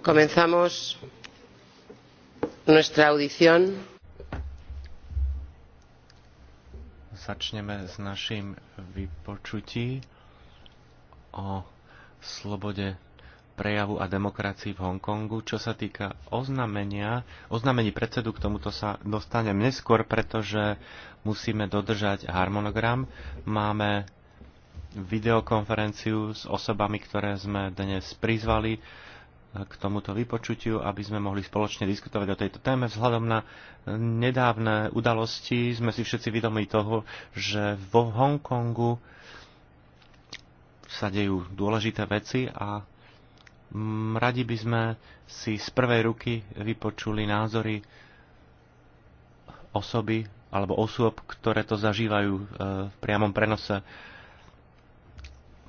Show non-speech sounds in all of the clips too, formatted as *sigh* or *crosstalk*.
comenzamos nuestra audición. Začneme s našim vypočutí o slobode prejavu a demokracii v Hongkongu. Čo sa týka oznamenia, oznamení predsedu, k tomuto sa dostanem neskôr, pretože musíme dodržať harmonogram. Máme videokonferenciu s osobami, ktoré sme dnes prizvali k tomuto vypočutiu, aby sme mohli spoločne diskutovať o tejto téme. Vzhľadom na nedávne udalosti sme si všetci vedomí toho, že vo Hongkongu sa dejú dôležité veci a mm, radi by sme si z prvej ruky vypočuli názory osoby alebo osôb, ktoré to zažívajú e, v priamom prenose.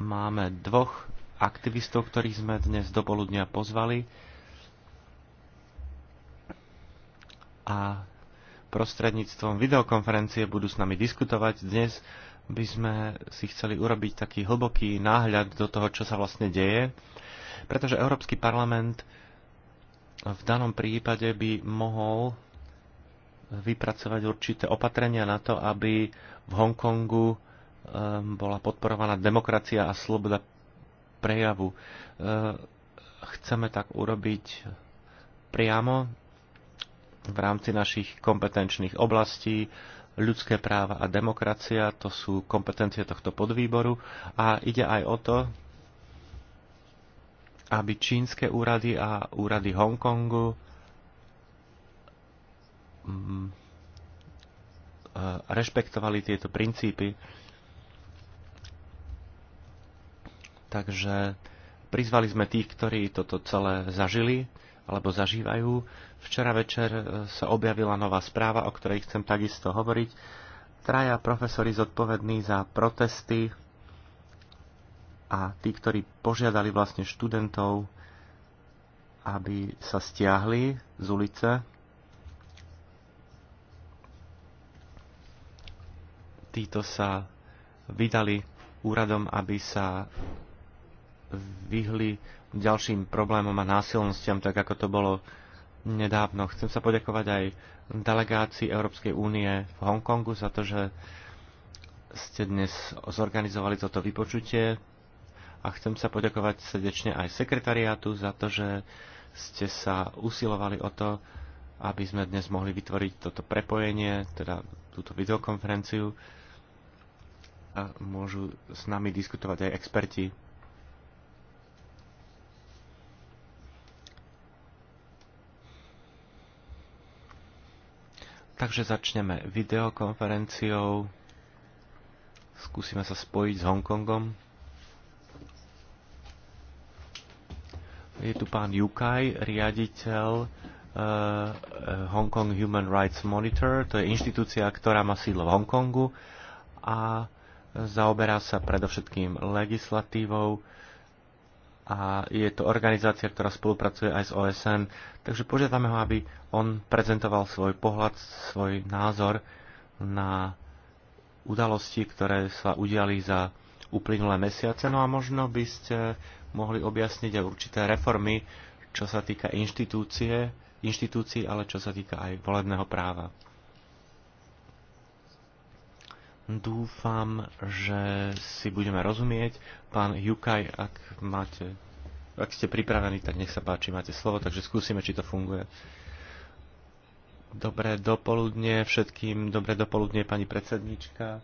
Máme dvoch aktivistov, ktorých sme dnes do poludnia pozvali. A prostredníctvom videokonferencie budú s nami diskutovať. Dnes by sme si chceli urobiť taký hlboký náhľad do toho, čo sa vlastne deje, pretože Európsky parlament v danom prípade by mohol vypracovať určité opatrenia na to, aby v Hongkongu ehm, bola podporovaná demokracia a sloboda prejavu. E, chceme tak urobiť priamo v rámci našich kompetenčných oblastí. Ľudské práva a demokracia to sú kompetencie tohto podvýboru a ide aj o to, aby čínske úrady a úrady Hongkongu mm, e, rešpektovali tieto princípy Takže prizvali sme tých, ktorí toto celé zažili alebo zažívajú. Včera večer e, sa objavila nová správa, o ktorej chcem takisto hovoriť. Traja profesori zodpovední za protesty a tí, ktorí požiadali vlastne študentov, aby sa stiahli z ulice, títo sa vydali úradom, aby sa vyhli ďalším problémom a násilnostiam, tak ako to bolo nedávno. Chcem sa poďakovať aj delegácii Európskej únie v Hongkongu za to, že ste dnes zorganizovali toto vypočutie a chcem sa poďakovať srdečne aj sekretariátu za to, že ste sa usilovali o to, aby sme dnes mohli vytvoriť toto prepojenie, teda túto videokonferenciu a môžu s nami diskutovať aj experti Takže začneme videokonferenciou. Skúsime sa spojiť s Hongkongom. Je tu pán Yukai, riaditeľ uh, eh, eh, Hong Kong Human Rights Monitor, to je inštitúcia, ktorá má sídlo v Hongkongu a zaoberá sa predovšetkým legislatívou a je to organizácia, ktorá spolupracuje aj s OSN. Takže požiadame ho, aby on prezentoval svoj pohľad, svoj názor na udalosti, ktoré sa udiali za uplynulé mesiace. No a možno by ste mohli objasniť aj určité reformy, čo sa týka inštitúcie, inštitúcií, ale čo sa týka aj volebného práva. Dúfam, že si budeme rozumieť. Pán Jukaj, ak, máte, ak ste pripravení, tak nech sa páči, máte slovo, takže skúsime, či to funguje. Dobré dopoludne všetkým, dobré dopoludne pani predsednička.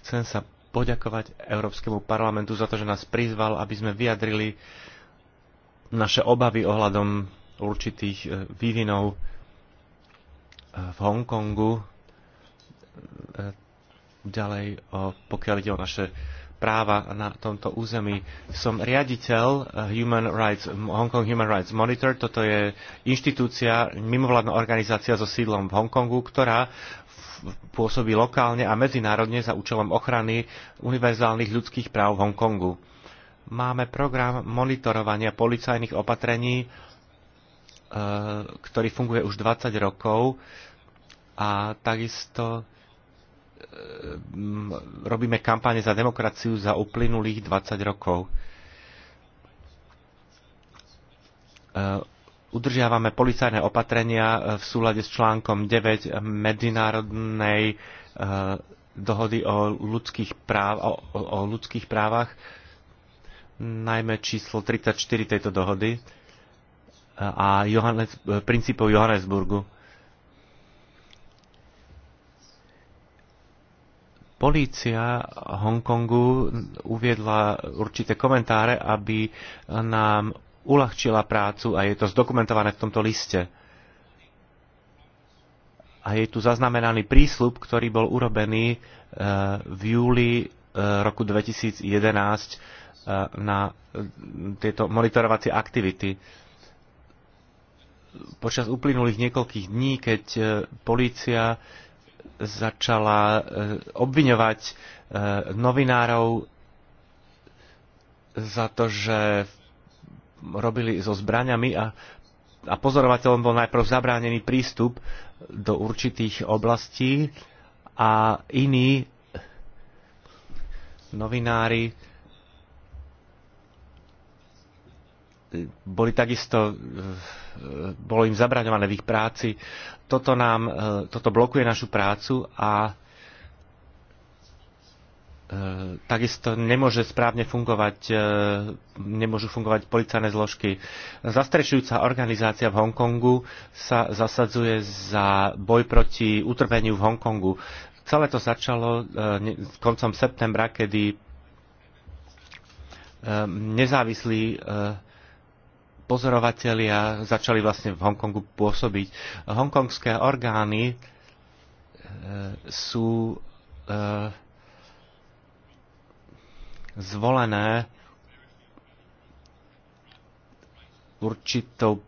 Chcem sa poďakovať Európskemu parlamentu za to, že nás prizval, aby sme vyjadrili naše obavy ohľadom určitých e, vývinov e, v Hongkongu, E, ďalej, o, pokiaľ ide o naše práva na tomto území. Som riaditeľ e, Human Rights, Hong Kong Human Rights Monitor. Toto je inštitúcia, mimovládna organizácia so sídlom v Hongkongu, ktorá pôsobí lokálne a medzinárodne za účelom ochrany univerzálnych ľudských práv v Hongkongu. Máme program monitorovania policajných opatrení, e, ktorý funguje už 20 rokov a takisto E, robíme kampáne za demokraciu za uplynulých 20 rokov. E, udržiavame policajné opatrenia e, v súlade s článkom 9 medzinárodnej dohody o ľudských, práv, o, o ľudských právach, najmä číslo 34 tejto dohody a Johannes, princípov Johannesburgu Polícia Hongkongu uviedla určité komentáre, aby nám uľahčila prácu a je to zdokumentované v tomto liste. A je tu zaznamenaný prísľub, ktorý bol urobený eh, v júli eh, roku 2011 eh, na tieto monitorovacie aktivity počas uplynulých niekoľkých dní, keď polícia začala e, obviňovať e, novinárov za to, že robili so zbraniami a, a pozorovateľom bol najprv zabránený prístup do určitých oblastí a iní novinári boli takisto, e, bolo im zabraňované v ich práci. Toto nám, e, toto blokuje našu prácu a e, takisto nemôže správne fungovať, nemôžu fungovať policajné zložky. Zastrešujúca organizácia v Hongkongu sa zasadzuje za boj proti utrpeniu v Hongkongu. Celé to začalo koncom septembra, kedy nezávislí pozorovatelia začali vlastne v Hongkongu pôsobiť. Hongkongské orgány e, sú e, zvolené určitou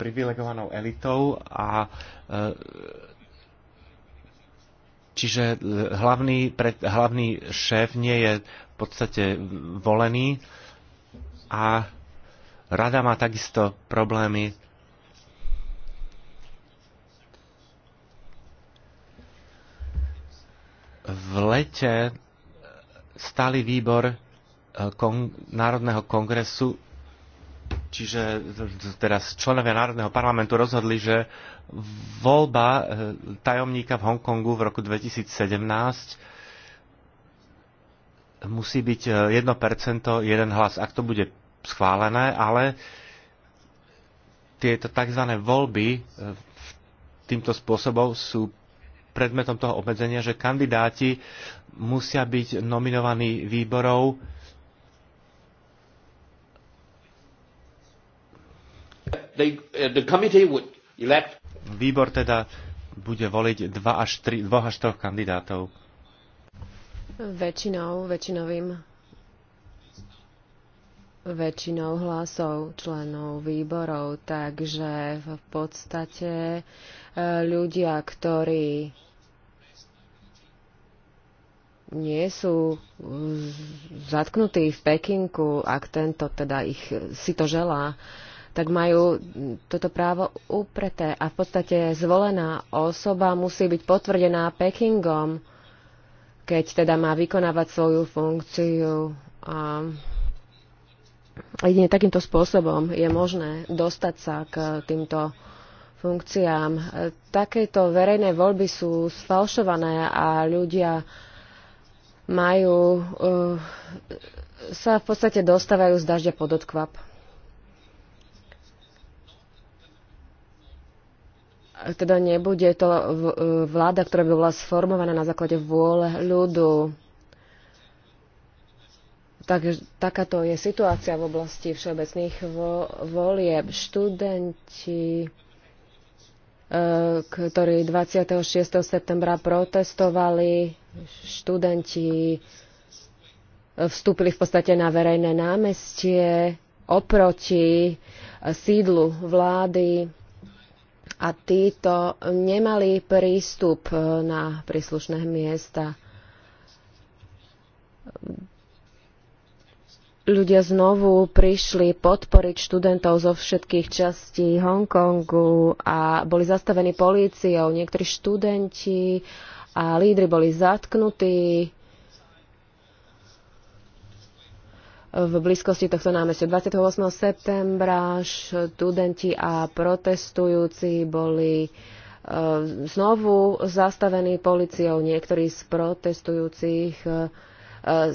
privilegovanou elitou a e, Čiže hlavný, pred, hlavný šéf nie je v podstate volený a Rada má takisto problémy. V lete e, stály výbor e, kon- Národného kongresu, čiže teraz členovia Národného parlamentu rozhodli, že voľba e, tajomníka v Hongkongu v roku 2017 musí byť 1%, jeden hlas. Ak to bude schválené, ale tieto tzv. voľby e, týmto spôsobom sú predmetom toho obmedzenia, že kandidáti musia byť nominovaní výborov uh, Výbor teda bude voliť 2 až 3, 2 až 3 kandidátov. Väčšinou, väčšinovým väčšinou hlasov členov výborov, takže v podstate e, ľudia, ktorí nie sú zatknutí v Pekinku, ak tento teda ich si to želá, tak majú toto právo upreté a v podstate zvolená osoba musí byť potvrdená Pekingom, keď teda má vykonávať svoju funkciu. A jedine takýmto spôsobom je možné dostať sa k týmto funkciám. Takéto verejné voľby sú sfalšované a ľudia majú, uh, sa v podstate dostávajú z dažďa pod odkvap. Teda nebude to eh, vláda, ktorá by bola sformovaná na základe vôle ľudu tak, takáto je situácia v oblasti všeobecných vo, volieb. Študenti, e, ktorí 26. septembra protestovali, študenti e, vstúpili v podstate na verejné námestie oproti e, sídlu vlády a títo nemali prístup e, na príslušné miesta ľudia znovu prišli podporiť študentov zo všetkých častí Hongkongu a boli zastavení políciou. Niektorí študenti a lídry boli zatknutí v blízkosti tohto námestia. 28. septembra študenti a protestujúci boli eh, znovu zastavení policiou. Niektorí z protestujúcich eh,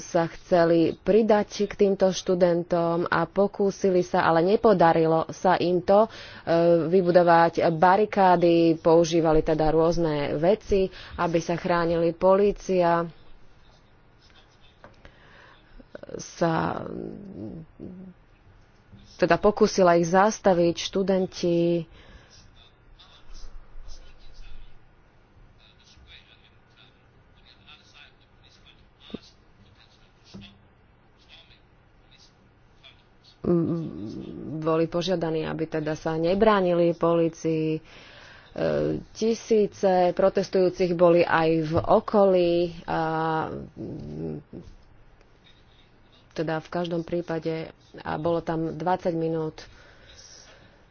sa chceli pridať k týmto študentom a pokúsili sa, ale nepodarilo sa im to e, vybudovať barikády, používali teda rôzne veci, aby sa chránili polícia sa teda pokúsila ich zastaviť študenti Mm, boli požiadaní, aby teda sa nebránili policii. E, tisíce protestujúcich boli aj v okolí a mm, teda v každom prípade a bolo tam 20 minút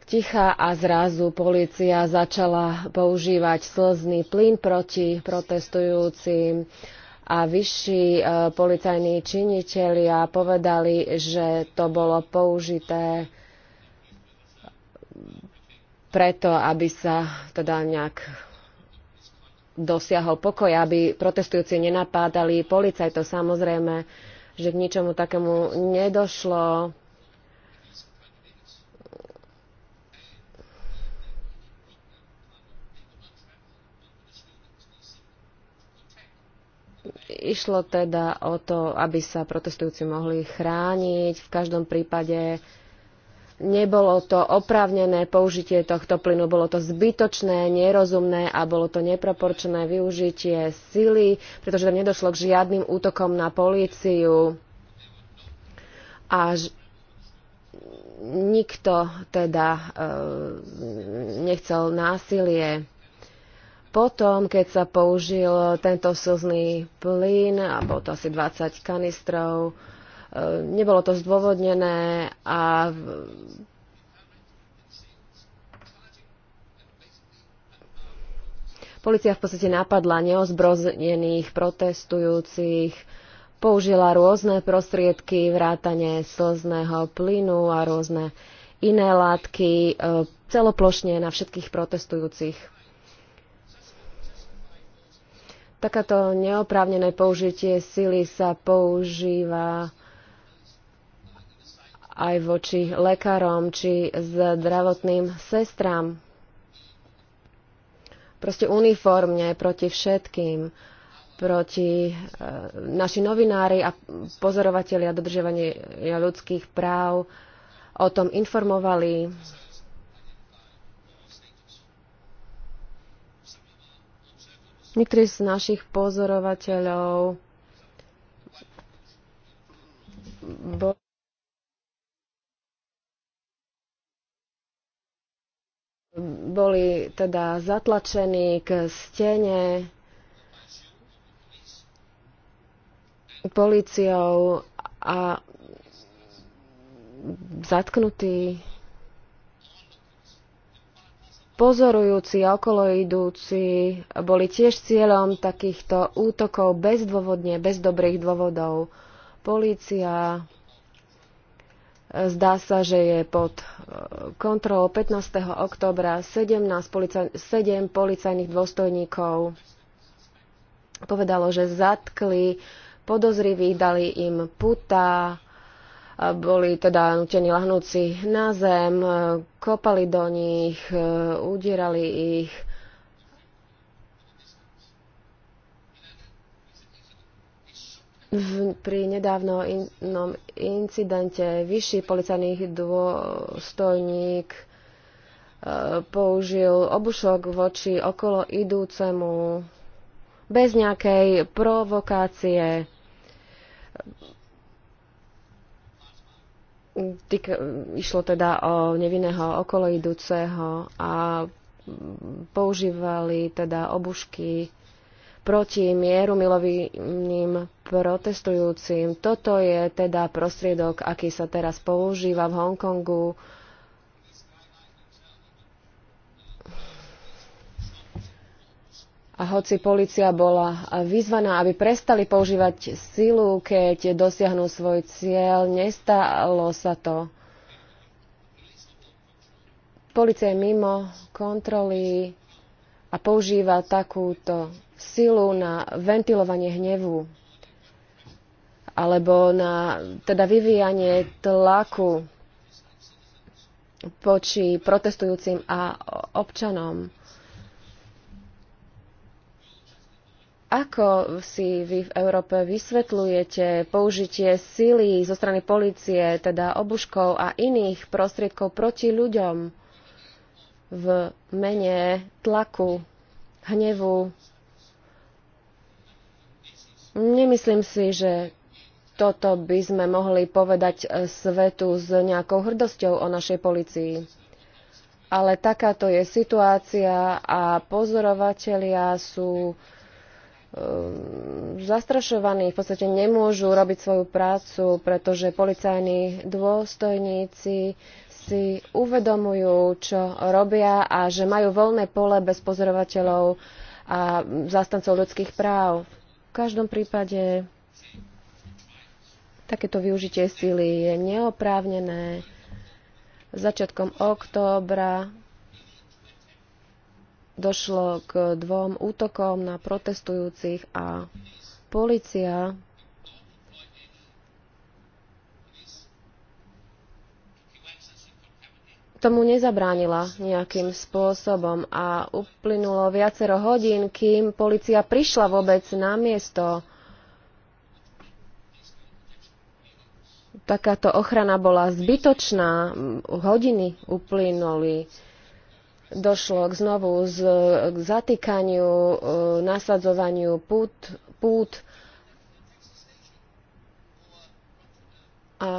ticha a zrazu policia začala používať slzný plyn proti protestujúcim a vyšší e, policajní činitelia povedali, že to bolo použité preto, aby sa teda nejak dosiahol pokoj, aby protestujúci nenapádali policajtov. Samozrejme, že k ničomu takému nedošlo Išlo teda o to, aby sa protestujúci mohli chrániť. V každom prípade nebolo to oprávnené použitie tohto plynu, bolo to zbytočné, nerozumné a bolo to neproporčné využitie sily, pretože tam nedošlo k žiadnym útokom na políciu. A nikto teda e, nechcel násilie potom, keď sa použil tento slzný plyn, a bolo to asi 20 kanistrov, e, nebolo to zdôvodnené a Polícia v podstate napadla neozbrozených protestujúcich, použila rôzne prostriedky, vrátane slzného plynu a rôzne iné látky e, celoplošne na všetkých protestujúcich. Takáto neoprávnené použitie sily sa používa aj voči lekárom či zdravotným sestram. Proste uniformne proti všetkým, proti e, naši novinári a pozorovatelia dodržiavania ľudských práv o tom informovali Niektorí z našich pozorovateľov bol boli teda zatlačení k stene policiou a zatknutí pozorujúci a okoloidúci boli tiež cieľom takýchto útokov bezdôvodne, bez dobrých dôvodov. Polícia e, zdá sa, že je pod e, kontrolou 15. oktobra 17 policaj- 7 policajných dôstojníkov povedalo, že zatkli podozrivých, dali im puta, boli teda nutení lahnúci na zem, e, kopali do nich, e, udierali ich. V, pri nedávnom incidente vyšší policajný dôstojník e, použil obušok voči okolo idúcemu bez nejakej provokácie Týka, išlo teda o nevinného okoloidúceho a používali teda obušky proti mieru milovým protestujúcim. Toto je teda prostriedok, aký sa teraz používa v Hongkongu A hoci policia bola vyzvaná, aby prestali používať silu, keď dosiahnu svoj cieľ, nestalo sa to. Polícia je mimo kontroly a používa takúto silu na ventilovanie hnevu alebo na teda vyvíjanie tlaku poči protestujúcim a občanom. Ako si vy v Európe vysvetľujete použitie sily zo strany policie, teda obuškov a iných prostriedkov proti ľuďom v mene tlaku, hnevu? Nemyslím si, že toto by sme mohli povedať svetu s nejakou hrdosťou o našej policii. Ale takáto je situácia a pozorovatelia sú Ehm, zastrašovaní, v podstate nemôžu robiť svoju prácu, pretože policajní dôstojníci si uvedomujú, čo robia a že majú voľné pole bez pozorovateľov a zastancov ľudských práv. V každom prípade takéto využitie síly je neoprávnené. Začiatkom októbra došlo k dvom útokom na protestujúcich a policia tomu nezabránila nejakým spôsobom a uplynulo viacero hodín, kým policia prišla vôbec na miesto. Takáto ochrana bola zbytočná, hodiny uplynuli došlo k znovu z, k zatýkaniu, e, nasadzovaniu pút, pút a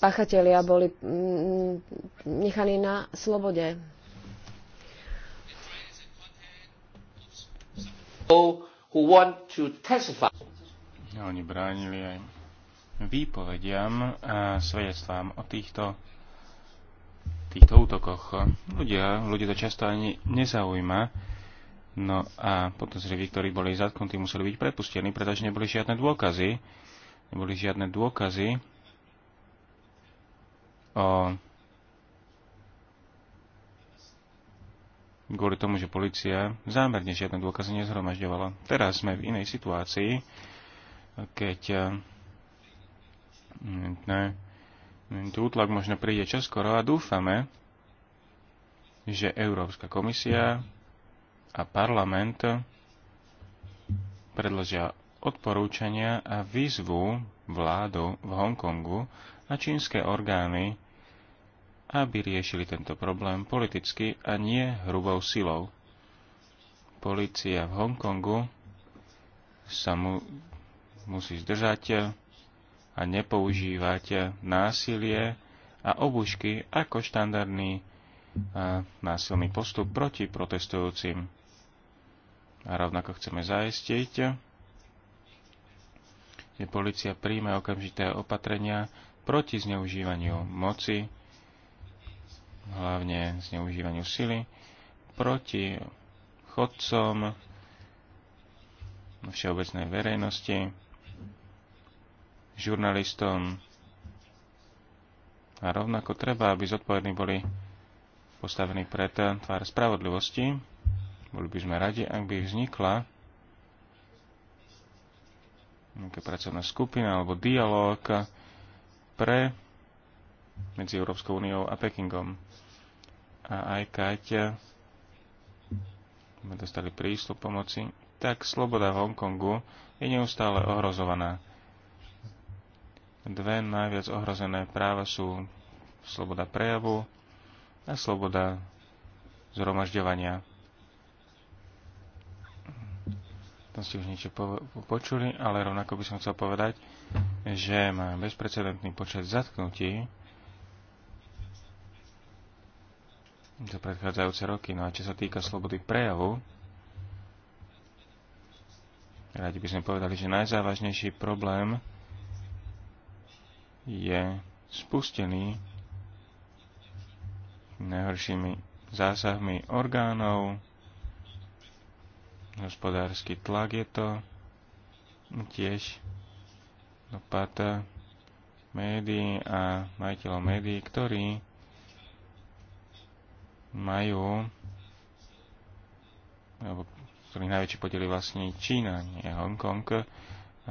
pachatelia boli mm, nechaní na slobode. Oni bránili aj výpovediam a svedectvám o týchto týchto útokoch. Ľudia, ľudia to často ani nezaujíma. No a podozriví, ktorí boli zatknutí, museli byť prepustení, pretože neboli žiadne dôkazy. Neboli žiadne dôkazy o kvôli tomu, že policia zámerne žiadne dôkazy nezhromažďovala. Teraz sme v inej situácii, keď eh, ne, tu útlak možno príde čoskoro a dúfame, že Európska komisia a parlament predložia odporúčania a výzvu vládu v Hongkongu a čínske orgány, aby riešili tento problém politicky a nie hrubou silou. Polícia v Hongkongu sa mu musí zdržať a nepoužívať násilie a obušky ako štandardný násilný postup proti protestujúcim. A rovnako chceme zaistiť, že policia príjme okamžité opatrenia proti zneužívaniu moci, hlavne zneužívaniu sily, proti chodcom všeobecnej verejnosti, žurnalistom. A rovnako treba, aby zodpovední boli postavení pred tvár spravodlivosti. Boli by sme radi, ak by vznikla nejaká pracovná skupina alebo dialog pre medzi Európskou úniou a Pekingom. A aj keď sme dostali prístup pomoci, tak sloboda v Hongkongu je neustále ohrozovaná. Dve najviac ohrozené práva sú sloboda prejavu a sloboda zhromažďovania. Tam ste už niečo po- počuli, ale rovnako by som chcel povedať, že má bezprecedentný počet zatknutí za predchádzajúce roky. No a čo sa týka slobody prejavu, radi by sme povedali, že najzávažnejší problém je spustený najhoršími zásahmi orgánov, hospodársky tlak je to, tiež dopad médií a majiteľov médií, ktorí majú alebo ktorých najväčší podiel vlastní Čína, nie Hongkong.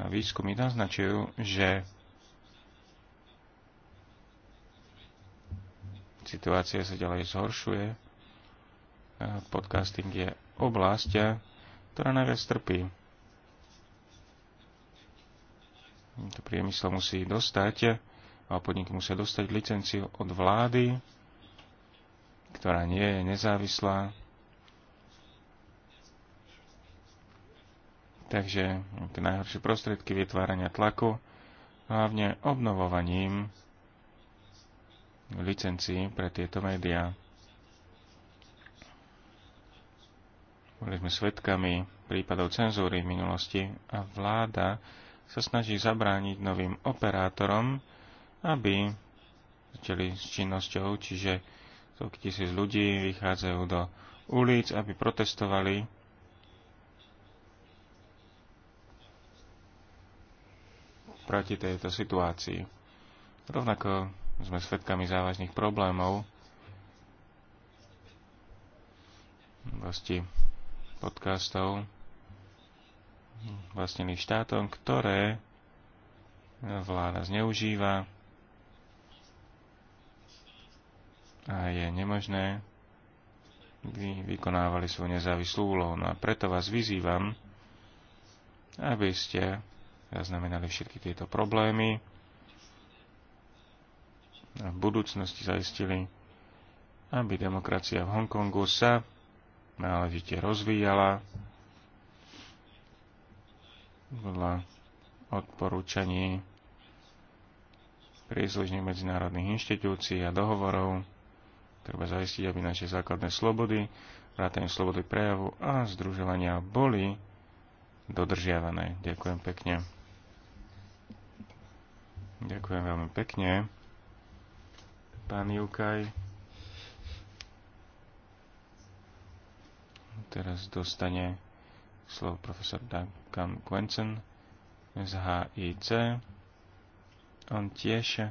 Výskumy naznačujú, že Situácia sa ďalej zhoršuje. Podcasting je oblasť, ktorá najviac trpí. To priemysel musí dostať, a podniky musia dostať licenciu od vlády, ktorá nie je nezávislá. Takže tie najhoršie prostriedky vytvárania tlaku, hlavne obnovovaním licencií pre tieto médiá. Boli sme svedkami prípadov cenzúry v minulosti a vláda sa snaží zabrániť novým operátorom, aby začali s činnosťou, čiže stovky tisíc ľudí vychádzajú do ulic, aby protestovali proti tejto situácii. Rovnako sme svedkami závažných problémov vlasti podcastov vlastnených štátom, ktoré vláda zneužíva a je nemožné, aby vykonávali svoju nezávislú úlohu. No a preto vás vyzývam, aby ste zaznamenali všetky tieto problémy, a v budúcnosti zaistili, aby demokracia v Hongkongu sa náležite rozvíjala podľa odporúčaní príslušných medzinárodných inštitúcií a dohovorov. Treba zaistiť, aby naše základné slobody, vrátanie slobody prejavu a združovania boli dodržiavané. Ďakujem pekne. Ďakujem veľmi pekne pán Jukaj. Teraz dostane slovo profesor Duncan Quentin z HIC. On tiež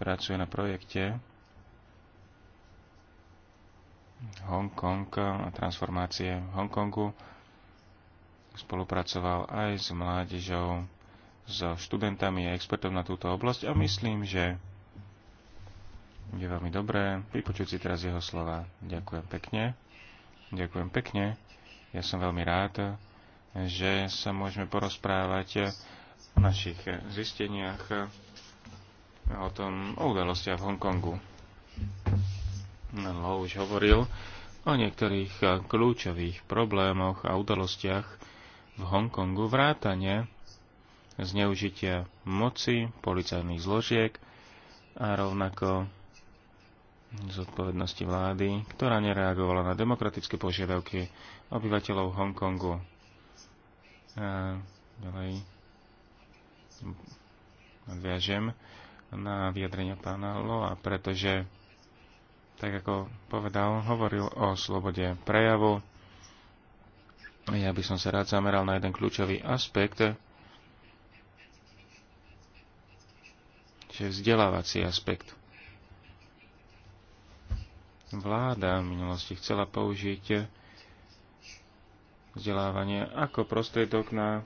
pracuje na projekte Hongkong a transformácie v Hongkongu. Spolupracoval aj s mládežou, so študentami a expertom na túto oblasť a myslím, že je veľmi dobré. Vypočuť si teraz jeho slova. Ďakujem pekne. Ďakujem pekne. Ja som veľmi rád, že sa môžeme porozprávať o našich zisteniach o tom, o udalostiach v Hongkongu. Lo už hovoril o niektorých kľúčových problémoch a udalostiach v Hongkongu vrátane zneužitia moci policajných zložiek a rovnako zodpovednosti vlády, ktorá nereagovala na demokratické požiadavky obyvateľov Hongkongu. A ďalej nadviažem na vyjadrenia pána Loa, pretože, tak ako povedal, hovoril o slobode prejavu. Ja by som sa rád zameral na jeden kľúčový aspekt, že vzdelávací aspekt vláda v minulosti chcela použiť vzdelávanie ako prostriedok na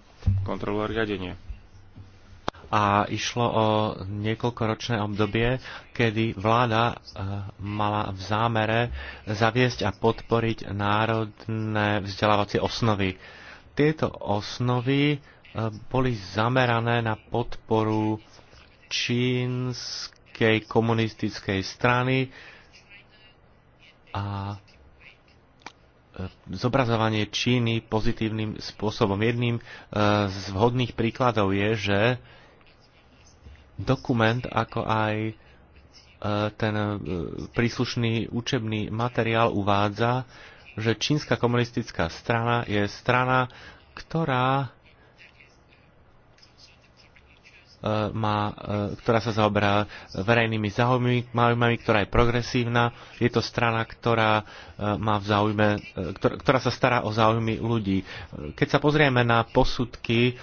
kontrolu a riadenie. A išlo o niekoľkoročné obdobie, kedy vláda eh, mala v zámere zaviesť a podporiť národné vzdelávacie osnovy. Tieto osnovy eh, boli zamerané na podporu čínskej komunistickej strany, a e, zobrazovanie Číny pozitívnym spôsobom. Jedným e, z vhodných príkladov je, že dokument, ako aj e, ten príslušný učebný materiál uvádza, že čínska komunistická strana je strana, ktorá E, má, e, ktorá sa zaoberá verejnými záujmami, ktorá je progresívna. Je to strana, ktorá, e, má v záujme, ktorá sa stará o záujmy ľudí. Keď sa pozrieme na posudky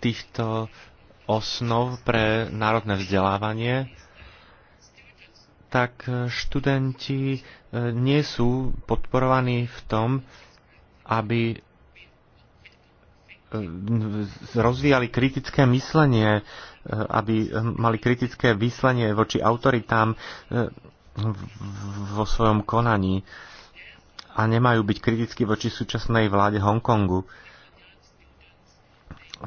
týchto osnov pre národné vzdelávanie, tak študenti nie sú podporovaní v tom, aby rozvíjali kritické myslenie, e, aby mali kritické myslenie voči autoritám e, vo svojom konaní a nemajú byť kritickí voči súčasnej vláde Hongkongu.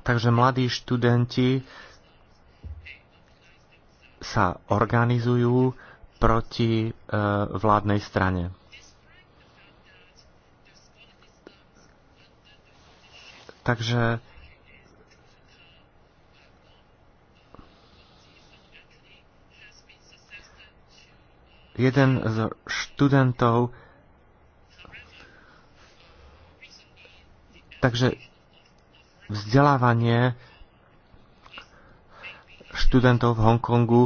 Takže mladí študenti sa organizujú proti e, vládnej strane. Takže jeden z študentov takže vzdelávanie študentov v Hongkongu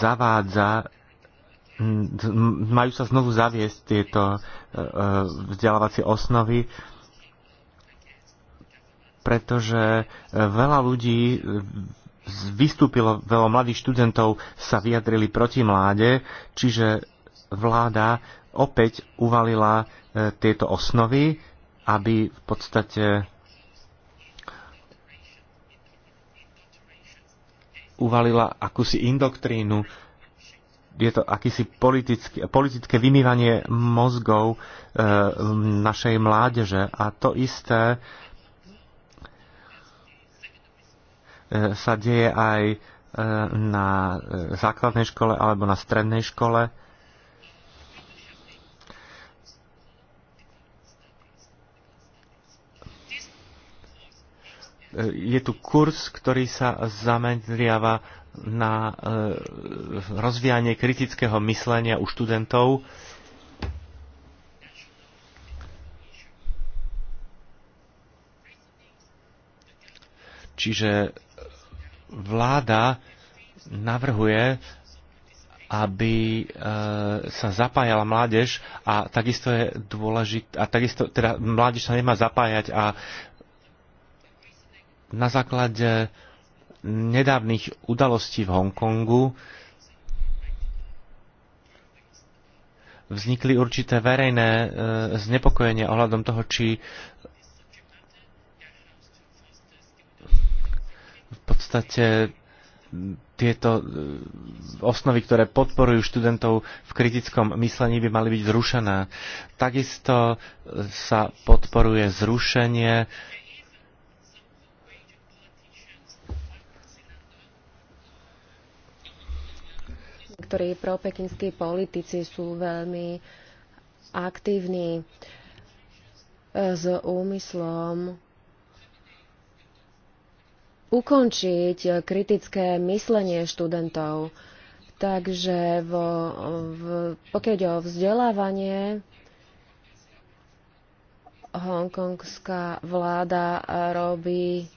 zavádza majú sa znovu zaviesť tieto e, e, vzdelávacie osnovy pretože e, veľa ľudí e, vystúpilo, veľa mladých študentov sa vyjadrili proti mláde, čiže vláda opäť uvalila e, tieto osnovy, aby v podstate uvalila akúsi indoktrínu, je to akýsi politické, vymývanie mozgov e, našej mládeže. A to isté e, sa deje aj e, na e, základnej škole alebo na strednej škole. E, je tu kurz, ktorý sa zameriava na rozvíjanie kritického myslenia u študentov. Čiže vláda navrhuje, aby e, sa zapájala mládež a takisto je dôležité, a takisto teda mládež sa nemá zapájať a na základe nedávnych udalostí v Hongkongu vznikli určité verejné e, znepokojenie ohľadom toho, či v podstate tieto osnovy, ktoré podporujú študentov v kritickom myslení, by mali byť zrušené. Takisto e, sa podporuje zrušenie Niektorí propekinskí politici sú veľmi aktívni e, s úmyslom ukončiť eh, kritické myslenie študentov. Takže vo, v, pokiaľ ide o vzdelávanie, hongkongská vláda eh, robí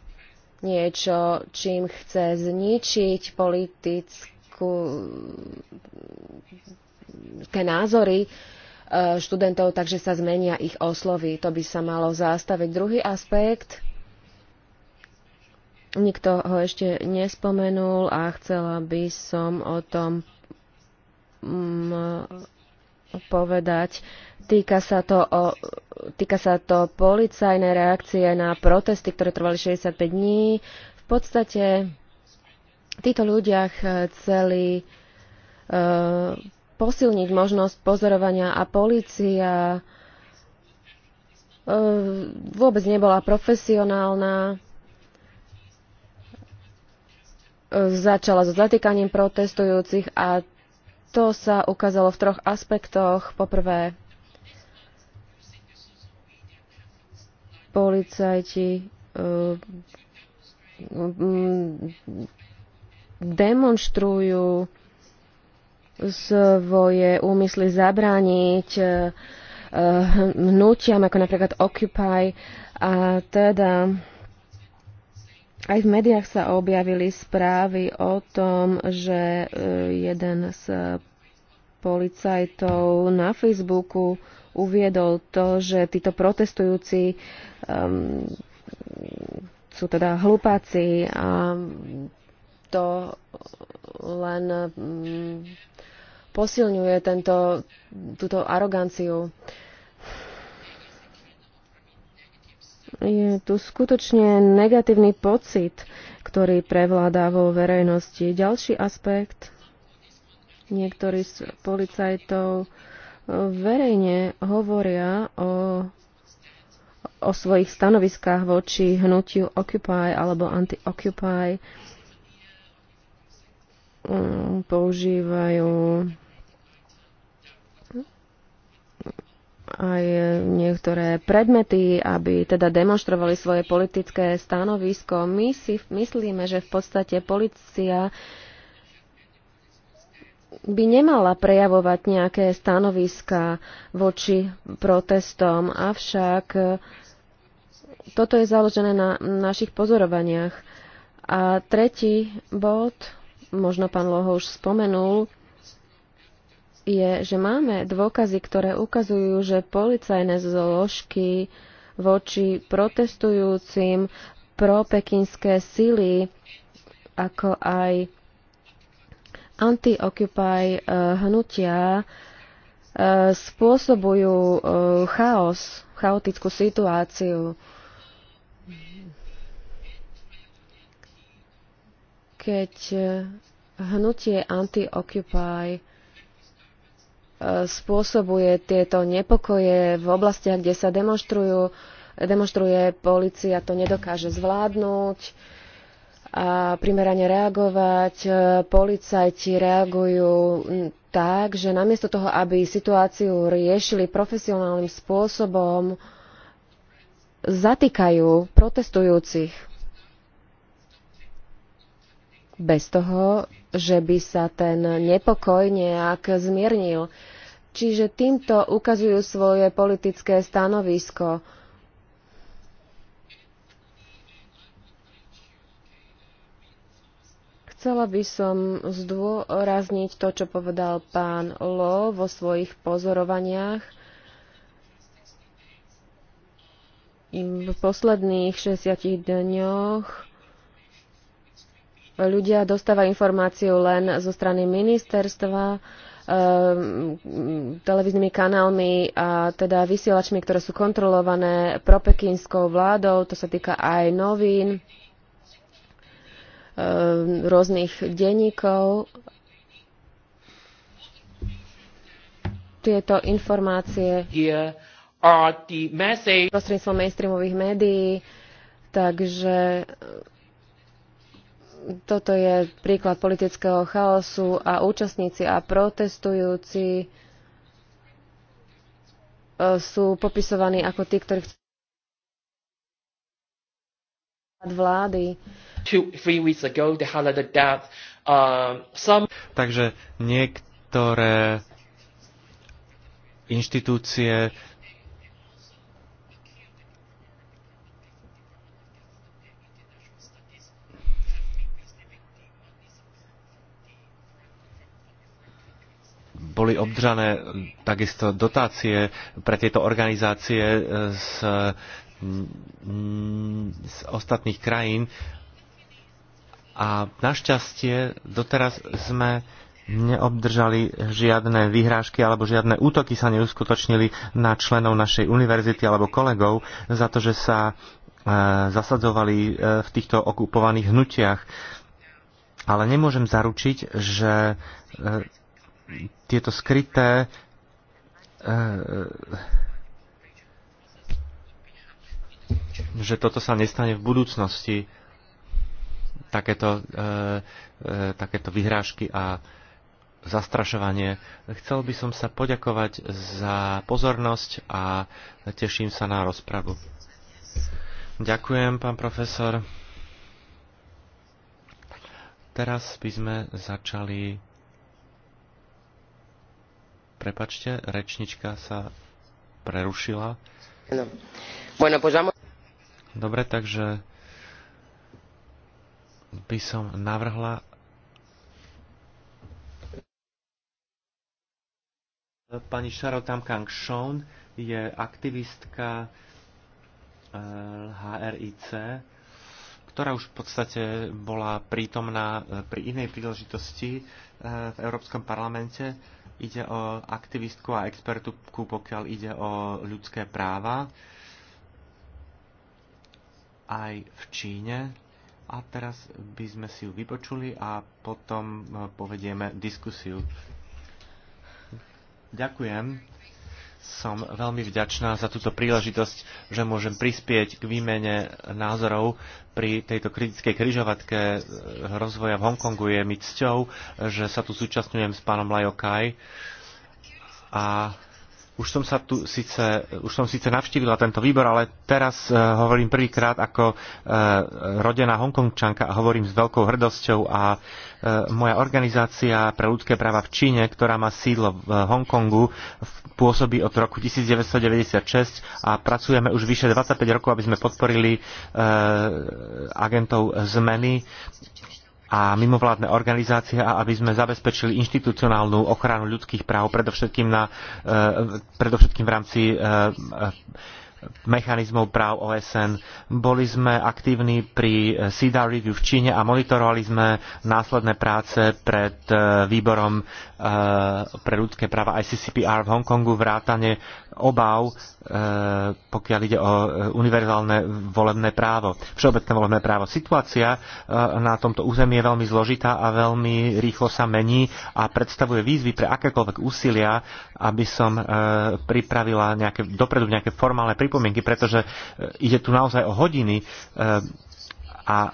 niečo, čím chce zničiť politickú názory eh, študentov, takže sa zmenia ich oslovy. To by sa malo zastaviť. Druhý aspekt Nikto ho ešte nespomenul a chcela by som o tom mm, povedať. Týka sa to, o, týka sa to policajnej reakcie na protesty, ktoré trvali 65 dní. V podstate títo ľudia chceli uh, posilniť možnosť pozorovania a polícia e, vôbec nebola profesionálna začala so zatýkaním protestujúcich a to sa ukázalo v troch aspektoch. Poprvé, policajti eh, mm, demonstrujú svoje úmysly zabrániť eh, hnutiam, ako napríklad Occupy. A teda aj v médiách sa objavili správy o tom, že e, jeden z policajtov na Facebooku uviedol to, že títo protestujúci um, sú teda hlupáci a to len um, posilňuje tento, túto aroganciu. Uh, je tu skutočne negatívny pocit, ktorý prevládá vo verejnosti. Ďalší aspekt, niektorí z policajtov verejne hovoria o, o svojich stanoviskách voči hnutiu Occupy alebo anti-Occupy. Mm, používajú aj niektoré predmety, aby teda demonstrovali svoje politické stanovisko. My si myslíme, že v podstate policia by nemala prejavovať nejaké stanoviska voči protestom, avšak toto je založené na našich pozorovaniach. A tretí bod, možno pán Loho už spomenul, je, že máme dôkazy, ktoré ukazujú, že policajné zložky voči protestujúcim propekinské sily, ako aj anti-occupy eh, hnutia, eh, spôsobujú eh, chaos, chaotickú situáciu. Keď hnutie anti-occupy spôsobuje tieto nepokoje v oblastiach, kde sa demonstrujú, demonstruje policia, to nedokáže zvládnuť a primerane reagovať. E, policajti reagujú tak, že namiesto toho, aby situáciu riešili profesionálnym spôsobom, zatýkajú protestujúcich bez toho, že by sa ten nepokoj nejak zmiernil. Čiže týmto ukazujú svoje politické stanovisko. Chcela by som zdôrazniť to, čo povedal pán Lo vo svojich pozorovaniach. V posledných 60 dňoch Ľudia dostávajú informáciu len zo strany ministerstva, ehm, televíznymi kanálmi a teda vysielačmi, ktoré sú kontrolované propekínskou vládou, to sa týka aj novín, ehm, rôznych denníkov. Tieto informácie prostredníctvom mainstreamových médií, takže toto je príklad politického chaosu a účastníci a protestujúci e, sú popisovaní ako tí, ktorí chcú vlády. Um, Takže niektoré inštitúcie boli obdržané takisto dotácie pre tieto organizácie z, mm, z ostatných krajín. A našťastie doteraz sme neobdržali žiadne vyhrážky alebo žiadne útoky sa neuskutočnili na členov našej univerzity alebo kolegov za to, že sa e, zasadzovali e, v týchto okupovaných hnutiach. Ale nemôžem zaručiť, že e, tieto skryté eh, eh, že toto sa nestane v budúcnosti takéto, eh, takéto vyhrážky a zastrašovanie. Chcel by som sa poďakovať za pozornosť a teším sa na rozpravu. Ďakujem, pán profesor. Teraz by sme začali Prepačte, rečnička sa prerušila. No. Dobre, takže by som navrhla pani Šarotam Kang Shon je aktivistka HRIC, eh, ktorá už v podstate bola prítomná pri inej príležitosti eh, v Európskom parlamente Ide o aktivistku a expertku, pokiaľ ide o ľudské práva aj v Číne. A teraz by sme si ju vypočuli a potom eh, povedieme diskusiu. Ďakujem. Som veľmi vďačná za túto príležitosť, že môžem prispieť k výmene názorov pri tejto kritickej kryžovatke eh, rozvoja v Hongkongu. Je mi cťou, že sa tu zúčastňujem s pánom Lajokaj a už som sa tu síce, už som síce navštívila tento výbor, ale teraz uh, hovorím prvýkrát ako uh, rodená hongkongčanka a hovorím s veľkou hrdosťou a uh, moja organizácia pre ľudské práva v Číne, ktorá má sídlo v Hongkongu, pôsobí od roku 1996 a pracujeme už vyše 25 rokov, aby sme podporili agentov zmeny a mimovládne organizácie a aby sme zabezpečili inštitucionálnu ochranu ľudských práv, predovšetkým, na, e, predovšetkým v rámci e, e, mechanizmov práv OSN. Boli sme aktívni pri SIDA Review v Číne a monitorovali sme následné práce pred výborom Eh, pre ľudské práva ICCPR v Hongkongu vrátane obav, eh, pokiaľ ide o eh, univerzálne volebné právo, všeobecné volebné právo. Situácia na tomto území je veľmi zložitá a veľmi rýchlo sa mení a predstavuje výzvy pre akékoľvek úsilia, aby som pripravila nejaké, dopredu nejaké formálne pripomienky, pretože ide tu naozaj o hodiny a e,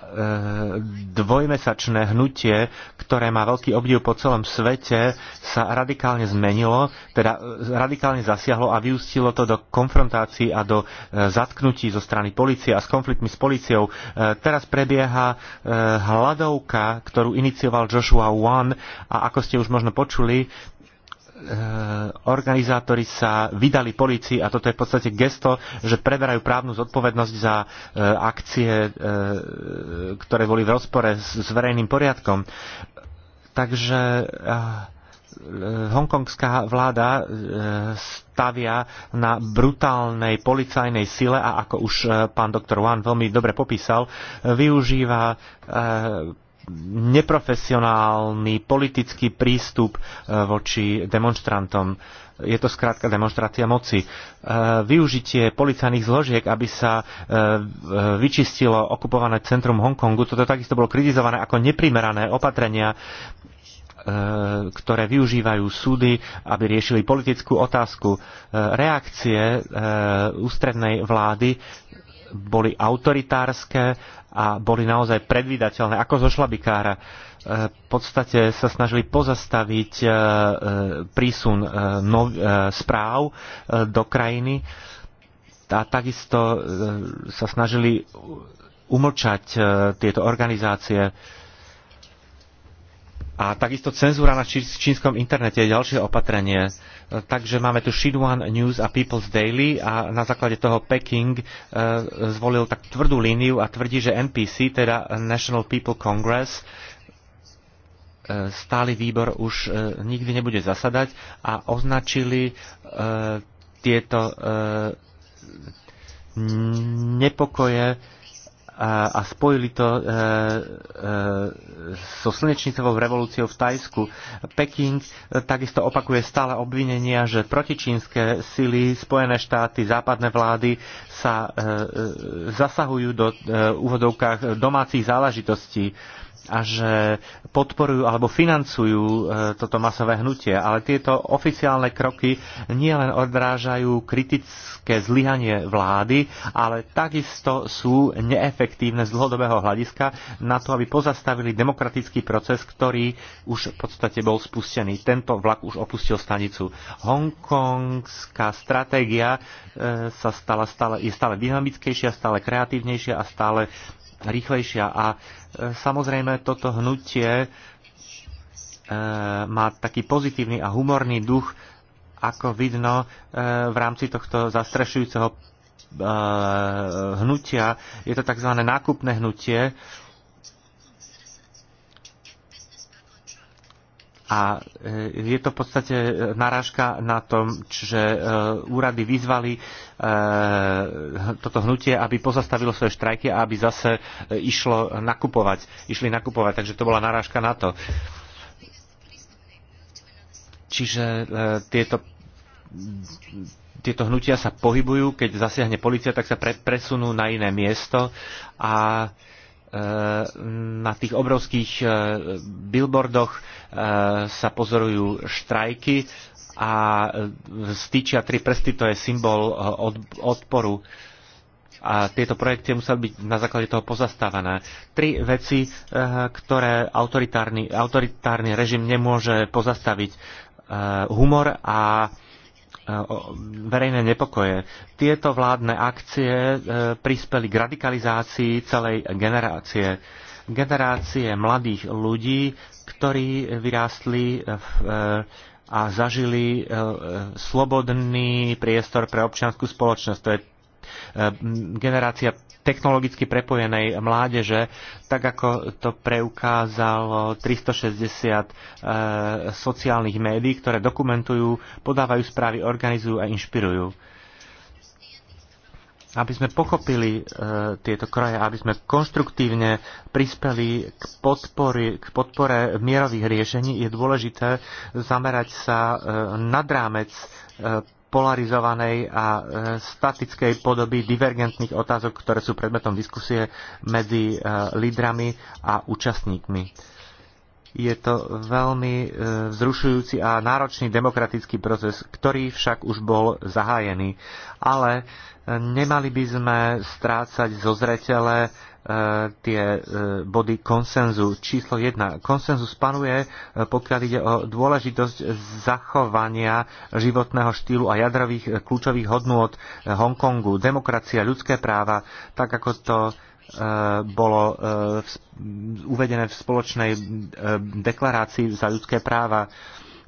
dvojmesačné hnutie, ktoré má veľký obdiv po celom svete, sa radikálne zmenilo, teda e, radikálne zasiahlo a vyústilo to do konfrontácií a do e, zatknutí zo strany policie a s konfliktmi s policiou. E, teraz prebieha e, hladovka, ktorú inicioval Joshua One a ako ste už možno počuli, Eh, organizátori sa vydali polícii a toto je v podstate gesto, že preberajú právnu zodpovednosť za eh, akcie, eh, ktoré boli v rozpore s verejným poriadkom. Takže hongkongská vláda stavia na brutálnej policajnej sile a ako už pán doktor Wan veľmi dobre popísal, využíva neprofesionálny politický prístup e, voči demonstrantom. Je to skrátka demonstrácia moci. E, využitie policajných zložiek, aby sa e, vyčistilo okupované centrum Hongkongu, toto takisto bolo kritizované ako neprimerané opatrenia ktoré využívajú súdy, aby riešili politickú otázku. Reakcie ústrednej vlády boli autoritárske a boli naozaj predvídateľné, ako zo šlabikára. E, v podstate sa snažili pozastaviť e, e, prísun správ do krajiny a takisto sa snažili umlčať tieto organizácie. A takisto cenzúra na čínskom internete je ďalšie opatrenie. Takže máme tu Xinhuan News a People's Daily a na základe toho Peking e, zvolil tak tvrdú líniu a tvrdí, že NPC, teda National People Congress, e, stály výbor už e, nikdy nebude zasadať a označili tieto nepokoje a spojili to e, e, so slnečnicovou revolúciou v Tajsku. Peking e, takisto opakuje stále obvinenia, že protičínske sily, Spojené štáty, západné vlády sa zasahujú do úvodovkách domácich záležitostí a že podporujú alebo financujú e, toto masové hnutie. Ale tieto oficiálne kroky nielen odrážajú kritické zlyhanie vlády, ale takisto sú neefektívne z dlhodobého hľadiska na to, aby pozastavili demokratický proces, ktorý už v podstate bol spustený. Tento vlak už opustil stanicu. Hongkongská stratégia e, sa stala stále, je stále dynamickejšia, stále kreatívnejšia a stále rýchlejšia. A e, samozrejme toto hnutie e, má taký pozitívny a humorný duch, ako vidno e, v rámci tohto zastrešujúceho hnutia. Je to tzv. nákupné hnutie, A e, je to v podstate e, narážka na tom, že e, úrady vyzvali toto hnutie, aby pozastavilo svoje štrajky a aby zase išlo nakupovať, išli nakupovať. Takže to bola narážka na to. Čiže tieto tieto hnutia sa pohybujú, keď zasiahne policia, tak sa pre, presunú na iné miesto a e, Eh, na tých obrovských eh, billboardoch eh, sa pozorujú štrajky a stýčia tri prsty, to je symbol odporu. A tieto projekty museli byť na základe toho pozastávané. Tri veci, ktoré autoritárny, autoritárny režim nemôže pozastaviť. Humor a verejné nepokoje. Tieto vládne akcie e, prispeli k radikalizácii celej generácie. Generácie mladých ľudí, ktorí vyrástli v, e, a zažili e, slobodný priestor pre občianskú spoločnosť. To je generácia technologicky prepojenej mládeže, tak ako to preukázalo 360 e, sociálnych médií, ktoré dokumentujú, podávajú správy, organizujú a inšpirujú aby sme pochopili e, tieto kroje, aby sme konštruktívne prispeli k, podpory, k podpore mierových riešení, je dôležité zamerať sa e, nad rámec e, polarizovanej a e, statickej podoby divergentných otázok, ktoré sú predmetom diskusie medzi e, lídrami a účastníkmi. Je to veľmi e, vzrušujúci a náročný demokratický proces, ktorý však už bol zahájený. Ale nemali by sme strácať zo zretele E, tie e, body konsenzu. Číslo 1. Konsenzus panuje, e, pokiaľ ide o dôležitosť zachovania životného štýlu a jadrových kľúčových hodnôt Hongkongu, demokracia, ľudské práva, tak ako to bolo uvedené v spoločnej deklarácii za ľudské práva.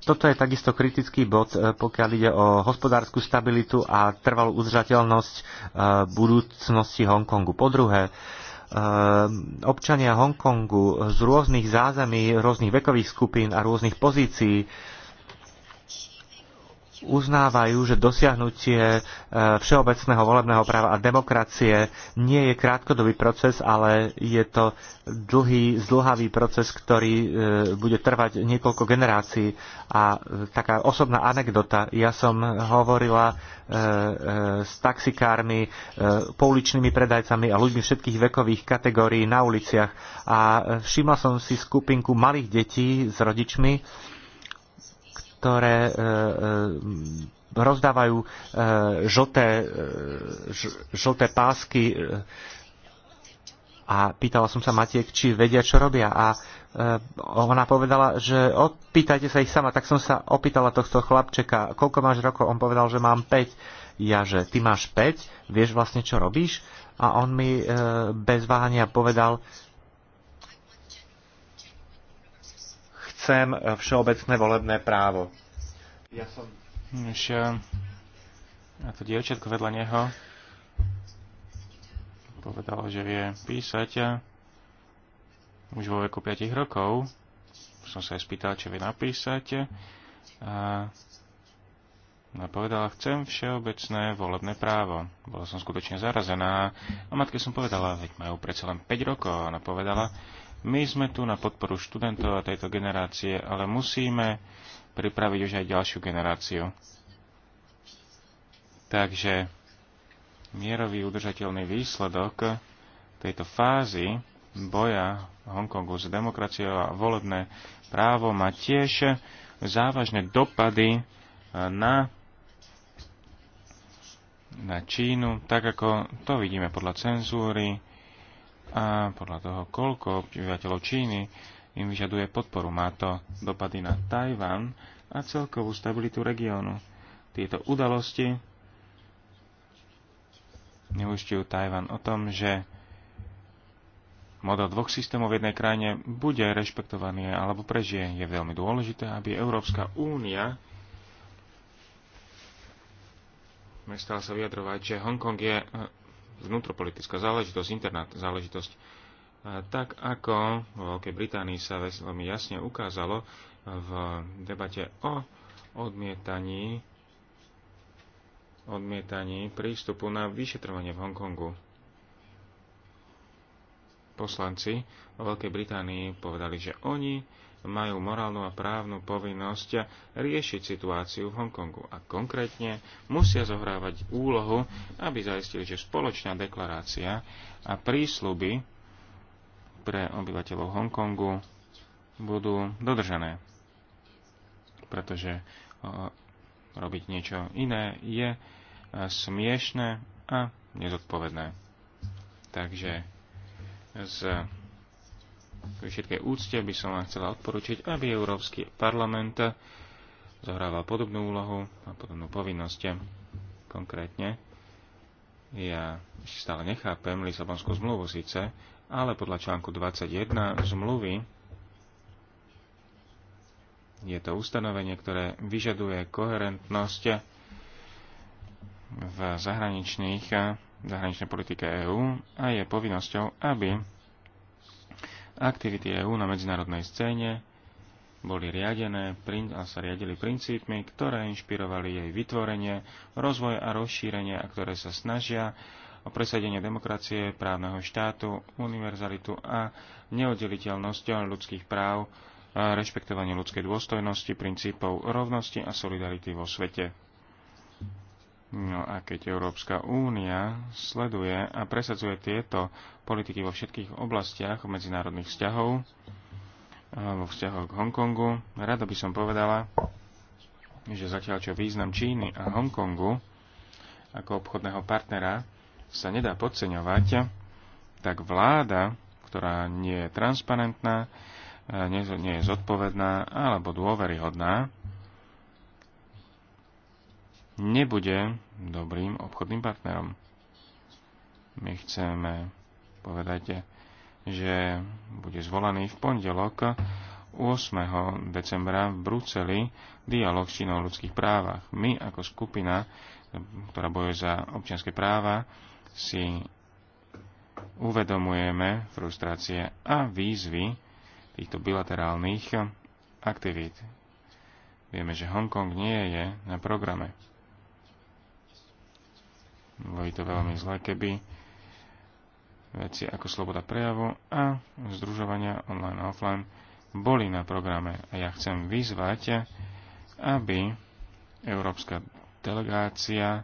Toto je takisto kritický bod, pokiaľ ide o hospodárskú stabilitu a trvalú udržateľnosť budúcnosti Hongkongu. Po druhé, Ehm, občania Hongkongu z rôznych zázemí, rôznych vekových skupín a rôznych pozícií uznávajú, že dosiahnutie e, všeobecného volebného práva a demokracie nie je krátkodobý proces, ale je to dlhý, zdlhavý proces, ktorý e, bude trvať niekoľko generácií. A e, taká osobná anekdota. Ja som hovorila s taxikármi, pouličnými predajcami a ľuďmi všetkých vekových kategórií na uliciach a všimla som si skupinku malých detí s rodičmi, ktoré e, e, rozdávajú e, žlté, žlté pásky a pýtala som sa Matiek, či vedia, čo robia a ona povedala, že opýtajte sa ich sama, tak som sa opýtala tohto chlapčeka, koľko máš rokov? On povedal, že mám 5. Ja, že ty máš 5, vieš vlastne, čo robíš? A on mi bez váhania povedal, chcem všeobecné volebné právo. Ja som... Než, eh, a to dievčatko vedľa neho povedalo, že vie písať eh, už vo veku 5 rokov. Som sa aj spýtal, čo vie napísať. Eh, a ona povedala, chcem všeobecné volebné právo. Bola som skutočne zarazená. A matke som povedala, veď majú predsa len 5 rokov. A Ona povedala, my sme tu na podporu študentov a tejto generácie, ale musíme pripraviť už aj ďalšiu generáciu. Takže mierový udržateľný výsledok tejto fázy boja Hongkongu s demokraciou a volebné právo má tiež závažné dopady na, na Čínu, tak ako to vidíme podľa cenzúry, a podľa toho, koľko obyvateľov Číny im vyžaduje podporu. Má to dopady na Tajvan a celkovú stabilitu regiónu. Tieto udalosti neúšťujú Tajvan o tom, že model dvoch systémov v jednej krajine bude rešpektovaný alebo prežije. Je veľmi dôležité, aby Európska únia nestala sa vyjadrovať, že Hongkong je eh, vnútropolitická záležitosť, interná záležitosť. Tak ako v Veľkej Británii sa veľmi jasne ukázalo v debate o odmietaní, odmietaní prístupu na vyšetrovanie v Hongkongu. Poslanci o Veľkej Británii povedali, že oni majú morálnu a právnu povinnosť riešiť situáciu v Hongkongu a konkrétne musia zohrávať úlohu, aby zaistili, že spoločná deklarácia a prísluby pre obyvateľov Hongkongu budú dodržané. Pretože robiť niečo iné je e, smiešné a nezodpovedné. Takže z pri všetkej úcte by som vám chcela odporučiť, aby Európsky parlament zohrával podobnú úlohu a podobnú povinnosť. Konkrétne, ja ešte stále nechápem Lisabonskú zmluvu síce, ale podľa článku 21 zmluvy je to ustanovenie, ktoré vyžaduje koherentnosť v zahraničných, zahraničnej politike EÚ a je povinnosťou, aby Aktivity EÚ na medzinárodnej scéne boli riadené a sa riadili princípmi, ktoré inšpirovali jej vytvorenie, rozvoj a rozšírenie a ktoré sa snažia o presadenie demokracie, právneho štátu, univerzalitu a neoddeliteľnosť ľudských práv, rešpektovanie ľudskej dôstojnosti, princípov rovnosti a solidarity vo svete. No a keď Európska únia sleduje a presadzuje tieto politiky vo všetkých oblastiach medzinárodných vzťahov, vo vzťahoch k Hongkongu, rada by som povedala, že zatiaľ čo význam Číny a Hongkongu ako obchodného partnera sa nedá podceňovať, tak vláda, ktorá nie je transparentná, nie je zodpovedná alebo dôveryhodná, nebude dobrým obchodným partnerom. My chceme povedať, že bude zvolaný v pondelok 8. decembra v Bruseli dialog s Čínou o ľudských právach. My ako skupina, ktorá bojuje za občianske práva, si uvedomujeme frustrácie a výzvy týchto bilaterálnych aktivít. Vieme, že Hongkong nie je na programe. Boli to veľmi zlé keby veci ako sloboda prejavu a združovania online a offline boli na programe. A ja chcem vyzvať, aby európska delegácia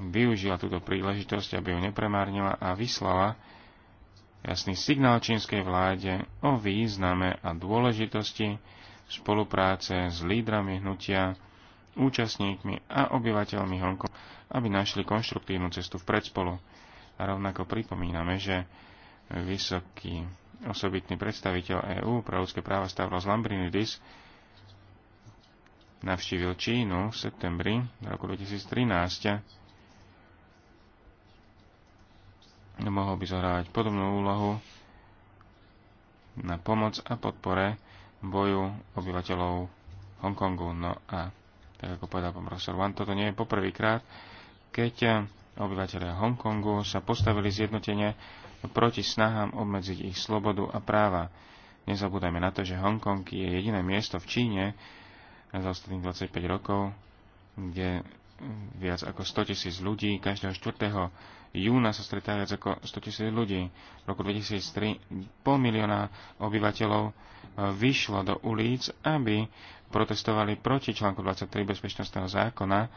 využila túto príležitosť, aby ju nepremárnila a vyslala jasný signál čínskej vláde o význame a dôležitosti spolupráce s lídrami hnutia, účastníkmi a obyvateľmi Hongkongu aby našli konštruktívnu cestu v predspolu. A rovnako pripomíname, že vysoký osobitný predstaviteľ EÚ pre ľudské práva Stavros Lambrinidis navštívil Čínu v septembri roku 2013. Mohol by zohrávať podobnú úlohu na pomoc a podpore boju obyvateľov Hongkongu. No a, tak ako povedal pán profesor Wan, toto nie je poprvýkrát, keď eh, obyvateľia Hongkongu sa postavili zjednotene proti snahám obmedziť ich slobodu a práva. Nezabúdajme na to, že Hongkong je jediné miesto v Číne za ostatných 25 rokov, kde hm, viac ako 100 tisíc ľudí, každého 4. júna sa stretá viac ako 100 tisíc ľudí. V roku 2003 pol milióna obyvateľov vyšlo do ulic, aby protestovali proti článku 23 bezpečnostného zákona, e,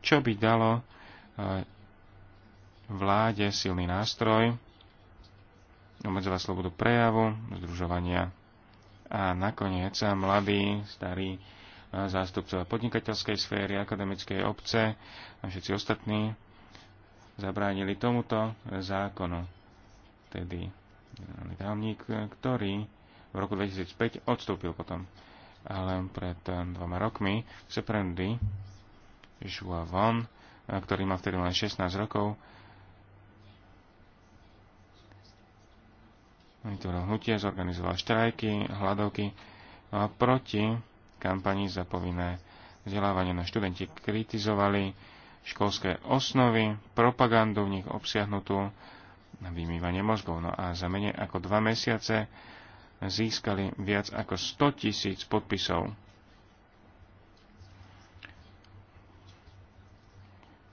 čo by dalo e, vláde silný nástroj obmedzovať slobodu prejavu, združovania a nakoniec mladí, starí e, zástupcovia podnikateľskej sféry, akademickej obce a všetci ostatní zabránili tomuto zákonu. Tedy tajomník, ktorý v roku 2005 odstúpil potom. Ale pred eh, dvoma rokmi v septembri Joa Von, eh, ktorý má vtedy len 16 rokov, vytvoril hnutie, zorganizoval štrajky, a proti kampani za povinné vzdelávanie na študenti kritizovali školské osnovy, propagandu v nich obsiahnutú na vymývanie mozgov. No a za menej ako dva mesiace získali viac ako 100 tisíc podpisov.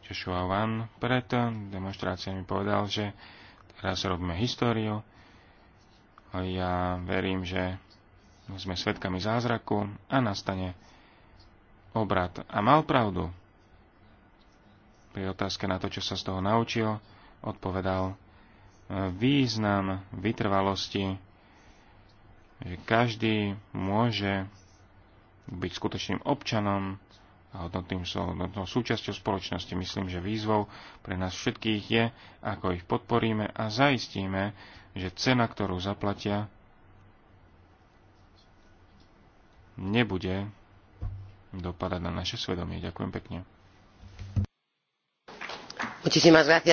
Joshua Van preto demonstráciami povedal, že teraz robíme históriu. Ja verím, že sme svetkami zázraku a nastane obrat. A mal pravdu. Pri otázke na to, čo sa z toho naučil, odpovedal e, význam vytrvalosti že každý môže byť skutočným občanom a hodnotným hodnotnou súčasťou spoločnosti. Myslím, že výzvou pre nás všetkých je, ako ich podporíme a zaistíme, že cena, ktorú zaplatia, nebude dopadať na naše svedomie. Ďakujem pekne. Dvaja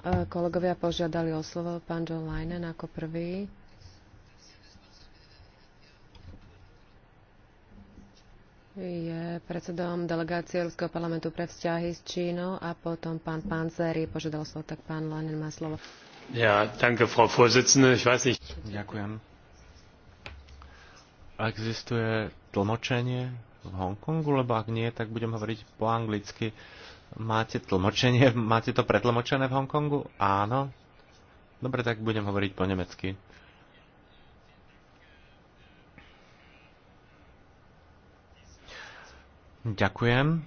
eh, kolegovia požiadali o slovo. Pán John Leinen ako prvý. Je predsedom delegácie Európskeho parlamentu pre vzťahy s Čínou a potom pán Panzeri požiadal slovo, tak pán Leinen má slovo. Ja, danke, Frau Vorsitzende. Ich weiß nicht. Ďakujem. Existuje tlmočenie v Hongkongu, lebo ak nie, tak budem hovoriť po anglicky. Máte tlmočenie, *laughs* máte to pretlmočené v Hongkongu? Áno. Dobre, tak budem hovoriť po nemecky. Ďakujem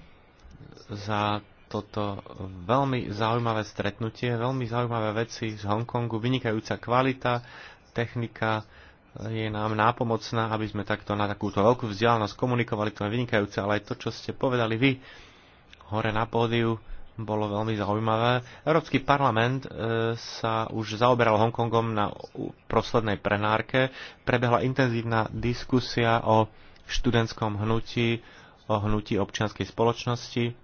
za toto veľmi zaujímavé stretnutie, veľmi zaujímavé veci z Hongkongu, vynikajúca kvalita, technika, je nám nápomocná, aby sme takto na takúto veľkú vzdialenosť komunikovali, to je vynikajúce, ale aj to, čo ste povedali vy hore na pódiu, bolo veľmi zaujímavé. Európsky parlament e, sa už zaoberal Hongkongom na proslednej prenárke. Prebehla intenzívna diskusia o študentskom hnutí, o hnutí občianskej spoločnosti.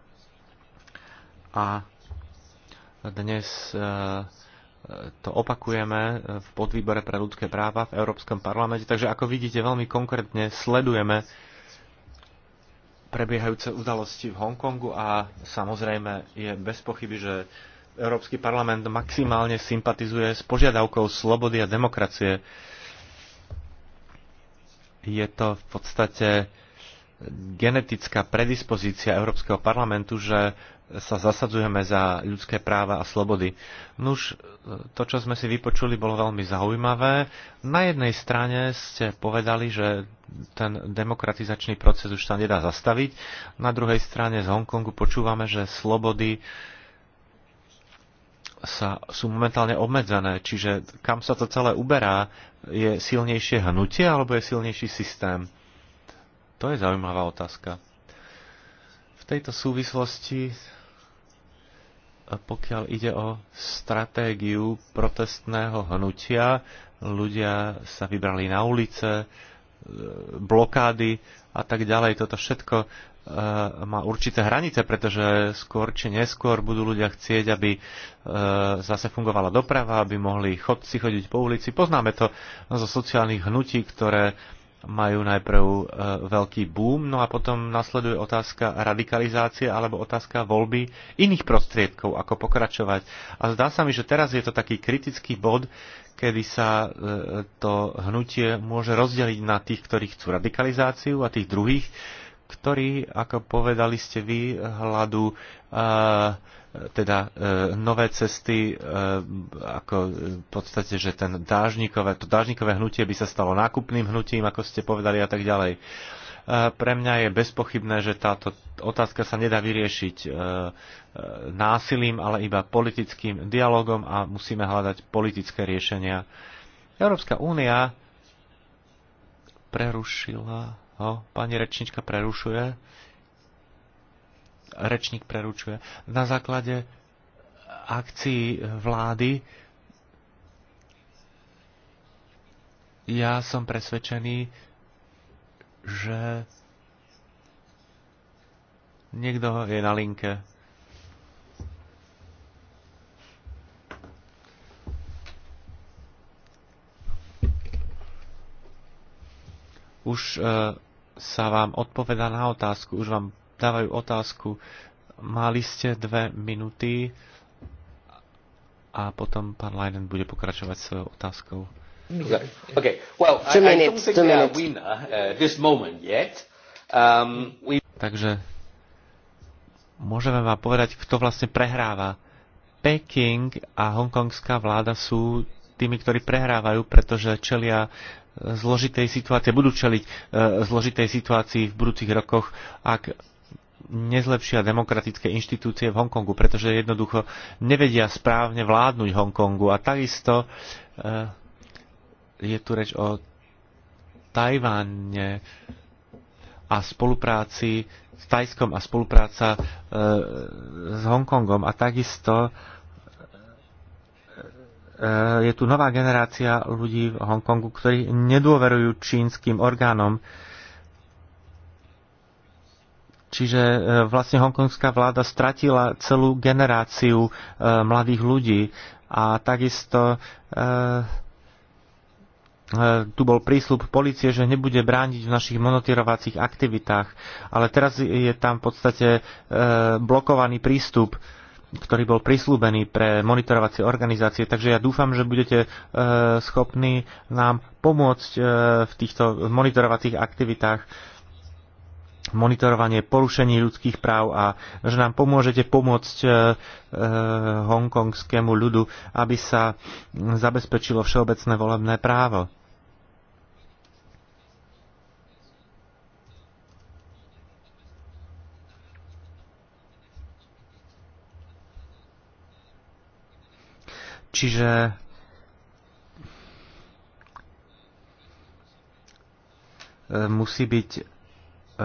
A dnes e, to opakujeme e, v podvýbore pre ľudské práva v Európskom parlamente. Takže ako vidíte, veľmi konkrétne sledujeme prebiehajúce udalosti v Hongkongu a samozrejme je bez pochyby, že Európsky parlament maximálne sympatizuje s požiadavkou slobody a demokracie. Je to v podstate genetická predispozícia Európskeho parlamentu, že sa zasadzujeme za ľudské práva a slobody. Nuž, to, čo sme si vypočuli, bolo veľmi zaujímavé. Na jednej strane ste povedali, že ten demokratizačný proces už sa nedá zastaviť. Na druhej strane z Hongkongu počúvame, že slobody sa, sú momentálne obmedzené. Čiže kam sa to celé uberá? Je silnejšie hnutie alebo je silnejší systém? To je zaujímavá otázka. V tejto súvislosti, pokiaľ ide o stratégiu protestného hnutia, ľudia sa vybrali na ulice, e, blokády a tak ďalej. Toto všetko e, má určité hranice, pretože skôr či neskôr budú ľudia chcieť, aby e, zase fungovala doprava, aby mohli chodci chodiť po ulici. Poznáme to zo sociálnych hnutí, ktoré majú najprv e, veľký boom, no a potom nasleduje otázka radikalizácie alebo otázka voľby iných prostriedkov, ako pokračovať. A zdá sa mi, že teraz je to taký kritický bod, kedy sa e, to hnutie môže rozdeliť na tých, ktorí chcú radikalizáciu a tých druhých, ktorí, ako povedali ste vy, hľadu e, teda e, nové cesty, e, ako e, v podstate, že ten dážnikové, to dážnikové hnutie by sa stalo nákupným hnutím, ako ste povedali a tak ďalej. Pre mňa je bezpochybné, že táto otázka sa nedá vyriešiť násilím, ale iba politickým dialogom a musíme hľadať politické riešenia. Európska únia prerušila ho, pani rečnička prerušuje rečník preručuje, na základe akcií vlády ja som presvedčený, že niekto je na linke. Už e, sa vám odpoveda na otázku, už vám dávajú otázku. Mali ste dve minúty a potom pán Leiden bude pokračovať svojou otázkou. Okay. Well, I, I don't think are winner uh, this moment yet. Um, we... Takže môžeme vám povedať, kto vlastne prehráva. Peking a hongkongská vláda sú tými, ktorí prehrávajú, pretože čelia e, zložitej situácie, budú čeliť e, zložitej situácii v budúcich rokoch, ak nezlepšia demokratické inštitúcie v Hongkongu, pretože jednoducho nevedia správne vládnuť Hongkongu. A takisto eh, je tu reč o Tajváne a spolupráci s Tajskom a spolupráca e, s Hongkongom. A takisto e, je tu nová generácia ľudí v Hongkongu, ktorí nedôverujú čínskym orgánom. E, Čiže e, vlastne hongkonská vláda stratila celú generáciu e, mladých ľudí a takisto e, tu bol prísľub policie, že nebude brániť v našich monitorovacích aktivitách, ale teraz je tam v podstate blokovaný prístup ktorý bol prislúbený pre monitorovacie organizácie. Takže ja dúfam, že budete e, schopní nám pomôcť e, v týchto monitorovacích aktivitách monitorovanie porušení ľudských práv a že nám pomôžete pomôcť e, e hongkongskému ľudu, aby sa zabezpečilo všeobecné volebné právo. Čiže e, musí byť E,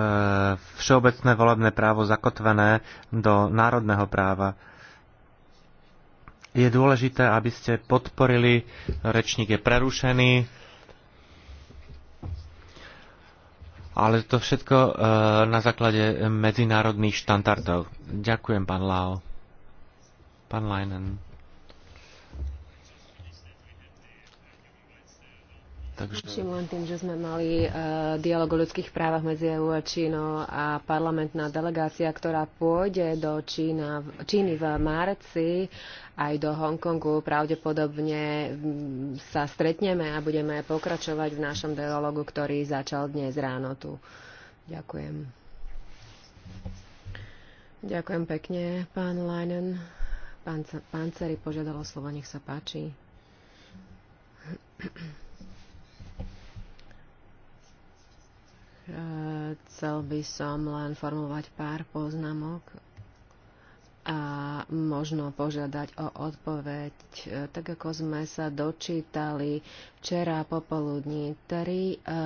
všeobecné volebné právo zakotvené do národného práva. Je dôležité, aby ste podporili, rečník je prerušený, ale to všetko e, na základe medzinárodných štandardov. Ďakujem, pán Lao. Pán Leinen. Takže... Čím len tým, že sme mali uh, dialog o ľudských právach medzi EU a Čínou a parlamentná delegácia, ktorá pôjde do Čína, Číny v marci aj do Hongkongu, pravdepodobne sa stretneme a budeme pokračovať v našom dialogu, ktorý začal dnes ráno tu. Ďakujem. Ďakujem pekne, pán Leinen. Pán, pán požiadalo slovo, nech sa páči. Eh, chcel by som len formulovať pár poznámok a možno požiadať o odpoveď. Eh, tak ako sme sa dočítali včera popoludní, tri, e,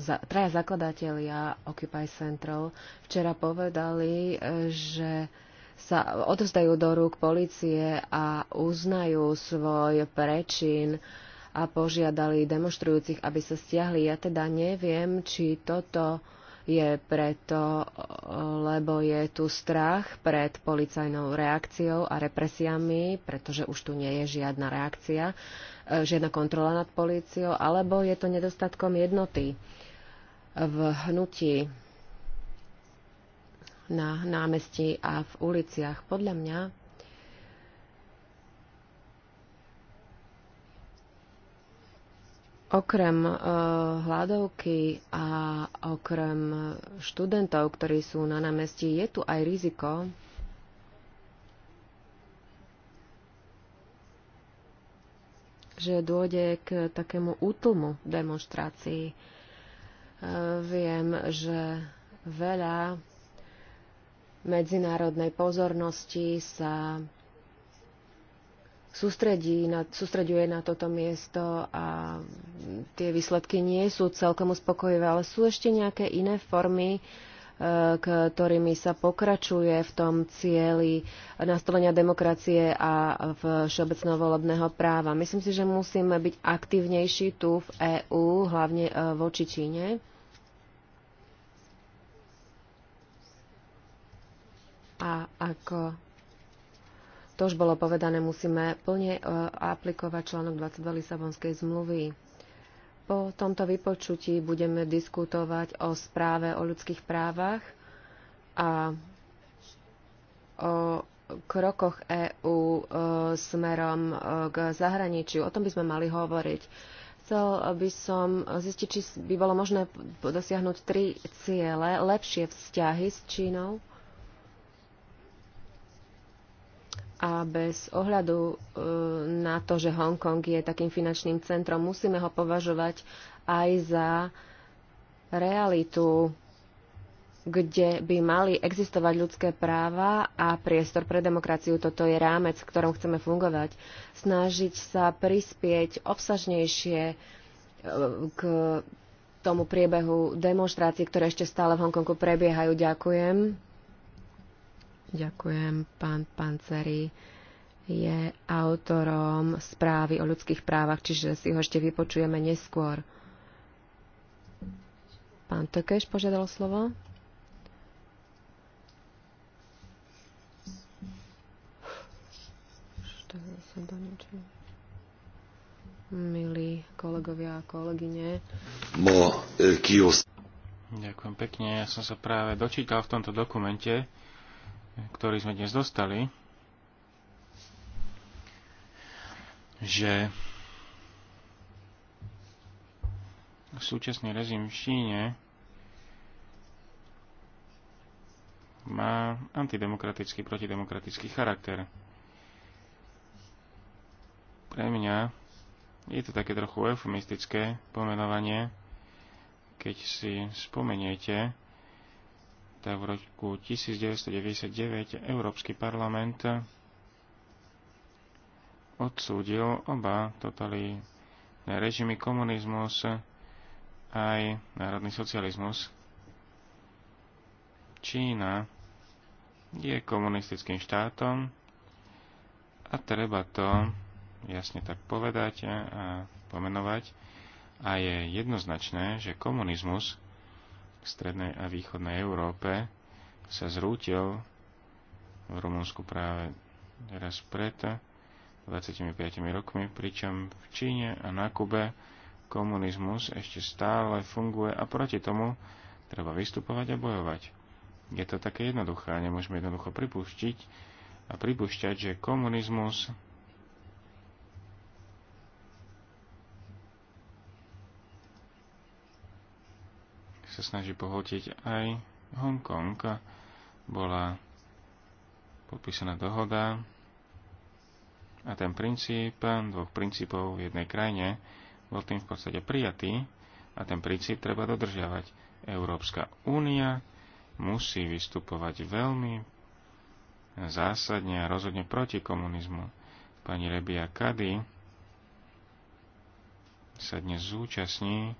za, traja zakladatelia Occupy Central včera povedali, e, že sa odvzdajú do rúk policie a uznajú svoj prečin e, a požiadali demonstrujúcich, aby sa stiahli. Ja teda neviem, či toto je preto, lebo je tu strach pred policajnou reakciou a represiami, pretože už tu nie je žiadna reakcia, e, žiadna kontrola nad políciou, alebo je to nedostatkom jednoty v hnutí na námestí a v uliciach. Podľa mňa Okrem uh, hľadovky a okrem študentov, ktorí sú na námestí, je tu aj riziko, že dôjde k takému útlmu demonstrácií. E, viem, že veľa medzinárodnej pozornosti sa sústredí na, sústreďuje na toto miesto a tie výsledky nie sú celkom uspokojivé, ale sú ešte nejaké iné formy, e, ktorými sa pokračuje v tom cieli nastolenia demokracie a všeobecného volebného práva. Myslím si, že musíme byť aktívnejší tu v EÚ, hlavne e, voči Číne. A ako to už bolo povedané, musíme plne e, aplikovať článok 22 Lisabonskej zmluvy. Po tomto vypočutí budeme diskutovať o správe o ľudských právach a o krokoch EÚ e, smerom e, k zahraničiu. O tom by sme mali hovoriť. Chcel by som zistiť, či by bolo možné dosiahnuť tri ciele. Lepšie vzťahy s Čínou, a bez ohľadu e, na to, že Hongkong je takým finančným centrom, musíme ho považovať aj za realitu, kde by mali existovať ľudské práva a priestor pre demokraciu. Toto je rámec, v ktorom chceme fungovať. Snažiť sa prispieť obsažnejšie e, k tomu priebehu demonstrácií, ktoré ešte stále v Hongkongu prebiehajú. Ďakujem. Ďakujem, pán Panceri je autorom správy o ľudských právach, čiže si ho ešte vypočujeme neskôr. Pán Tokeš požiadal slovo. Milí kolegovia a kolegyne. Eh, Ďakujem pekne. Ja som sa práve dočítal v tomto dokumente, ktorý sme dnes dostali, že súčasný režim v Číne má antidemokratický, protidemokratický charakter. Pre mňa je to také trochu eufemistické pomenovanie, keď si spomeniete, v roku 1999 Európsky parlament odsúdil oba totalitné režimy komunizmus aj národný socializmus. Čína je komunistickým štátom a treba to jasne tak povedať a pomenovať a je jednoznačné, že komunizmus v strednej a východnej Európe sa zrútil v Rumunsku práve teraz pred 25 rokmi, pričom v Číne a na Kube komunizmus ešte stále funguje a proti tomu treba vystupovať a bojovať. Je to také jednoduché, nemôžeme jednoducho pripúšťať a pripúšťať, že komunizmus sa snaží pohotiť aj Hongkong. Bola podpísaná dohoda a ten princíp dvoch princípov v jednej krajine bol tým v podstate prijatý a ten princíp treba dodržiavať. Európska únia musí vystupovať veľmi zásadne a rozhodne proti komunizmu. Pani Rebia Kady sa dnes zúčastní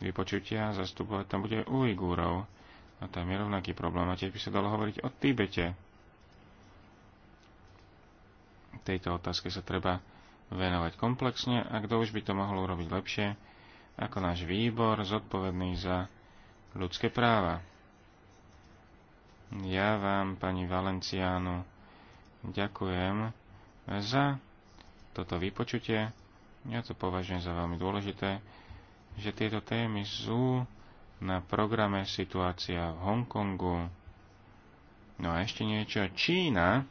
vypočutia, zastupovať tam bude Ujgúrov. A tam je rovnaký problém. A tiež by sa dalo hovoriť o Tibete. Tejto otázke sa treba venovať komplexne a kto už by to mohol urobiť lepšie ako náš výbor zodpovedný za ľudské práva. Ja vám, pani Valenciánu, ďakujem za toto vypočutie. Ja to považujem za veľmi dôležité že tieto témy sú na programe situácia v Hongkongu. No a ešte niečo. Čína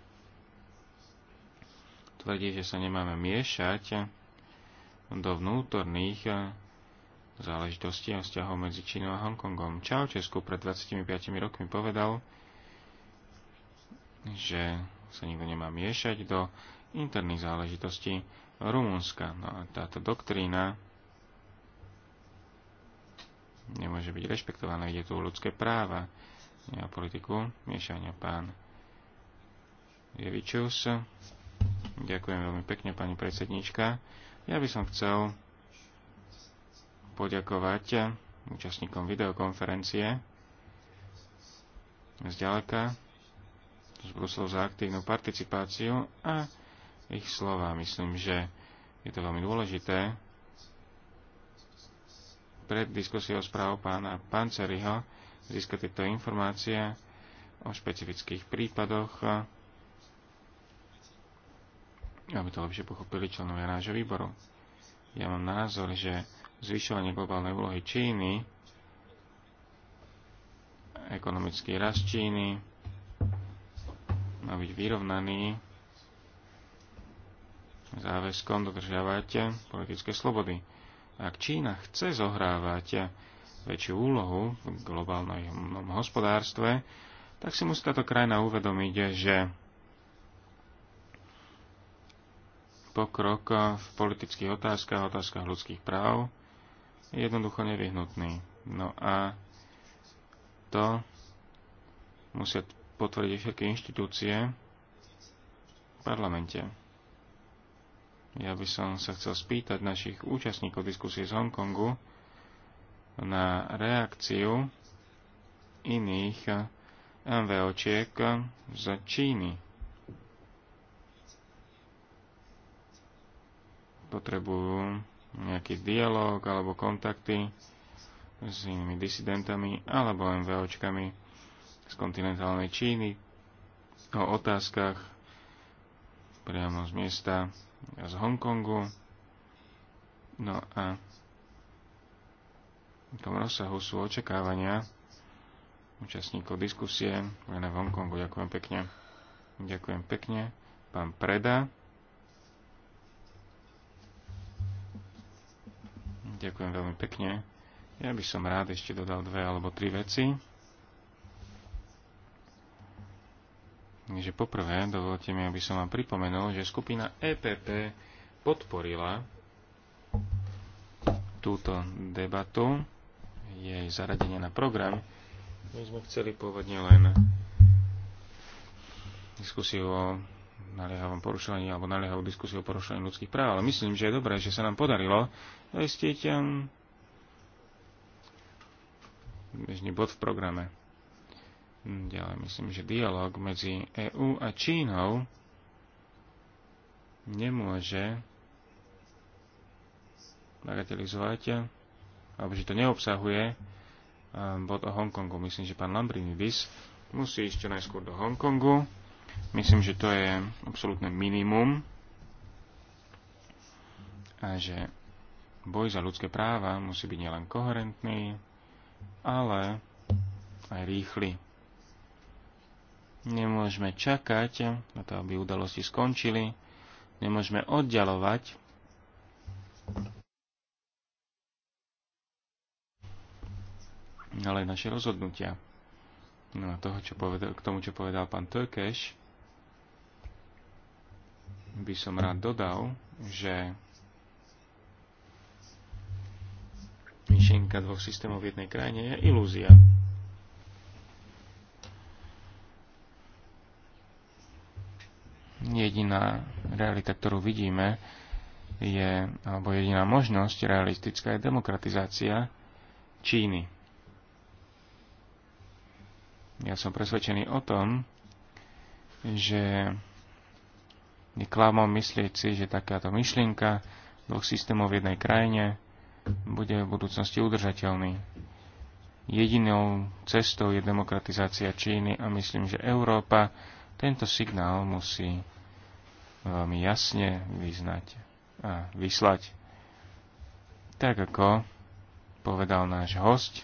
tvrdí, že sa nemáme miešať do vnútorných záležitostí a vzťahov medzi Čínou a Hongkongom. Čau Česku pred 25 rokmi povedal, že sa nikto nemá miešať do interných záležitostí Rumunska. No a táto doktrína nemôže byť rešpektované. Ide tu o ľudské práva, nie o politiku. Miešania pán Jevičus. Ďakujem veľmi pekne, pani predsednička. Ja by som chcel poďakovať účastníkom videokonferencie ďaleka z Bruslov za aktívnu participáciu a ich slova. Myslím, že je to veľmi dôležité, pred diskusiou správ pána Panceriho získať tieto informácie o špecifických prípadoch, aby to lepšie pochopili členovia nášho výboru. Ja mám názor, že zvyšovanie globálnej úlohy Číny, ekonomický rast Číny má byť vyrovnaný záväzkom dodržiavať politické slobody. Ak Čína chce zohrávať väčšiu úlohu v globálnom hospodárstve, tak si musí táto krajina uvedomiť, že pokrok v politických otázkach, otázkach ľudských práv je jednoducho nevyhnutný. No a to musia potvrdiť všetky inštitúcie v parlamente. Ja by som sa chcel spýtať našich účastníkov diskusie z Hongkongu na reakciu iných MVOčiek z Číny. Potrebujú nejaký dialog alebo kontakty s inými disidentami alebo MVOčkami z kontinentálnej Číny o otázkach priamo z miesta z Hongkongu. No a v tom rozsahu sú očakávania účastníkov diskusie len v Hongkongu. Ďakujem pekne. Ďakujem pekne. Pán Preda. Ďakujem veľmi pekne. Ja by som rád ešte dodal dve alebo tri veci. Takže poprvé dovolte mi, aby som vám pripomenul, že skupina EPP podporila túto debatu, jej zaradenie na program. My sme chceli pôvodne len diskusiu o naliehavom porušovaní alebo naliehavú diskusiu o porušovaní ľudských práv, ale myslím, že je dobré, že sa nám podarilo zaistiť ehm, bežný bod v programe. Hm, ďalej myslím, že dialog medzi EÚ a Čínou nemôže bagatelizovať, alebo že to neobsahuje ehm, bod o Hongkongu. Myslím, že pán Lambrinidis musí ísť čo najskôr do Hongkongu. Myslím, že to je absolútne minimum a že boj za ľudské práva musí byť nielen koherentný, ale aj rýchly. Nemôžeme čakať na to, aby udalosti skončili. Nemôžeme oddialovať. Ale naše rozhodnutia. No a toho, čo povedal, k tomu, čo povedal pán Tökeš, by som rád dodal, že myšlienka dvoch systémov v jednej krajine je ilúzia. Jediná realita, ktorú vidíme, je, alebo jediná možnosť realistická je demokratizácia Číny. Ja som presvedčený o tom, že je klamom myslieť si, že takáto myšlienka dvoch systémov v jednej krajine bude v budúcnosti udržateľný. Jedinou cestou je demokratizácia Číny a myslím, že Európa tento signál musí veľmi jasne vyznať a vyslať. Tak ako povedal náš host,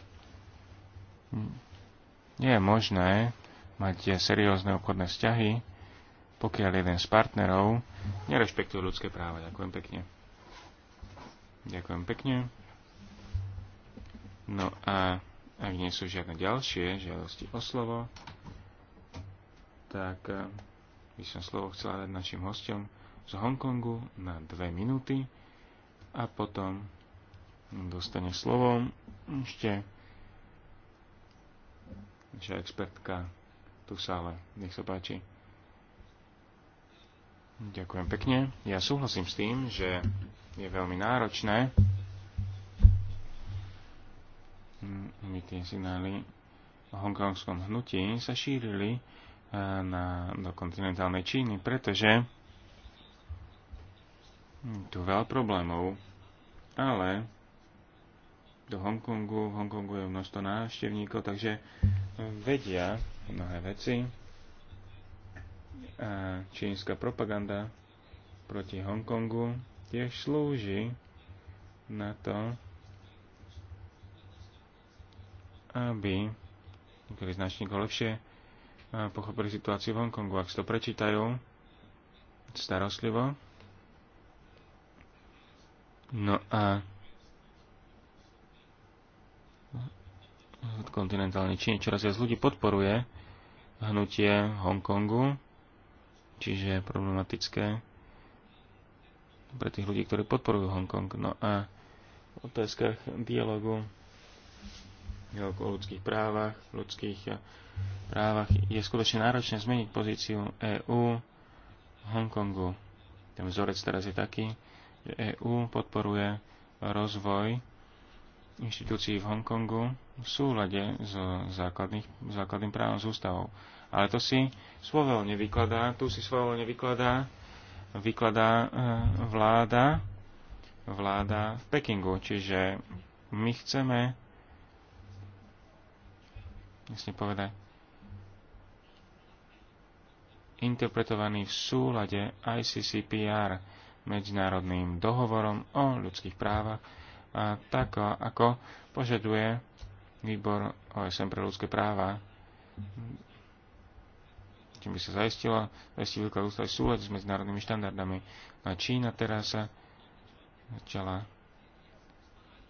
nie je možné mať seriózne obchodné vzťahy, pokiaľ jeden z partnerov nerešpektuje ľudské práva. Ďakujem pekne. Ďakujem pekne. No a ak nie sú žiadne ďalšie žiadosti o slovo, tak by som slovo chcela dať našim hostom z Hongkongu na dve minúty a potom dostane slovo ešte naša expertka tu v sále. Nech sa páči. Ďakujem pekne. Ja súhlasím s tým, že je veľmi náročné my mm, tie signály o hongkongskom hnutí sa šírili E, na, do kontinentálnej Číny, pretože tu veľa problémov, ale do Hongkongu, v Hongkongu je množstvo návštevníkov, takže vedia mnohé veci. A e, čínska propaganda proti Hongkongu tiež slúži na to, aby niektorí značníkov lepšie pochopili situáciu v Hongkongu. Ak si to prečítajú starostlivo, no a kontinentálny Číne čoraz viac ľudí podporuje hnutie Hongkongu, čiže je problematické pre tých ľudí, ktorí podporujú Hongkong. No a v otázkach dialogu o ľudských právach, ľudských právach je skutočne náročné zmeniť pozíciu EÚ v Hongkongu. Ten vzorec teraz je taký, že EÚ podporuje rozvoj inštitúcií v Hongkongu v súlade s základným právom z ústavou. Ale to si svojvoľne vykladá, tu si svojvoľne vykladá, vykladá e, vláda, vláda v Pekingu. Čiže my chceme, jasne povedať, interpretovaný v súlade ICCPR medzinárodným dohovorom o ľudských právach, a tak ako požaduje výbor OSM pre ľudské práva, čím by sa zaistilo, zaistil výklad ústavy súlad s medzinárodnými štandardami. A Čína teraz sa začala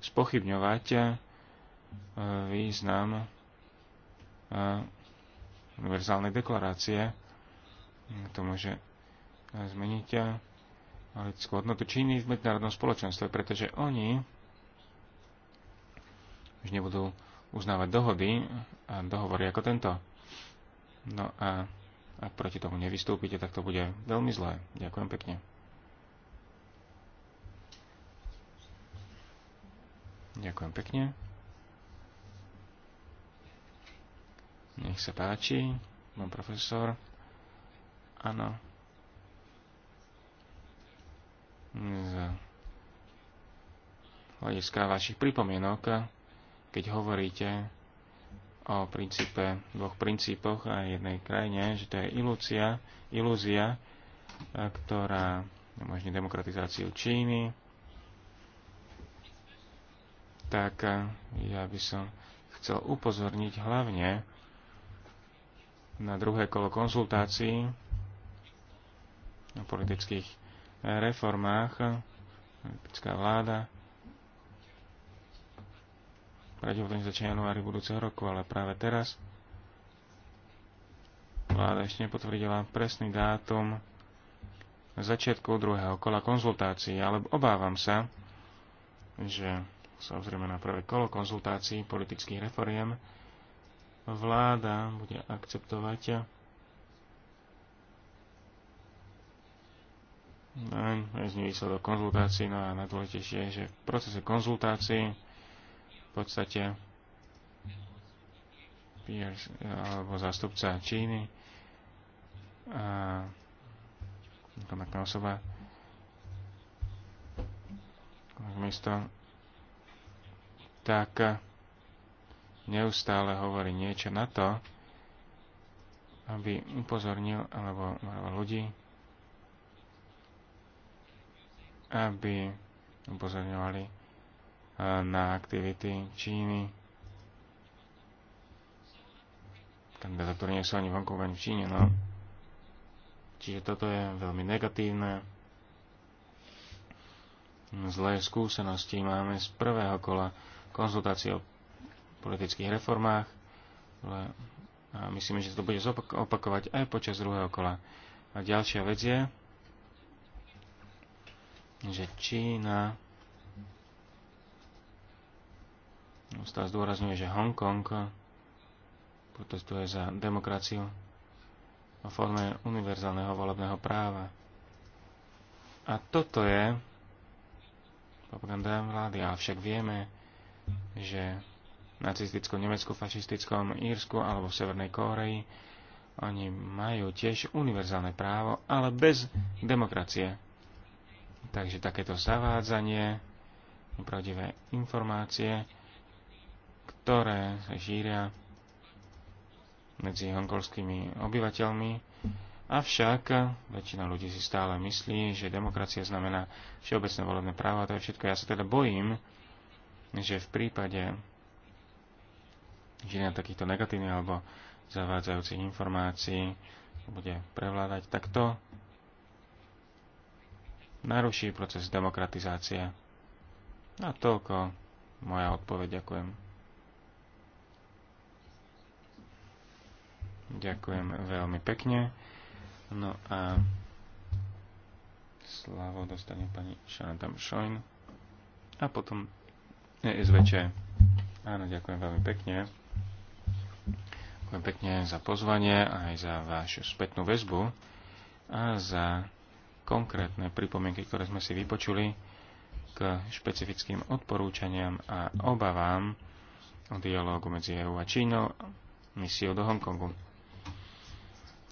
spochybňovať e, význam e, univerzálnej deklarácie Hm, to môže eh, zmeniť lidskú eh, hodnotu Číny v medzinárodnom spoločenstve, pretože oni už nebudú uznávať dohody a dohovory ako tento. No a ak proti tomu nevystúpite, tak to bude veľmi zlé. Ďakujem pekne. Ďakujem pekne. Nech sa páči, pán profesor. Áno. Z hľadiska vašich pripomienok, keď hovoríte o princípe, dvoch princípoch a jednej krajine, že to je ilúcia, ilúzia, ktorá umožní demokratizáciu Číny, tak ja by som chcel upozorniť hlavne na druhé kolo konzultácií o politických eh, reformách, politická vláda, pravdepodobne začne januári budúceho roku, ale práve teraz vláda ešte nepotvrdila presný dátum začiatku druhého kola konzultácií, ale obávam sa, že samozrejme na prvé kolo konzultácií politických reforiem vláda bude akceptovať znižil do konzultácií, no a najdôležitejšie je, že v procese konzultácií v podstate peers, alebo zástupca Číny a kontaktná osoba miesto tak neustále hovorí niečo na to, aby upozornil alebo ľudí, aby upozorňovali e, na aktivity Číny, Kandidatúry nie sú ani vonku, ani v Číne. No. Čiže toto je veľmi negatívne. Zlé skúsenosti máme z prvého kola konzultácií o politických reformách, ale a myslím, že to bude opakovať aj počas druhého kola. A ďalšia vec je, že Čína ustále zdôrazňuje, že Hongkong protestuje za demokraciu o forme univerzálneho volebného práva. A toto je propaganda vlády, avšak vieme, že v nacistickom Nemecku, fašistickom Írsku alebo v Severnej Kóreji oni majú tiež univerzálne právo, ale bez demokracie. Takže takéto zavádzanie, nepravdivé informácie, ktoré sa šíria medzi hongkolskými obyvateľmi. Avšak väčšina ľudí si stále myslí, že demokracia znamená všeobecné volebné právo a to je všetko. Ja sa teda bojím, že v prípade šírenia takýchto negatívnych alebo zavádzajúcich informácií bude prevládať, takto naruší proces demokratizácie. A toľko moja odpoveď. Ďakujem. Ďakujem veľmi pekne. No a Slavo dostane pani Šantam Šojn a potom e SVČ. Áno, ďakujem veľmi pekne. Ďakujem pekne za pozvanie aj za vašu spätnú väzbu a za konkrétne pripomienky, ktoré sme si vypočuli k špecifickým odporúčaniam a obavám o dialógu medzi EU a Čínou a misiou do Hongkongu.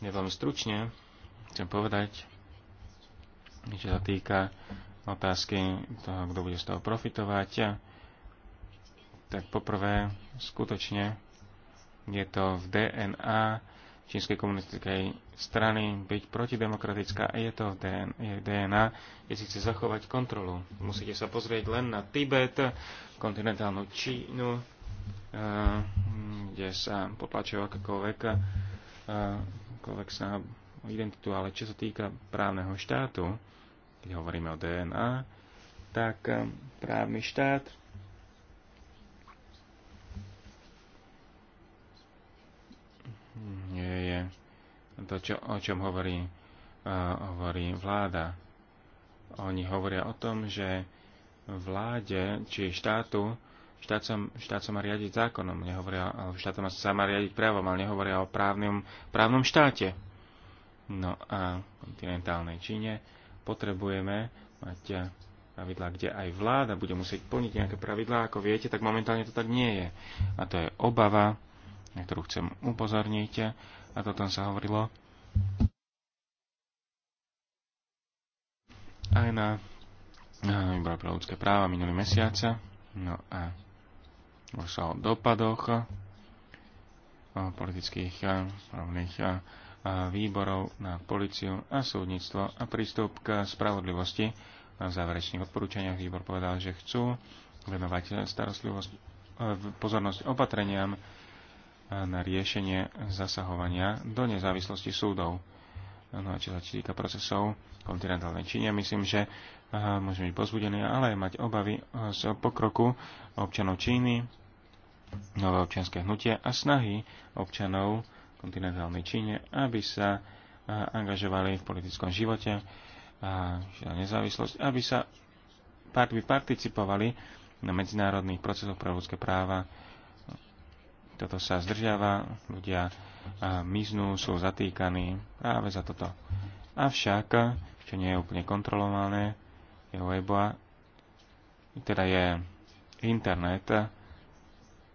Ja veľmi stručne chcem povedať, čo sa týka otázky toho, kto bude z toho profitovať, tak poprvé skutočne je to v DNA čínskej komunistickej strany byť protidemokratická a je to DNA, keď si chce zachovať kontrolu. Musíte sa pozrieť len na Tibet, kontinentálnu Čínu, eh, kde sa potlačuje akákoľvek, eh, akákoľvek sa identitu, ale čo sa týka právneho štátu, keď hovoríme o DNA, tak eh, právny štát Nie je to, čo, o čom hovorí, uh, hovorí vláda. Oni hovoria o tom, že vláde či štátu štát sa, štát sa má riadiť zákonom, nehovoria, štát sa má riadiť právom, ale nehovoria o právnym, právnom štáte. No a v kontinentálnej Číne potrebujeme mať pravidlá, kde aj vláda bude musieť plniť nejaké pravidlá, ako viete, tak momentálne to tak nie je. A to je obava na ktorú chcem upozorniť, a to tam sa hovorilo aj na, na výbor pre ľudské práva minulý mesiac. No a už sa o dopadoch o politických rovných výborov na policiu a súdnictvo a prístup k spravodlivosti. na záverečných odporúčaniach výbor povedal, že chcú venovať starostlivosť, e, pozornosť opatreniam, na riešenie zasahovania do nezávislosti súdov. No a čo sa týka procesov kontinentálnej Číne, myslím, že môžeme byť pozbudení, ale aj mať obavy z pokroku občanov Číny, nové občianské hnutie a snahy občanov kontinentálnej Číne, aby sa angažovali v politickom živote a nezávislosť, aby sa participovali na medzinárodných procesoch pre ľudské práva, toto sa zdržiava, ľudia miznú, sú zatýkaní práve za toto. Avšak, čo nie je úplne kontrolované, je webo, teda je internet,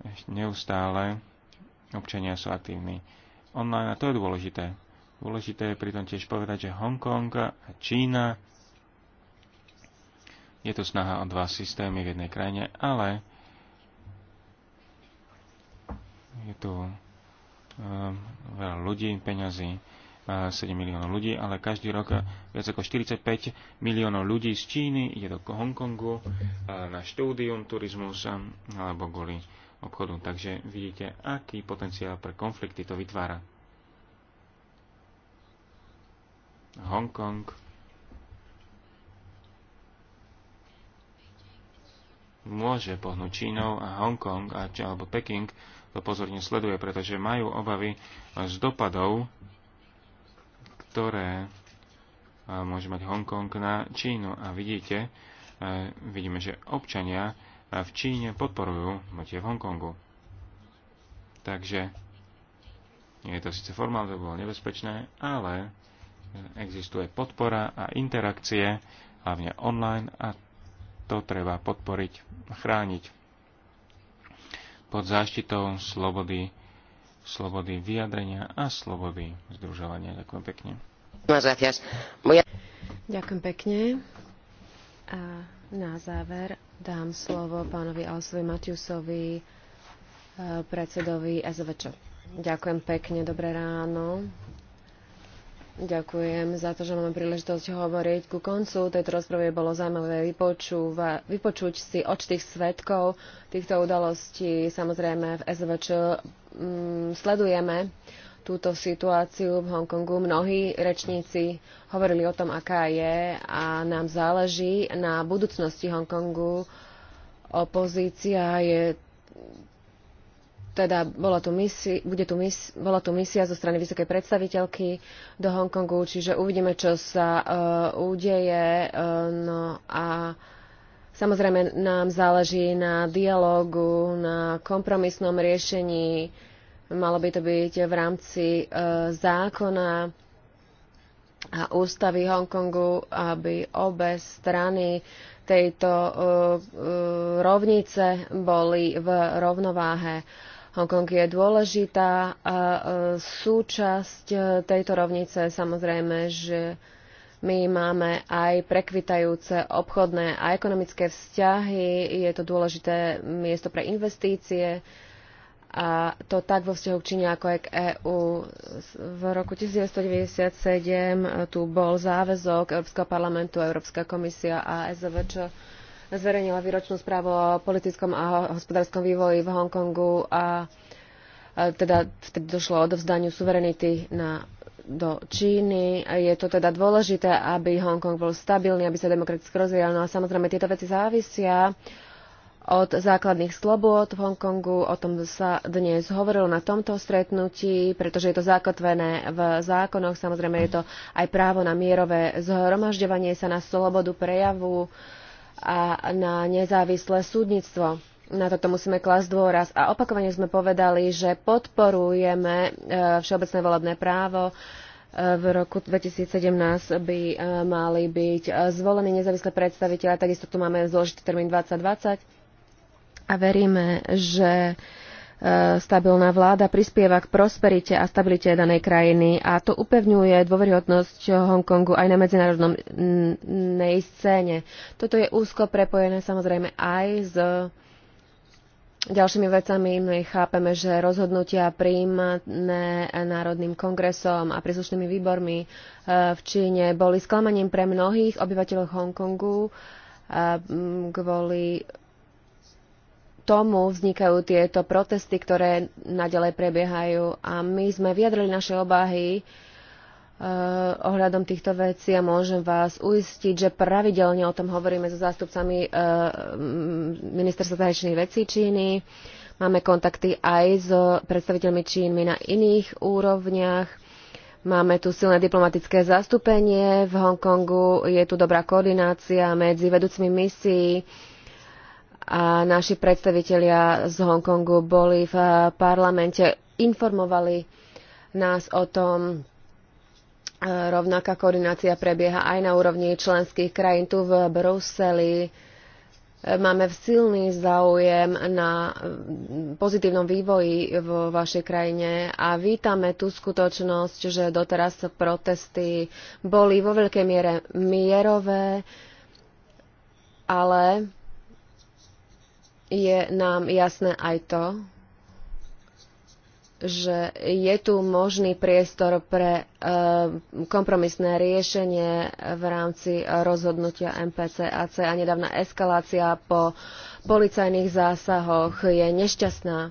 ešte neustále občania sú aktívni online a to je dôležité. Dôležité je pritom tiež povedať, že Hongkong a Čína je to snaha o dva systémy v jednej krajine, ale je tu eh, veľa ľudí, peňazí, 7 eh, miliónov ľudí, ale každý rok eh, viac ako 45 miliónov ľudí z Číny ide do Hongkongu na štúdium, turizmus alebo kvôli obchodu. Takže vidíte, aký potenciál pre konflikty to vytvára. Hongkong môže pohnúť Čínou a Hongkong alebo Peking to pozorne sleduje, pretože majú obavy z dopadov, ktoré e, môže mať Hongkong na Čínu. A vidíte, e, vidíme, že občania e, v Číne podporujú motie v Hongkongu. Takže nie je to síce formálne, to bolo nebezpečné, ale existuje podpora a interakcie, hlavne online, a to treba podporiť a chrániť pod záštitou slobody, slobody vyjadrenia a slobody združovania. Ďakujem pekne. Ďakujem pekne. A na záver dám slovo pánovi Alsovi Matiusovi, e, predsedovi SVČ. Ďakujem pekne, dobré ráno. Ďakujem za to, že máme príležitosť hovoriť. Ku koncu tejto rozpravy bolo zaujímavé vypočúva, vypočuť si očtých svetkov týchto udalostí. Samozrejme v SVČ mm, sledujeme túto situáciu v Hongkongu. Mnohí rečníci hovorili o tom, aká je a nám záleží na budúcnosti Hongkongu. Opozícia je teda bola tu, misi, bude tu mis, bola tu misia zo strany vysokej predstaviteľky do Hongkongu, čiže uvidíme, čo sa uh, udeje. Uh, no a samozrejme nám záleží na dialogu, na kompromisnom riešení. Malo by to byť v rámci uh, zákona a ústavy Hongkongu, aby obe strany tejto uh, uh, rovnice boli v rovnováhe. Hongkong je dôležitá a súčasť e, tejto rovnice samozrejme, že my máme aj prekvitajúce obchodné a ekonomické vzťahy, je to dôležité miesto pre investície a to tak vo vzťahu k Číne ako aj k EÚ. V roku 1997 tu bol záväzok Európskeho parlamentu, Európska komisia a SVČ zverejnila výročnú správu o politickom a hospodárskom vývoji v Hongkongu a teda vtedy došlo o odovzdaniu suverenity na, do Číny. Je to teda dôležité, aby Hongkong bol stabilný, aby sa demokraticky rozvíjal. No a samozrejme tieto veci závisia od základných slobôd v Hongkongu. O tom sa dnes hovorilo na tomto stretnutí, pretože je to zakotvené v zákonoch. Samozrejme je to aj právo na mierové zhromažďovanie sa na slobodu prejavu. Uh, a na nezávislé súdnictvo. Na toto musíme klasť dôraz. A opakovane sme povedali, že podporujeme e, všeobecné volebné právo. E, v roku 2017 by e, mali byť zvolení nezávislé predstaviteľe. Takisto tu máme zložitý termín 2020. A veríme, že E, stabilná vláda prispieva k prosperite a stabilite danej krajiny a to upevňuje dôveryhodnosť Hongkongu aj na medzinárodnej scéne. Toto je úzko prepojené samozrejme aj s ďalšími vecami. My chápeme, že rozhodnutia príjmané Národným kongresom a príslušnými výbormi e, v Číne boli sklamaním pre mnohých obyvateľov Hongkongu e, kvôli tomu vznikajú tieto protesty, ktoré naďalej prebiehajú a my sme vyjadrili naše obahy e, ohľadom týchto vecí a môžem vás uistiť, že pravidelne o tom hovoríme so zástupcami e, ministerstva zahraničných vecí Číny. Máme kontakty aj s predstaviteľmi Číny na iných úrovniach. Máme tu silné diplomatické zastúpenie v Hongkongu, je tu dobrá koordinácia medzi vedúcimi misií a naši predstavitelia z Hongkongu boli v eh, parlamente, informovali nás o tom, eh, rovnaká koordinácia prebieha aj na úrovni členských krajín tu v Bruseli. Eh, máme silný záujem na mm, pozitívnom vývoji vo vašej krajine a vítame tú skutočnosť, že doteraz protesty boli vo veľkej miere mierové, ale je nám jasné aj to, že je tu možný priestor pre e, kompromisné riešenie v rámci rozhodnutia MPCAC a nedávna eskalácia po policajných zásahoch je nešťastná.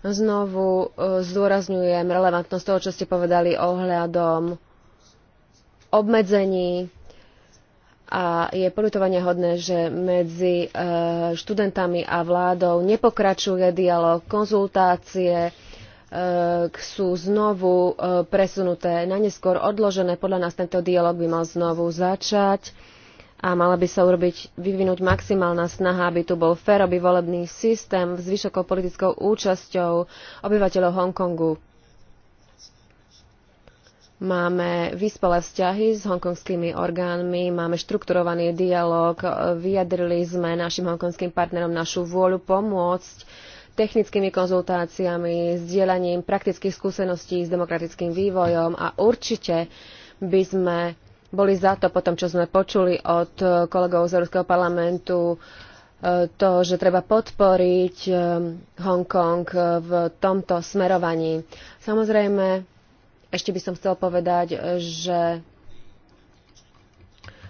Znovu e, zdôrazňujem relevantnosť toho, čo ste povedali ohľadom obmedzení a je politovania hodné, že medzi e, študentami a vládou nepokračuje dialog, konzultácie e, sú znovu e, presunuté na neskôr odložené. Podľa nás tento dialog by mal znovu začať a mala by sa urobiť, vyvinúť maximálna snaha, aby tu bol férový volebný systém s vysokou politickou účasťou obyvateľov Hongkongu Máme vyspelé vzťahy s hongkonskými orgánmi, máme štrukturovaný dialog, e, vyjadrili sme našim hongkonským partnerom našu vôľu pomôcť technickými konzultáciami, sdielaním praktických skúseností s demokratickým vývojom a určite by sme boli za to, potom čo sme počuli od kolegov z Európskeho parlamentu, e, to, že treba podporiť e, Hongkong v tomto smerovaní. Samozrejme, ešte by som chcel povedať, e, že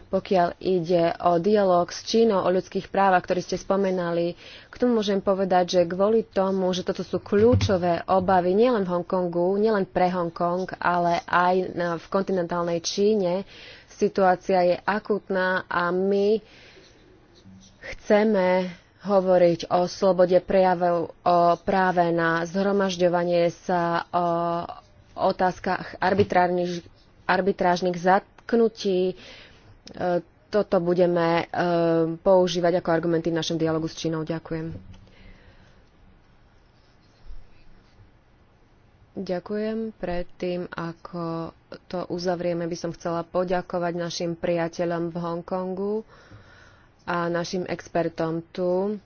pokiaľ ide o dialog s Čínou o ľudských právach, ktorý ste spomenali, k tomu môžem povedať, že kvôli tomu, že toto sú kľúčové obavy nielen v Hongkongu, nielen pre Hongkong, ale aj v kontinentálnej Číne, situácia je akutná a my chceme hovoriť o slobode prejavov, o práve na zhromažďovanie sa, o otázkach arbitrážnych zatknutí. E, toto budeme e, používať ako argumenty v našom dialogu s Čínou. Ďakujem. Ďakujem. Predtým, ako to uzavrieme, by som chcela poďakovať našim priateľom v Hongkongu a našim expertom tu.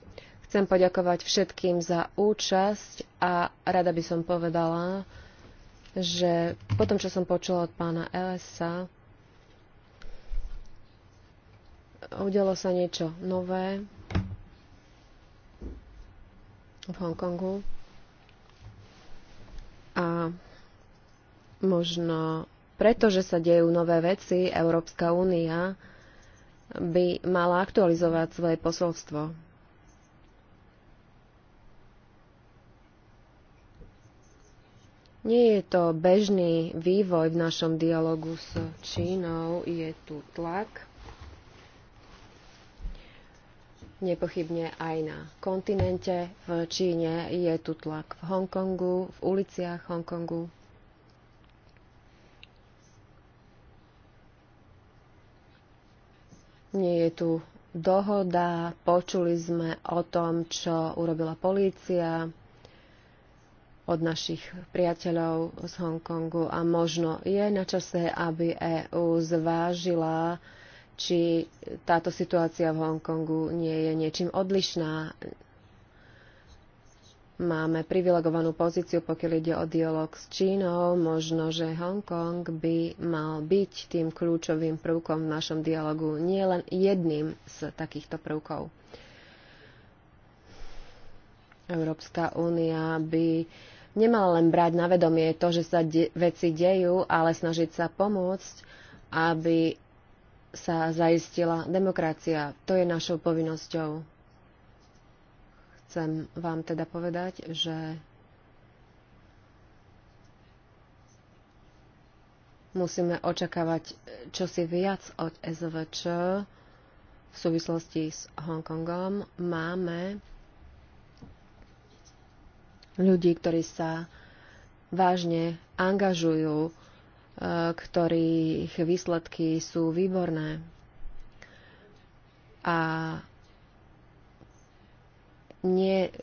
Chcem poďakovať všetkým za účasť a rada by som povedala, že po tom, čo som počula od pána Elesa, udialo sa niečo nové v Hongkongu a možno preto, že sa dejú nové veci, Európska únia by mala aktualizovať svoje posolstvo Nie je to bežný vývoj v našom dialogu s Čínou, je tu tlak nepochybne aj na kontinente. V Číne je tu tlak v Hongkongu, v uliciach Hongkongu. Nie je tu dohoda, počuli sme o tom, čo urobila polícia, od našich priateľov z Hongkongu a možno je na čase, aby EÚ zvážila, či táto situácia v Hongkongu nie je niečím odlišná. Máme privilegovanú pozíciu, pokiaľ ide o dialog s Čínou. Možno, že Hongkong by mal byť tým kľúčovým prvkom v našom dialogu, nie len jedným z takýchto prvkov. Európska únia by uh, nemala len brať na vedomie to, že sa de- veci dejú, ale snažiť sa pomôcť, aby sa zaistila demokracia. To je našou povinnosťou. Chcem vám teda povedať, že musíme očakávať čosi viac od SVČ v súvislosti s Hongkongom. Máme ľudí, ktorí sa vážne angažujú, e, ktorých výsledky sú výborné. A nie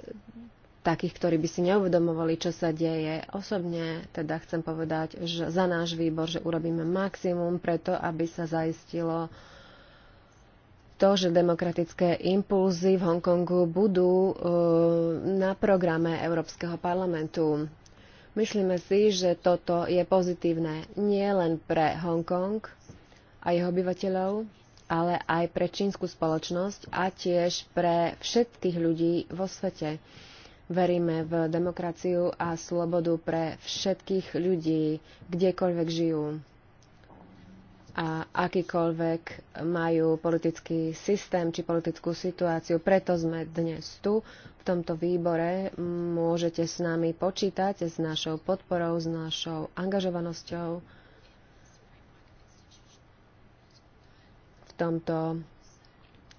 takých, ktorí by si neuvedomovali, čo sa deje. Osobne teda chcem povedať, že za náš výbor, že urobíme maximum preto, aby sa zaistilo uh, to, že demokratické impulzy v Hongkongu budú e, na programe Európskeho parlamentu. Myslíme si, že toto je pozitívne nie len pre Hongkong a jeho obyvateľov, ale aj pre čínsku spoločnosť a tiež pre všetkých ľudí vo svete. Veríme v demokraciu a slobodu pre všetkých ľudí, kdekoľvek žijú a akýkoľvek majú politický systém či politickú situáciu. Preto sme dnes tu, v tomto výbore. Môžete s nami počítať, s našou podporou, s našou angažovanosťou v tomto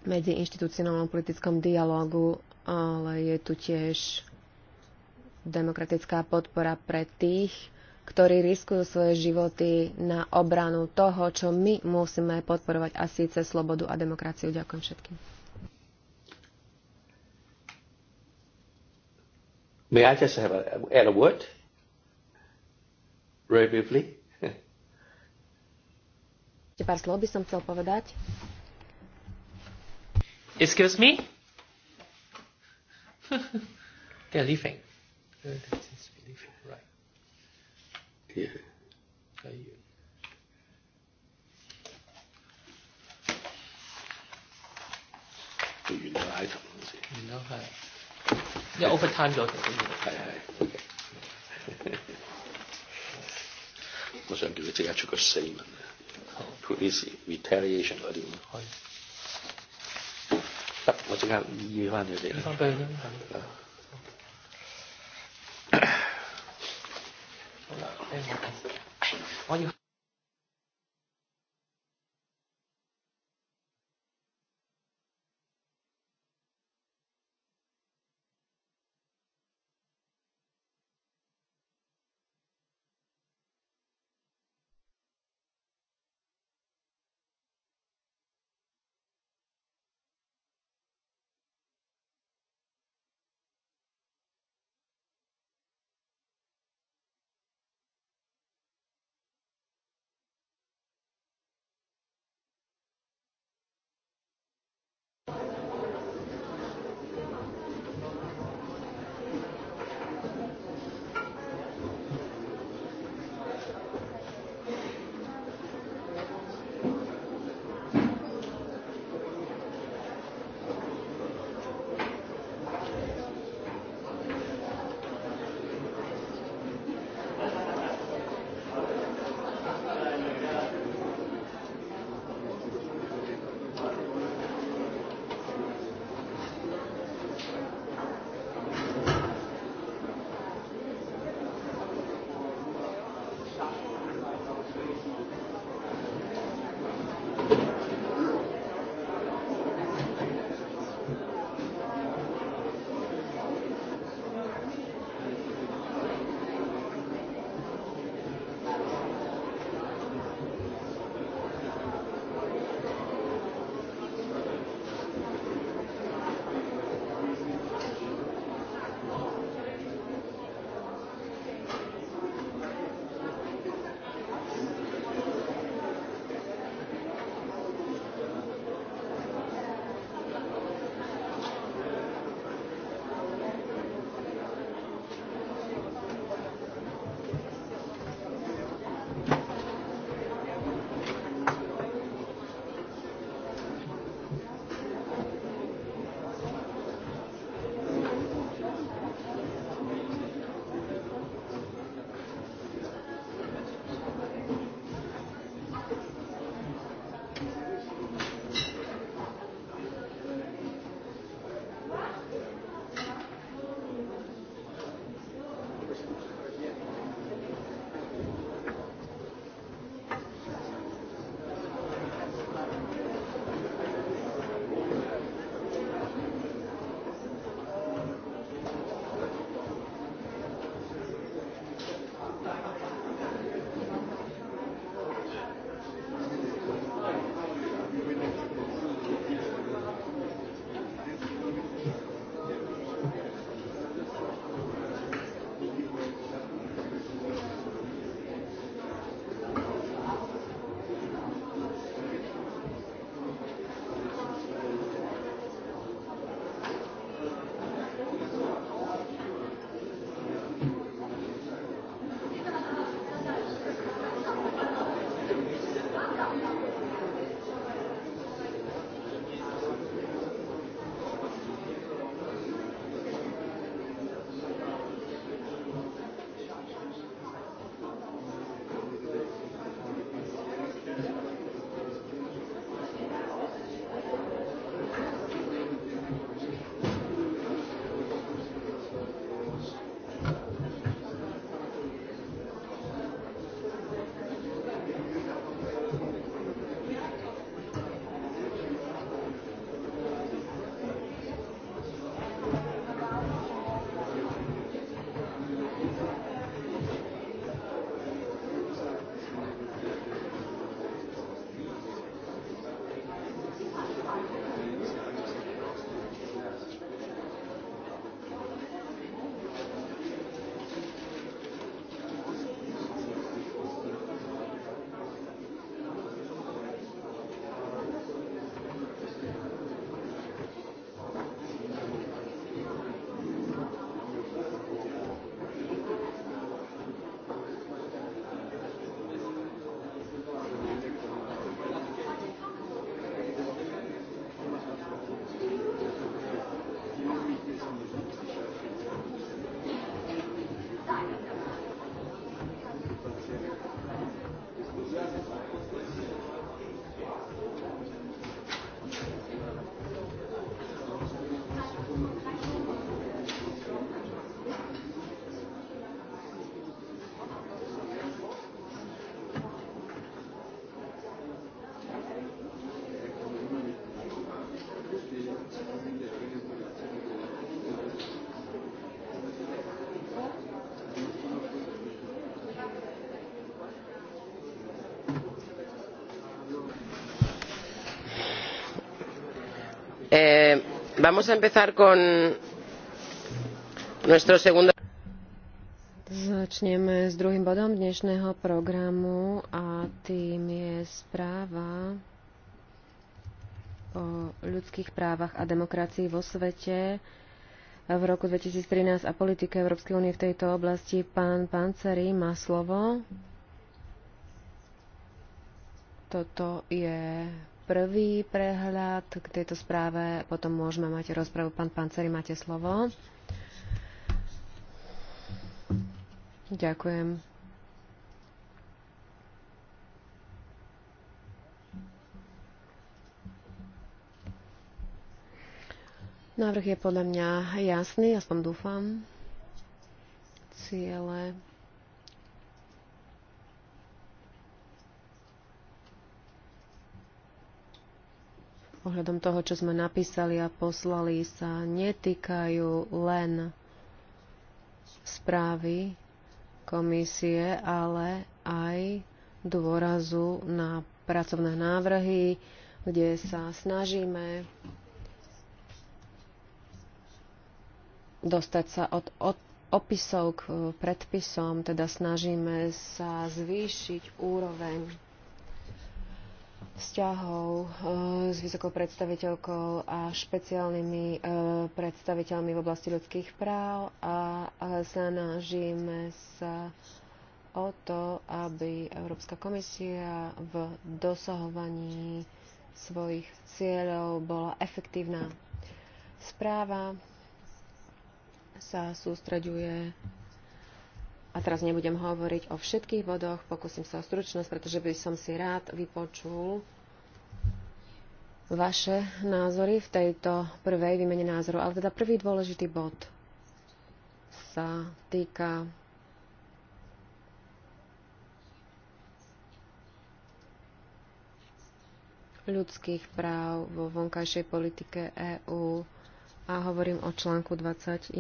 medziinstitucionálnom politickom dialogu, ale je tu tiež demokratická podpora pre tých, ktorí riskujú svoje životy na obranu toho, čo my musíme podporovať a síce slobodu a demokraciu. Ďakujem všetkým. May I just have a, add a word? Very briefly. *laughs* pár slov by som chcel povedať. Excuse me? *laughs* They're leaving. Yeah. 原來係咁先。原來係，因為 overtime 咗成啲嘢。係係。我想叫佢即刻出個 statement 啊，police retaliation 嗰啲。係。得，我即刻醫翻佢哋。醫翻俾佢啦。Well, there's nothing. Well, you Vamos a empezar con nuestro segundo. Začneme s druhým bodom dnešného programu a tým je správa o ľudských právach a demokracii vo svete v roku 2013 a politike Európskej únie v tejto oblasti. Pán Panceri má slovo. Toto je prvý prehľad k tejto správe, potom môžeme mať rozpravu. Pán Panceri, máte slovo. Ďakujem. Návrh je podľa mňa jasný, aspoň dúfam. Ciele ohľadom toho, čo sme napísali a poslali, sa netýkajú len správy komisie, ale aj dôrazu na pracovné návrhy, kde sa snažíme dostať sa od, od opisov k predpisom, teda snažíme sa zvýšiť úroveň vzťahov eh, s vysokou predstaviteľkou a špeciálnymi eh, predstaviteľmi v oblasti ľudských práv a eh, snažíme sa o to, aby Európska komisia v dosahovaní svojich cieľov bola efektívna. Správa sa sústreďuje a teraz nebudem hovoriť o všetkých bodoch, pokúsim sa o stručnosť, pretože by som si rád vypočul vaše názory v tejto prvej výmene názoru. Ale teda prvý dôležitý bod sa týka ľudských práv vo vonkajšej politike EÚ a hovorím o článku 21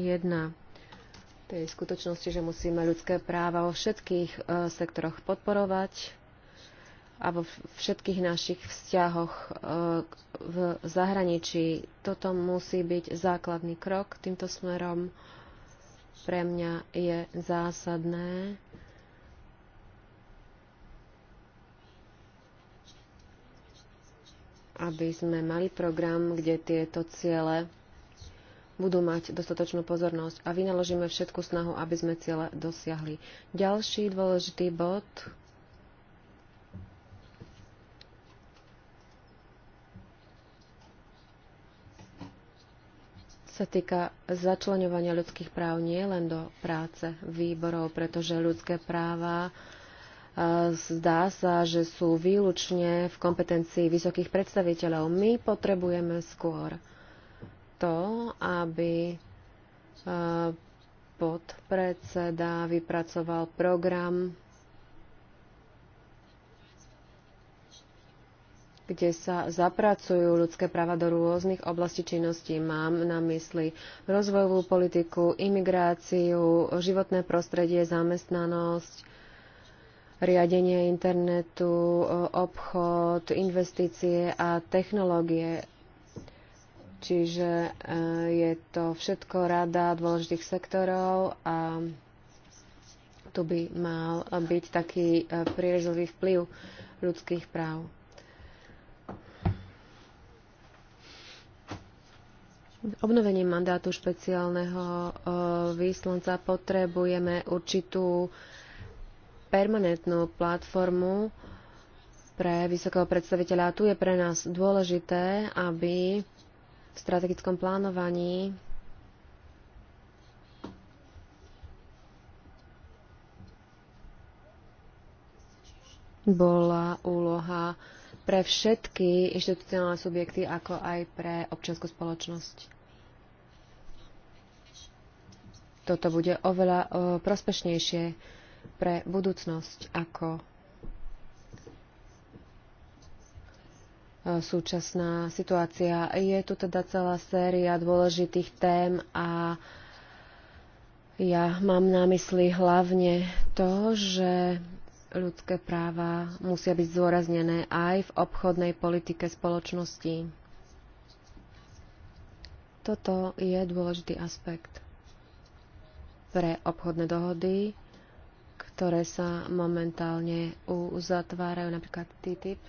tej skutočnosti, že musíme ľudské práva vo všetkých e, sektoroch podporovať a vo všetkých našich vzťahoch e, v zahraničí. Toto musí byť základný krok týmto smerom. Pre mňa je zásadné, aby sme mali program, kde tieto ciele budú mať dostatočnú pozornosť a vynaložíme všetku snahu, aby sme ciele dosiahli. Ďalší dôležitý bod sa týka začlenovania ľudských práv nie len do práce výborov, pretože ľudské práva e, zdá sa, že sú výlučne v kompetencii vysokých predstaviteľov. My potrebujeme skôr to, aby e, podpredseda vypracoval program, kde sa zapracujú ľudské práva do rôznych oblastí činností. Mám na mysli rozvojovú politiku, imigráciu, životné prostredie, zamestnanosť, riadenie internetu, obchod, investície a technológie. Čiže e, je to všetko rada dôležitých sektorov a tu by mal byť taký e, prírezový vplyv ľudských práv. Obnovením mandátu špeciálneho e, výslanca potrebujeme určitú permanentnú platformu pre vysokého predstaviteľa. A tu je pre nás dôležité, aby v strategickom plánovaní bola úloha pre všetky inštitucionálne subjekty, ako aj pre občianskú spoločnosť. Toto bude oveľa eh, prospešnejšie pre budúcnosť ako E, súčasná situácia. Je tu teda celá séria dôležitých tém a ja mám na mysli hlavne to, že ľudské práva musia byť zdôraznené aj v obchodnej politike spoločnosti. Toto je dôležitý aspekt pre obchodné dohody, ktoré sa momentálne uzatvárajú, napríklad TTIP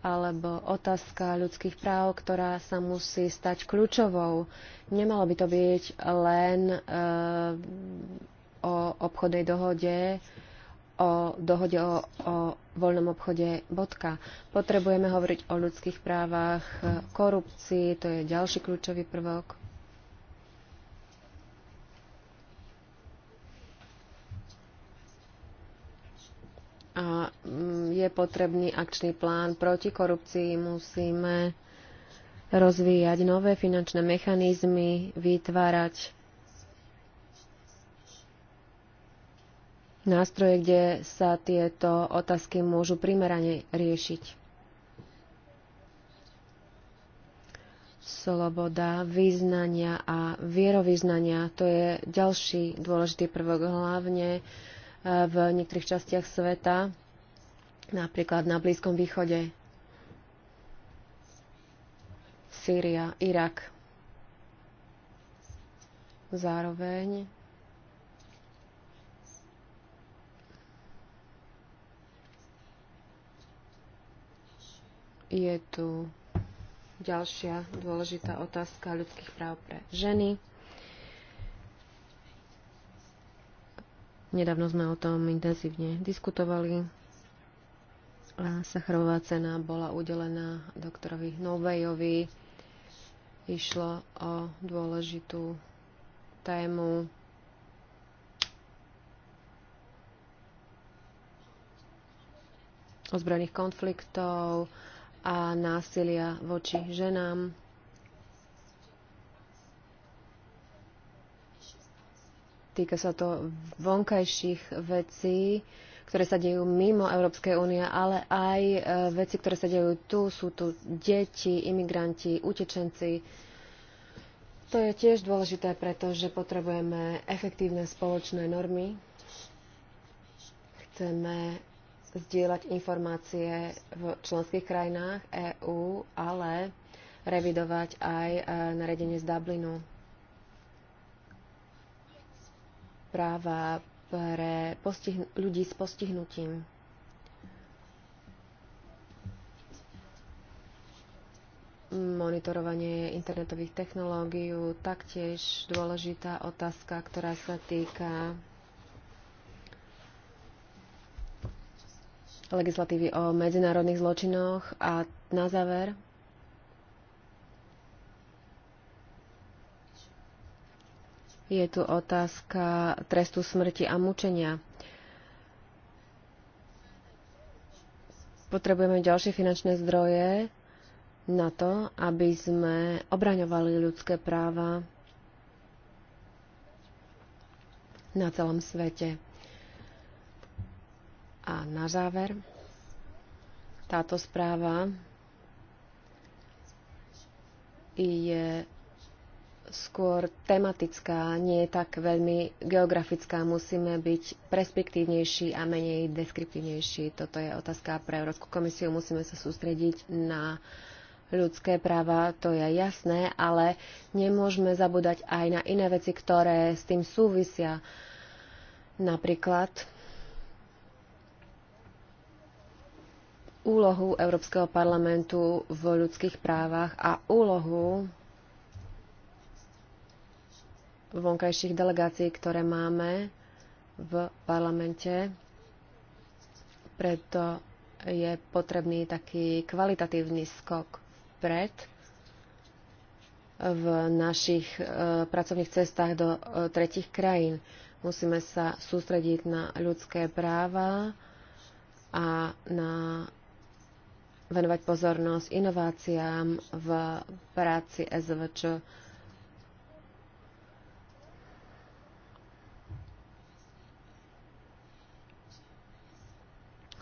alebo otázka ľudských práv, ktorá sa musí stať kľúčovou. Nemalo by to byť len e, o obchodnej dohode, o dohode o, o voľnom obchode bodka. Potrebujeme hovoriť o ľudských právach, e, korupcii, to je ďalší kľúčový prvok. a mm, je potrebný akčný plán proti korupcii. Musíme rozvíjať nové finančné mechanizmy, vytvárať nástroje, kde sa tieto otázky môžu primerane riešiť. Sloboda vyznania a vierovýznania, to je ďalší dôležitý prvok, hlavne v niektorých častiach sveta, napríklad na Blízkom východe, Sýria, Irak. Zároveň je tu ďalšia dôležitá otázka ľudských práv pre ženy. Nedávno sme o tom intenzívne diskutovali. Sacharová cena bola udelená doktorovi Novejovi. Išlo o dôležitú tému ozbrojených konfliktov a násilia voči ženám. týka sa to vonkajších vecí, ktoré sa dejú mimo Európskej únie, ale aj e, veci, ktoré sa dejú tu. Sú tu deti, imigranti, utečenci. To je tiež dôležité, pretože potrebujeme efektívne spoločné normy. Chceme zdieľať informácie v členských krajinách EÚ, ale revidovať aj e, nariadenie z Dublinu. práva pre ľudí s postihnutím. monitorovanie internetových technológií, taktiež dôležitá otázka, ktorá sa týka legislatívy o medzinárodných zločinoch. A na záver, Je tu otázka trestu smrti a mučenia. Potrebujeme ďalšie finančné zdroje na to, aby sme obraňovali ľudské práva na celom svete. A na záver, táto správa je skôr tematická, nie je tak veľmi geografická. Musíme byť perspektívnejší a menej deskriptívnejší. Toto je otázka pre Európsku komisiu. Musíme sa sústrediť na ľudské práva, to je jasné, ale nemôžeme zabúdať aj na iné veci, ktoré s tým súvisia. Napríklad úlohu Európskeho parlamentu v ľudských právach a úlohu vonkajších delegácií, ktoré máme v parlamente. Preto je potrebný taký kvalitatívny skok vpred v našich e, pracovných cestách do e, tretich krajín. Musíme sa sústrediť na ľudské práva a na venovať pozornosť inováciám v práci SVČ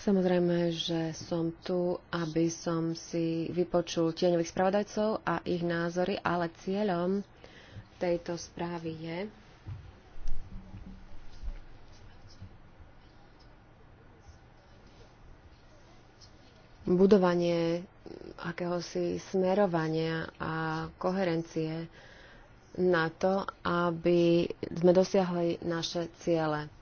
Samozrejme, že som tu, aby som si vypočul tieňových spravodajcov a ich názory, ale cieľom tejto správy je budovanie akéhosi smerovania a koherencie na to, aby sme dosiahli naše ciele.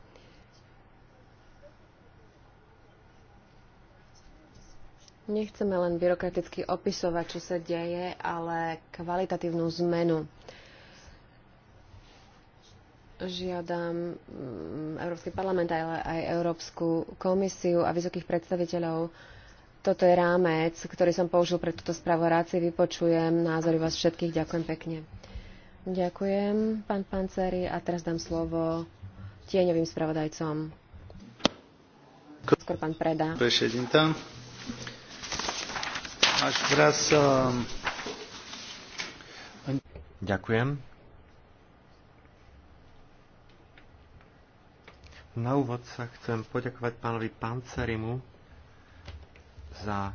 Nechceme len byrokraticky opisovať, čo sa deje, ale kvalitatívnu zmenu. Žiadam mm, Európsky parlament, ale aj Európsku komisiu a vysokých predstaviteľov. Toto je rámec, ktorý som použil pre túto správu. Rád si vypočujem názory vás všetkých. Ďakujem pekne. Ďakujem, pán Panceri. A teraz dám slovo tieňovým spravodajcom. Skôr pán Preda. tam. Ďakujem. Na úvod sa chcem poďakovať pánovi Pancerimu za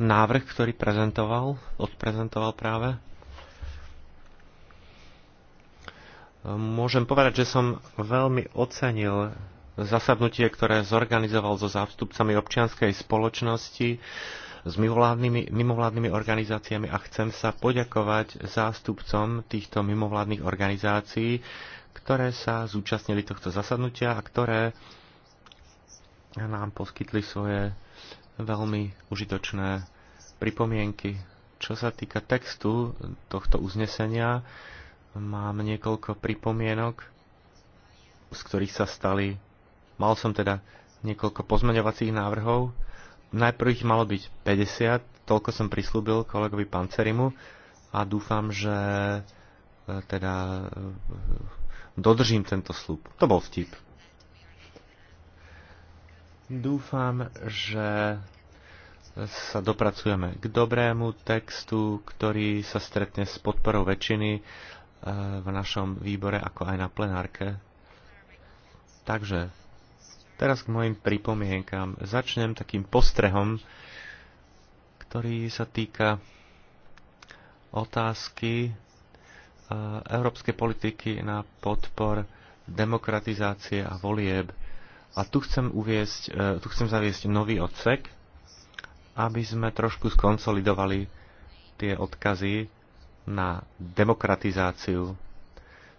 návrh, ktorý prezentoval, odprezentoval práve. Môžem povedať, že som veľmi ocenil zasadnutie, ktoré zorganizoval so zástupcami občianskej spoločnosti, s mimovládnymi, mimovládnymi organizáciami a chcem sa poďakovať zástupcom týchto mimovládnych organizácií, ktoré sa zúčastnili tohto zasadnutia a ktoré nám poskytli svoje veľmi užitočné pripomienky. Čo sa týka textu tohto uznesenia, mám niekoľko pripomienok, z ktorých sa stali. Mal som teda niekoľko pozmeňovacích návrhov, Najprv ich malo byť 50, toľko som prislúbil kolegovi Pancerimu a dúfam, že e, teda e, dodržím tento slúb. To bol vtip. Dúfam, že sa dopracujeme k dobrému textu, ktorý sa stretne s podporou väčšiny e, v našom výbore, ako aj na plenárke. Takže Teraz k mojim pripomienkám. Začnem takým postrehom, ktorý sa týka otázky eh, európskej politiky na podpor demokratizácie a volieb. A tu chcem, uviesť, eh, tu chcem zaviesť nový odsek, aby sme trošku skonsolidovali tie odkazy na demokratizáciu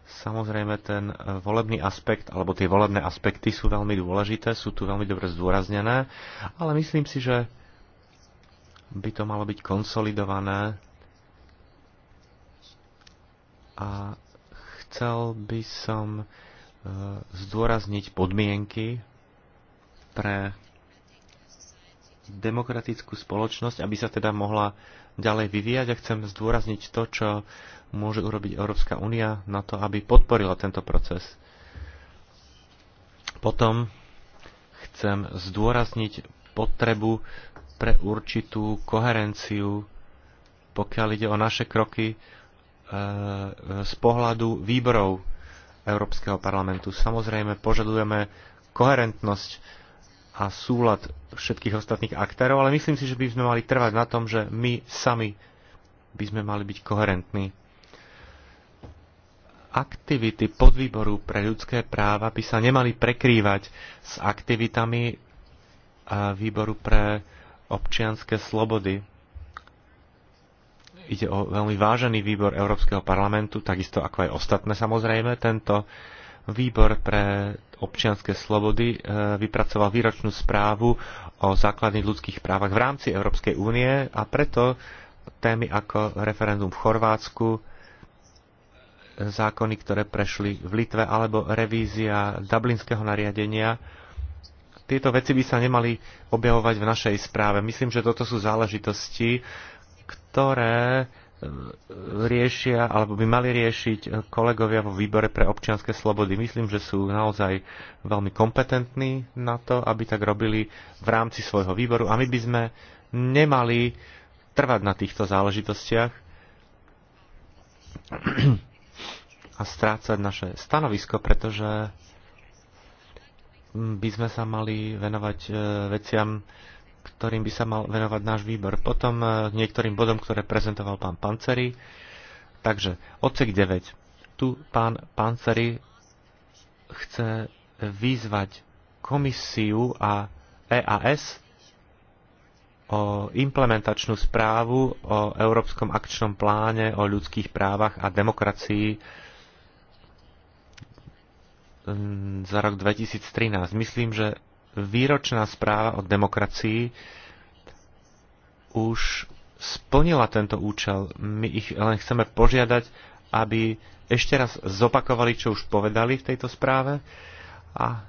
Samozrejme, ten e, volebný aspekt, alebo tie volebné aspekty sú veľmi dôležité, sú tu veľmi dobre zdôraznené, ale myslím si, že by to malo byť konsolidované a chcel by som e, zdôrazniť podmienky pre demokratickú spoločnosť, aby sa teda mohla ďalej vyvíjať a chcem zdôrazniť to, čo môže urobiť Európska únia na to, aby podporila tento proces. Potom chcem zdôrazniť potrebu pre určitú koherenciu, pokiaľ ide o naše kroky e, z pohľadu výborov Európskeho parlamentu. Samozrejme, požadujeme koherentnosť a súlad všetkých ostatných aktérov, ale myslím si, že by sme mali trvať na tom, že my sami by sme mali byť koherentní. Aktivity podvýboru pre ľudské práva by sa nemali prekrývať s aktivitami e, výboru pre občianské slobody. Ide o veľmi vážený výbor Európskeho parlamentu, takisto ako aj ostatné samozrejme. Tento výbor pre občianske slobody e, vypracoval výročnú správu o základných ľudských právach v rámci Európskej únie a preto témy ako referendum v Chorvátsku, zákony, ktoré prešli v Litve alebo revízia Dublinského nariadenia, tieto veci by sa nemali objavovať v našej správe. Myslím, že toto sú záležitosti, ktoré riešia alebo by mali riešiť kolegovia vo výbore pre občianske slobody. Myslím, že sú naozaj veľmi kompetentní na to, aby tak robili v rámci svojho výboru a my by sme nemali trvať na týchto záležitostiach a strácať naše stanovisko, pretože by sme sa mali venovať eh, veciam, ktorým by sa mal venovať náš výbor. Potom e, niektorým bodom, ktoré prezentoval pán Panceri. Takže odsek 9. Tu pán Panceri chce vyzvať komisiu a EAS o implementačnú správu o Európskom akčnom pláne o ľudských právach a demokracii za rok 2013. Myslím, že výročná správa o demokracii už splnila tento účel. My ich len chceme požiadať, aby ešte raz zopakovali, čo už povedali v tejto správe a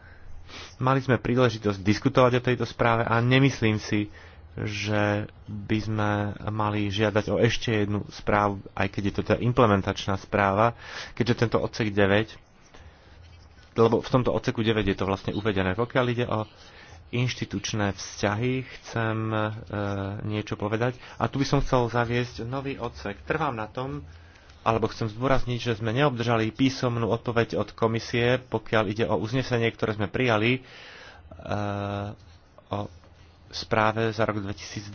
mali sme príležitosť diskutovať o tejto správe a nemyslím si, že by sme mali žiadať o ešte jednu správu, aj keď je to teda implementačná správa, keďže tento odsek 9 lebo v tomto odseku 9 je to vlastne uvedené. Pokiaľ ide o inštitučné vzťahy, chcem e, niečo povedať. A tu by som chcel zaviesť nový odsek. Trvám na tom, alebo chcem zdôrazniť, že sme neobdržali písomnú odpoveď od komisie, pokiaľ ide o uznesenie, ktoré sme prijali e, o správe za rok 2012.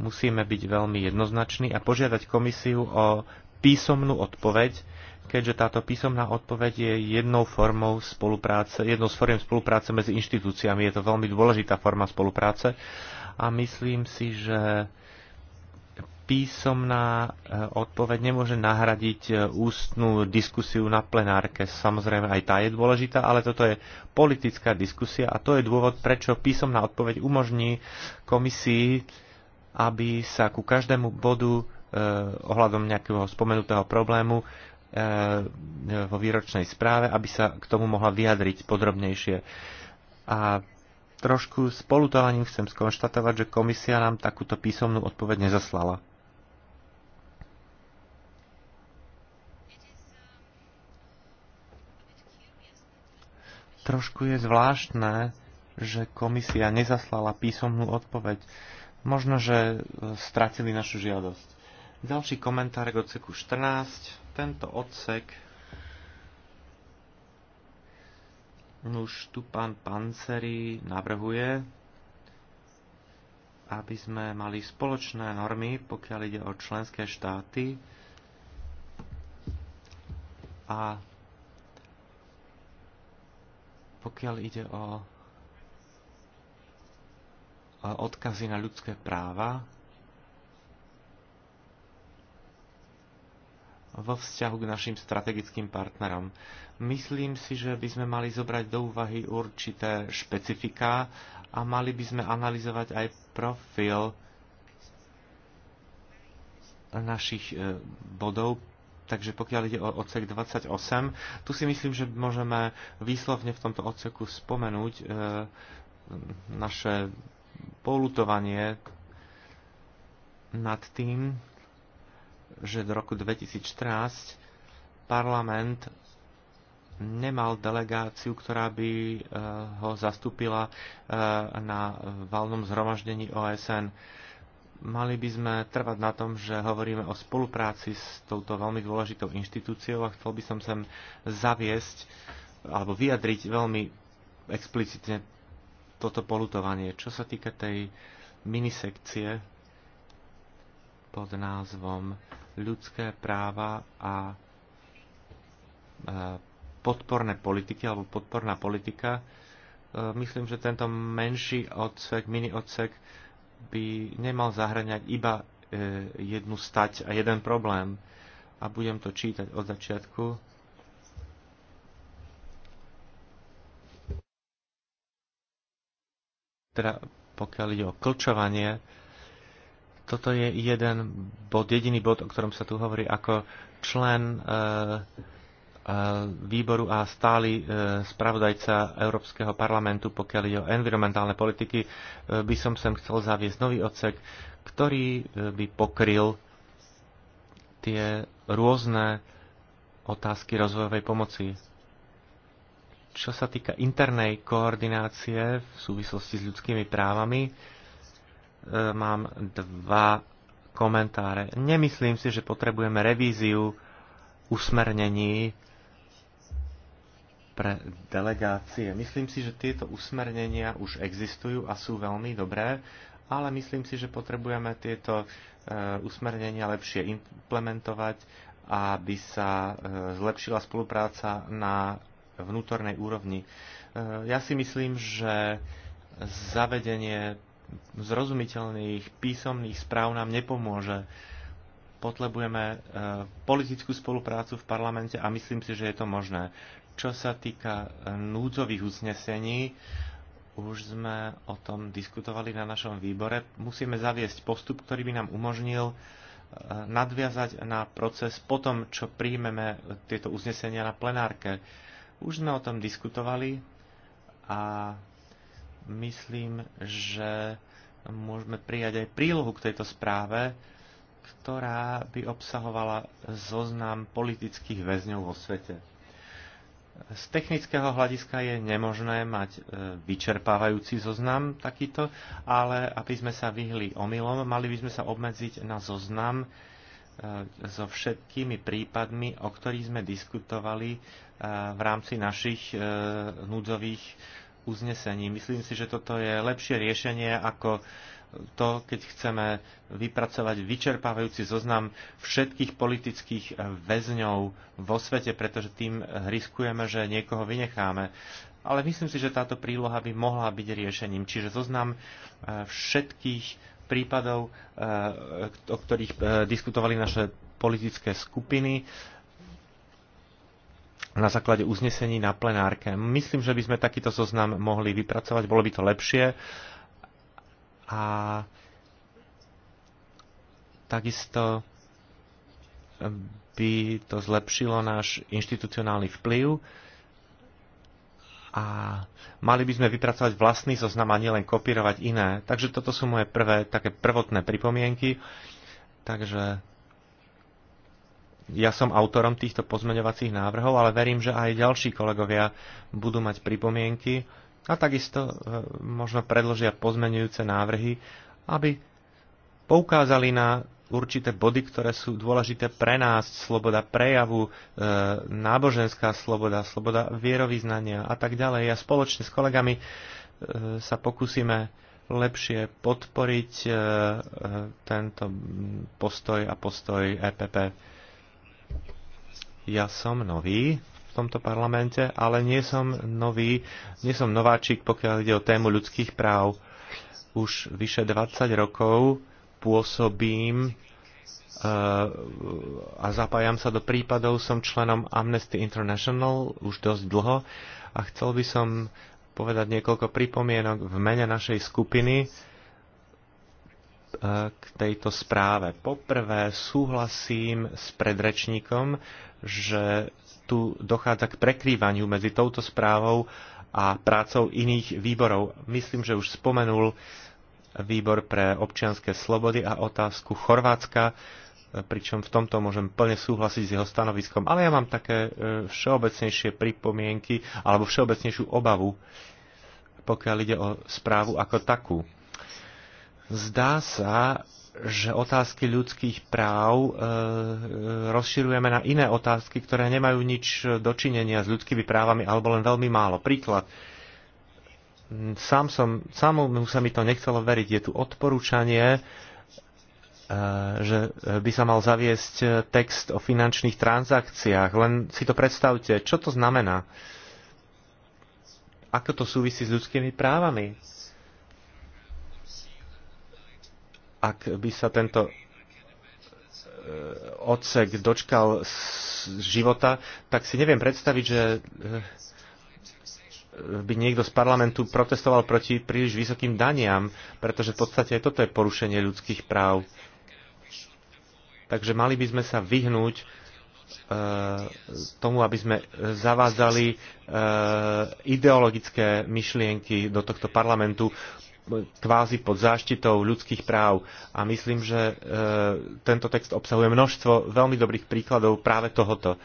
Musíme byť veľmi jednoznační a požiadať komisiu o písomnú odpoveď, keďže táto písomná odpoveď je jednou formou spolupráce, jednou z foriem spolupráce medzi inštitúciami. Je to veľmi dôležitá forma spolupráce a myslím si, že písomná e, odpoveď nemôže nahradiť e, ústnú diskusiu na plenárke. Samozrejme, aj tá je dôležitá, ale toto je politická diskusia a to je dôvod, prečo písomná odpoveď umožní komisii, aby sa ku každému bodu e, ohľadom nejakého spomenutého problému Eh, vo výročnej správe, aby sa k tomu mohla vyjadriť podrobnejšie. A trošku spolutovaním chcem skonštatovať, že komisia nám takúto písomnú odpoveď nezaslala. Trošku je zvláštne, že komisia nezaslala písomnú odpoveď. Možno, že stratili našu žiadosť. Ďalší komentár k odseku 14 tento odsek už tu pán Panceri navrhuje, aby sme mali spoločné normy, pokiaľ ide o členské štáty a pokiaľ ide o odkazy na ľudské práva, vo vzťahu k našim strategickým partnerom. Myslím si, že by sme mali zobrať do úvahy určité špecifiká a mali by sme analyzovať aj profil našich e, bodov. Takže pokiaľ ide o odsek 28, tu si myslím, že môžeme výslovne v tomto odseku spomenúť e, naše polutovanie nad tým, že do roku 2014 parlament nemal delegáciu, ktorá by eh, ho zastúpila eh, na valnom zhromaždení OSN. Mali by sme trvať na tom, že hovoríme o spolupráci s touto veľmi dôležitou inštitúciou a chcel by som sem zaviesť alebo vyjadriť veľmi explicitne toto polutovanie. Čo sa týka tej minisekcie, pod názvom ľudské práva a e, podporné politiky alebo podporná politika. E, myslím, že tento menší odsek, mini odsek by nemal zahraňať iba e, jednu stať a jeden problém. A budem to čítať od začiatku. Teda pokiaľ ide o klčovanie, toto je jeden bod, jediný bod, o ktorom sa tu hovorí ako člen e, e, výboru a stály e, spravodajca Európskeho parlamentu, pokiaľ ide o environmentálne politiky, by som sem chcel zaviesť nový odsek, ktorý by pokryl tie rôzne otázky rozvojovej pomoci. Čo sa týka internej koordinácie v súvislosti s ľudskými právami, E, mám dva komentáre. Nemyslím si, že potrebujeme revíziu usmernení pre delegácie. Myslím si, že tieto usmernenia už existujú a sú veľmi dobré, ale myslím si, že potrebujeme tieto e, usmernenia lepšie implementovať, aby sa e, zlepšila spolupráca na vnútornej úrovni. Ja si myslím, že zavedenie zrozumiteľných písomných správ nám nepomôže. Potrebujeme e, politickú spoluprácu v parlamente a myslím si, že je to možné. Čo sa týka e, núdzových uznesení, už sme o tom diskutovali na našom výbore. Musíme zaviesť postup, ktorý by nám umožnil e, nadviazať na proces po tom, čo príjmeme tieto uznesenia na plenárke. Už sme o tom diskutovali a myslím, že môžeme prijať aj prílohu k tejto správe, ktorá by obsahovala zoznam politických väzňov vo svete. Z technického hľadiska je nemožné mať e, vyčerpávajúci zoznam takýto, ale aby sme sa vyhli omylom, mali by sme sa obmedziť na zoznam e, so všetkými prípadmi, o ktorých sme diskutovali e, v rámci našich núdzových uznesení. Myslím si, že toto je lepšie riešenie ako to, keď chceme vypracovať vyčerpávajúci zoznam všetkých politických väzňov vo svete, pretože tým riskujeme, že niekoho vynecháme. Ale myslím si, že táto príloha by mohla byť riešením. Čiže zoznam e, všetkých prípadov, e, o ktorých e, diskutovali naše politické skupiny, na základe uznesení na plenárke. Myslím, že by sme takýto zoznam mohli vypracovať, bolo by to lepšie. A takisto by to zlepšilo náš inštitucionálny vplyv a mali by sme vypracovať vlastný zoznam a nielen kopírovať iné. Takže toto sú moje prvé také prvotné pripomienky. Takže ja som autorom týchto pozmeňovacích návrhov, ale verím, že aj ďalší kolegovia budú mať pripomienky a takisto e, možno predložia pozmeňujúce návrhy, aby poukázali na určité body, ktoré sú dôležité pre nás, sloboda prejavu, e, náboženská sloboda, sloboda vierovýznania a tak ďalej. A spoločne s kolegami e, sa pokúsime lepšie podporiť tento postoj a postoj EPP. Ja som nový v tomto parlamente, ale nie som nový, nie som nováčik, pokiaľ ide o tému ľudských práv. Už vyše 20 rokov pôsobím eh, a zapájam sa do prípadov, som členom Amnesty International už dosť dlho a chcel by som povedať niekoľko pripomienok v mene našej skupiny eh, k tejto správe. Poprvé súhlasím s predrečníkom, že tu dochádza k prekrývaniu medzi touto správou a prácou iných výborov. Myslím, že už spomenul výbor pre občianské slobody a otázku Chorvátska, pričom v tomto môžem plne súhlasiť s jeho stanoviskom. Ale ja mám také e, všeobecnejšie pripomienky alebo všeobecnejšiu obavu, pokiaľ ide o správu ako takú. Zdá sa, že otázky ľudských práv e, e, rozširujeme na iné otázky, ktoré nemajú nič dočinenia s ľudskými právami alebo len veľmi málo. Príklad. Sám som, samomu sa mi to nechcelo veriť. Je tu odporúčanie, e, že by sa mal zaviesť text o finančných transakciách. Len si to predstavte, čo to znamená. Ako to súvisí s ľudskými právami? Ak by sa tento e, odsek dočkal života, tak si neviem predstaviť, že e, by niekto z parlamentu protestoval proti príliš vysokým daniam, pretože v podstate aj toto je porušenie ľudských práv. Takže mali by sme sa vyhnúť e, tomu, aby sme zavádzali ideologické myšlienky do tohto parlamentu kvázi pod záštitou ľudských práv. A myslím, že e, tento text obsahuje množstvo veľmi dobrých príkladov práve tohoto.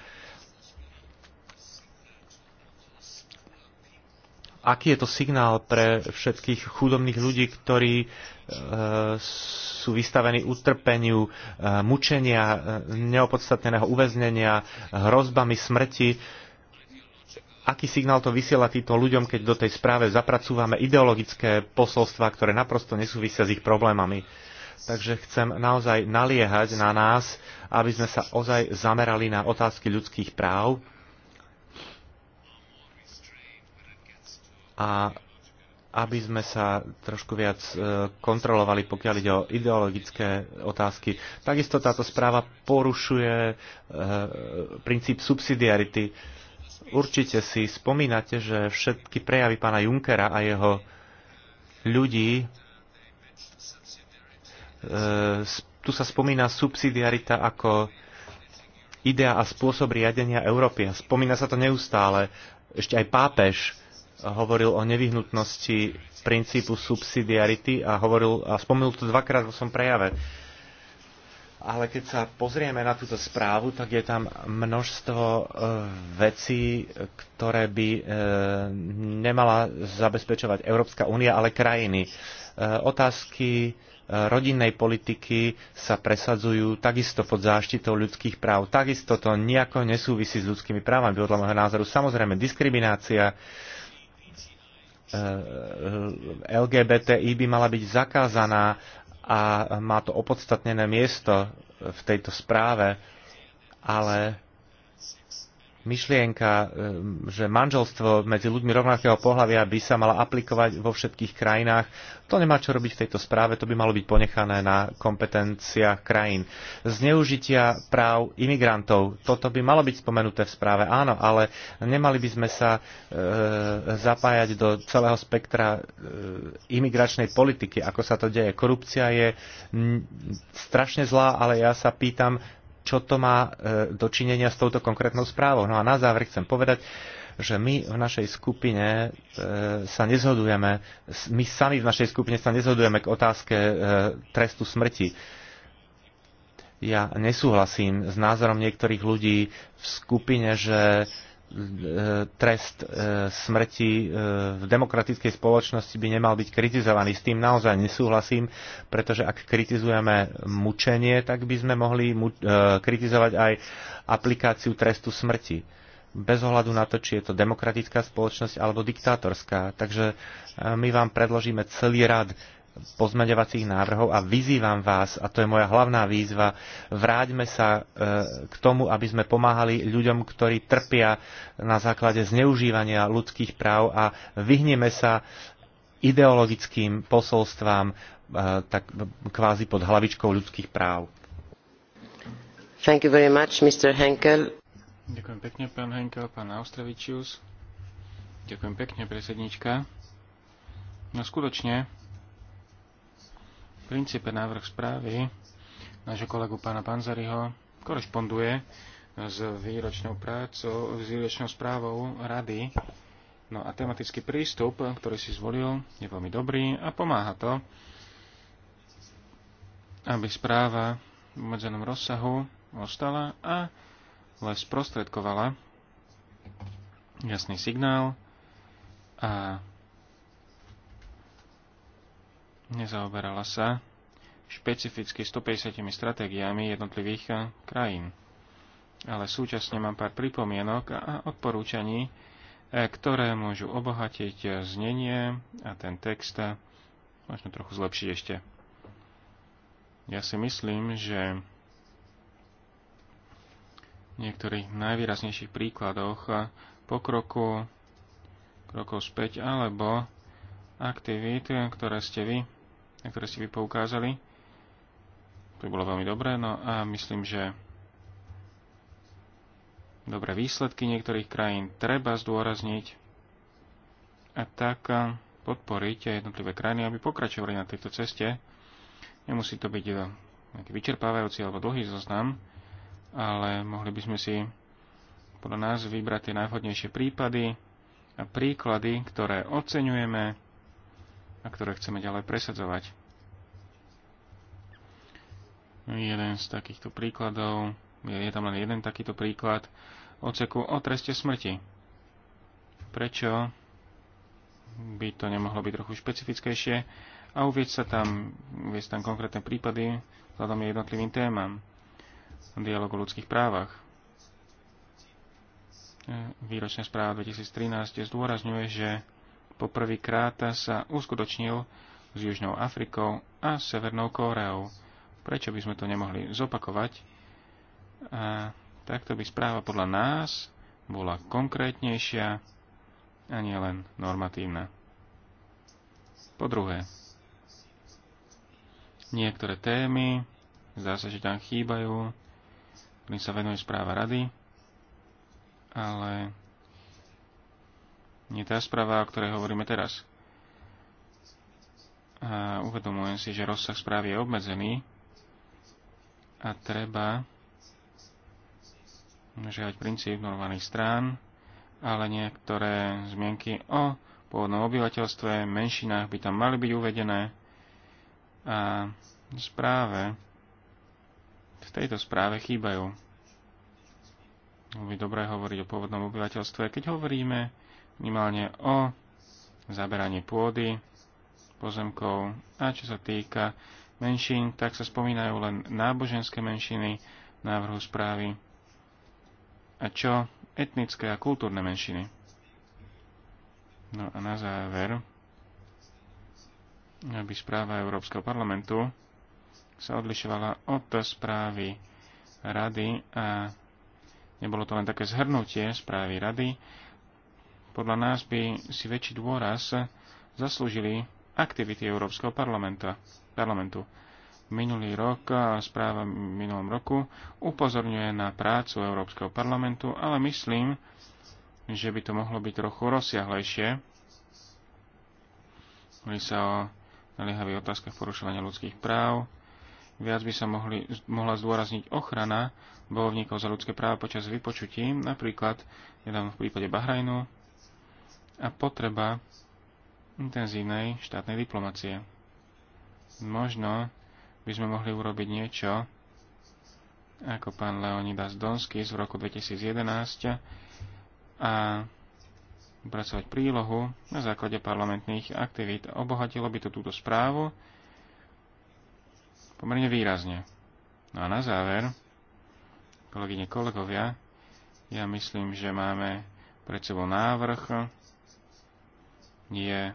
Aký je to signál pre všetkých chudobných ľudí, ktorí e, sú vystavení utrpeniu, e, mučenia, neopodstatneného uväznenia, hrozbami smrti? aký signál to vysiela týmto ľuďom, keď do tej správe zapracúvame ideologické posolstva, ktoré naprosto nesúvisia s ich problémami. Takže chcem naozaj naliehať na nás, aby sme sa ozaj zamerali na otázky ľudských práv a aby sme sa trošku viac e, kontrolovali, pokiaľ ide o ideologické otázky. Takisto táto správa porušuje e, princíp subsidiarity Určite si spomínate, že všetky prejavy pána Junkera a jeho ľudí, e, tu sa spomína subsidiarita ako idea a spôsob riadenia Európy. A spomína sa to neustále. Ešte aj pápež hovoril o nevyhnutnosti princípu subsidiarity a, hovoril, a spomenul to dvakrát vo svojom prejave ale keď sa pozrieme na túto správu, tak je tam množstvo e, vecí, ktoré by e, nemala zabezpečovať Európska únia, ale krajiny. E, otázky rodinnej politiky sa presadzujú takisto pod záštitou ľudských práv. Takisto to nejako nesúvisí s ľudskými právami, podľa môjho názoru. Samozrejme, diskriminácia LGBTI by mala byť zakázaná a má to opodstatnené miesto v tejto správe, ale myšlienka, e, že manželstvo medzi ľuďmi rovnakého pohľavia by sa mala aplikovať vo všetkých krajinách, to nemá čo robiť v tejto správe, to by malo byť ponechané na kompetenciách krajín. Zneužitia práv imigrantov, toto by malo byť spomenuté v správe, áno, ale nemali by sme sa e, zapájať do celého spektra e, imigračnej politiky, ako sa to deje. Korupcia je strašne zlá, ale ja sa pýtam, čo to má e, dočinenia s touto konkrétnou správou. No a na záver chcem povedať, že my v našej skupine e, sa nezhodujeme, my sami v našej skupine sa nezhodujeme k otázke e, trestu smrti. Ja nesúhlasím s názorom niektorých ľudí v skupine, že E, trest e, smrti e, v demokratickej spoločnosti by nemal byť kritizovaný. S tým naozaj nesúhlasím, pretože ak kritizujeme mučenie, tak by sme mohli kritizovať aj aplikáciu trestu smrti. Bez ohľadu na to, či je to demokratická spoločnosť alebo diktátorská. Takže my vám predložíme celý rad pozmeňovacích návrhov a vyzývam vás, a to je moja hlavná výzva, vráťme sa e, k tomu, aby sme pomáhali ľuďom, ktorí trpia na základe zneužívania ľudských práv a vyhneme sa ideologickým posolstvám e, tak kvázi pod hlavičkou ľudských práv. Thank you very much, Mr. Henkel. Ďakujem pekne, pán Henkel, pán Austravičius. Ďakujem pekne, predsednička. No skutočne, princípe návrh správy nášho kolegu pána Panzariho korešponduje s výročnou prácou, s výročnou správou rady. No a tematický prístup, ktorý si zvolil, je veľmi dobrý a pomáha to, aby správa v medzenom rozsahu ostala a les sprostredkovala jasný signál a nezaoberala sa špecificky 150 stratégiami jednotlivých eh, krajín. Ale súčasne mám pár pripomienok a odporúčaní, eh, ktoré môžu obohatiť eh, znenie a ten text možno trochu zlepšiť ešte. Ja si myslím, že v niektorých najvýraznejších príkladoch pokroku, krokov späť alebo aktivít, ktoré ste vy na ktoré ste vy poukázali. To bolo veľmi dobré. No a myslím, že dobré výsledky niektorých krajín treba zdôrazniť a tak eh, podporiť jednotlivé krajiny, aby pokračovali na tejto ceste. Nemusí to byť eh, nejaký vyčerpávajúci alebo dlhý zoznam, ale mohli by sme si podľa nás vybrať tie najvhodnejšie prípady a príklady, ktoré oceňujeme a ktoré chceme ďalej presadzovať. Jeden z takýchto príkladov, je, je tam len jeden takýto príklad, oceku o treste smrti. Prečo by to nemohlo byť trochu špecifickejšie a uvieť sa tam, uvieť tam konkrétne prípady vzhľadom jednotlivým témam dialogu o ľudských právach. E, výročná správa 2013 zdôrazňuje, že poprvýkrát sa uskutočnil s Južnou Afrikou a Severnou Kóreou. Prečo by sme to nemohli zopakovať? A takto by správa podľa nás bola konkrétnejšia a nie len normatívna. Po druhé, niektoré témy, zdá sa, že tam chýbajú, ktorým sa venuje správa rady, ale nie tá správa, o ktorej hovoríme teraz. A uvedomujem si, že rozsah správy je obmedzený a treba žiať princíp normálnych strán, ale niektoré zmienky o pôvodnom obyvateľstve, menšinách by tam mali byť uvedené a správe v tejto správe chýbajú. Bolo by dobré hovoriť o pôvodnom obyvateľstve. Keď hovoríme minimálne o zaberanie pôdy, pozemkov a čo sa týka menšín, tak sa spomínajú len náboženské menšiny návrhu správy a čo etnické a kultúrne menšiny. No a na záver, aby správa Európskeho parlamentu sa odlišovala od správy rady a nebolo to len také zhrnutie správy rady, podľa nás by si väčší dôraz zaslúžili aktivity Európskeho parlamentu. Minulý rok, správa minulom roku, upozorňuje na prácu Európskeho parlamentu, ale myslím, že by to mohlo byť trochu rozsiahlejšie. Hovorí sa o naliehavých otázkach porušovania ľudských práv. Viac by sa mohli, mohla zdôrazniť ochrana bojovníkov za ľudské práva počas vypočutí, napríklad nedávno v prípade Bahrajnu, a potreba intenzívnej štátnej diplomacie. Možno by sme mohli urobiť niečo, ako pán Leonidas Donsky z roku 2011 a pracovať prílohu na základe parlamentných aktivít. Obohatilo by to túto správu pomerne výrazne. No a na záver, kolegyne, kolegovia, ja myslím, že máme pred sebou návrh je,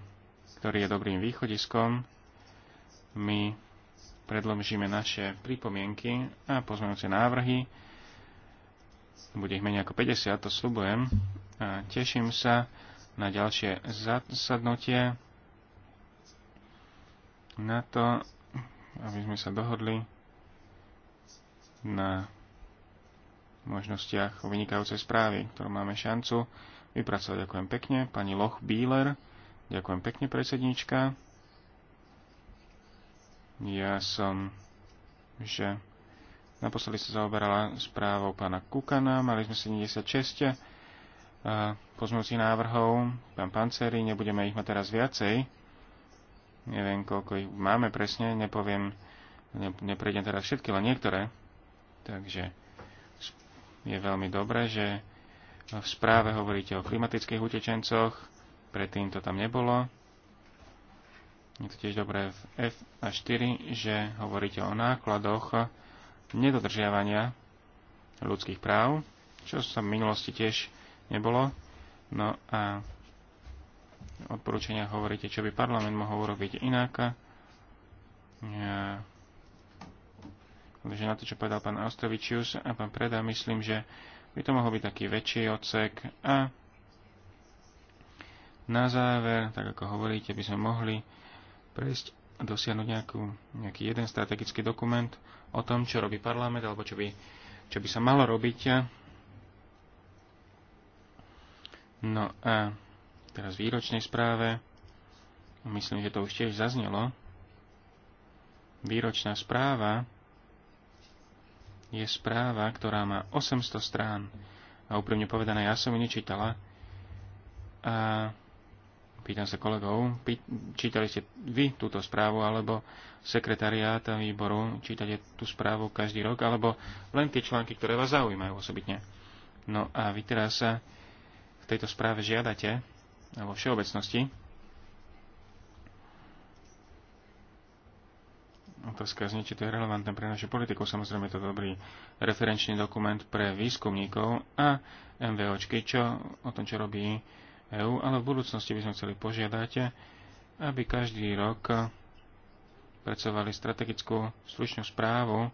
ktorý je dobrým východiskom. My predložíme naše pripomienky a pozmeňujúce návrhy. Bude ich menej ako 50, to slubujem. A teším sa na ďalšie zasadnutie na to, aby sme sa dohodli na možnostiach vynikajúcej správy, ktorú máme šancu vypracovať. Ďakujem pekne. Pani Loch Bíler. Ďakujem pekne, predsednička. Ja som, že naposledy sa zaoberala správou pána Kukana, mali sme 76 eh, pozmúcich návrhov, pán Panceri, nebudeme ich mať teraz viacej. Neviem, koľko ich máme presne, nepoviem, ne, neprejdem teraz všetky, len niektoré. Takže je veľmi dobré, že v správe hovoríte o klimatických utečencoch, predtým to tam nebolo. Je to tiež dobré v F a 4, že hovoríte o nákladoch nedodržiavania ľudských práv, čo sa v minulosti tiež nebolo. No a odporúčania hovoríte, čo by parlament mohol urobiť inak. Ja, na to, čo povedal pán Ostrovičius a pán Preda, myslím, že by to mohol byť taký väčší odsek a na záver, tak ako hovoríte, by sme mohli prejsť a dosiahnuť nejakú, nejaký jeden strategický dokument o tom, čo robí parlament, alebo čo by, čo by sa malo robiť. No a teraz v výročnej správe, myslím, že to už tiež zaznelo, výročná správa je správa, ktorá má 800 strán. A úprimne povedané, ja som ju nečítala. A pýtam sa kolegov, pý, čítali ste vy túto správu, alebo sekretariát výboru, čítate tú správu každý rok, alebo len tie články, ktoré vás zaujímajú osobitne. No a vy teraz sa v tejto správe žiadate, alebo všeobecnosti, Otázka znie, či to je relevantné pre našu politiku. Samozrejme, je to dobrý referenčný dokument pre výskumníkov a MVOčky, čo o tom, čo robí EÚ, ale v budúcnosti by sme chceli požiadať, aby každý rok pracovali strategickú slušnú správu,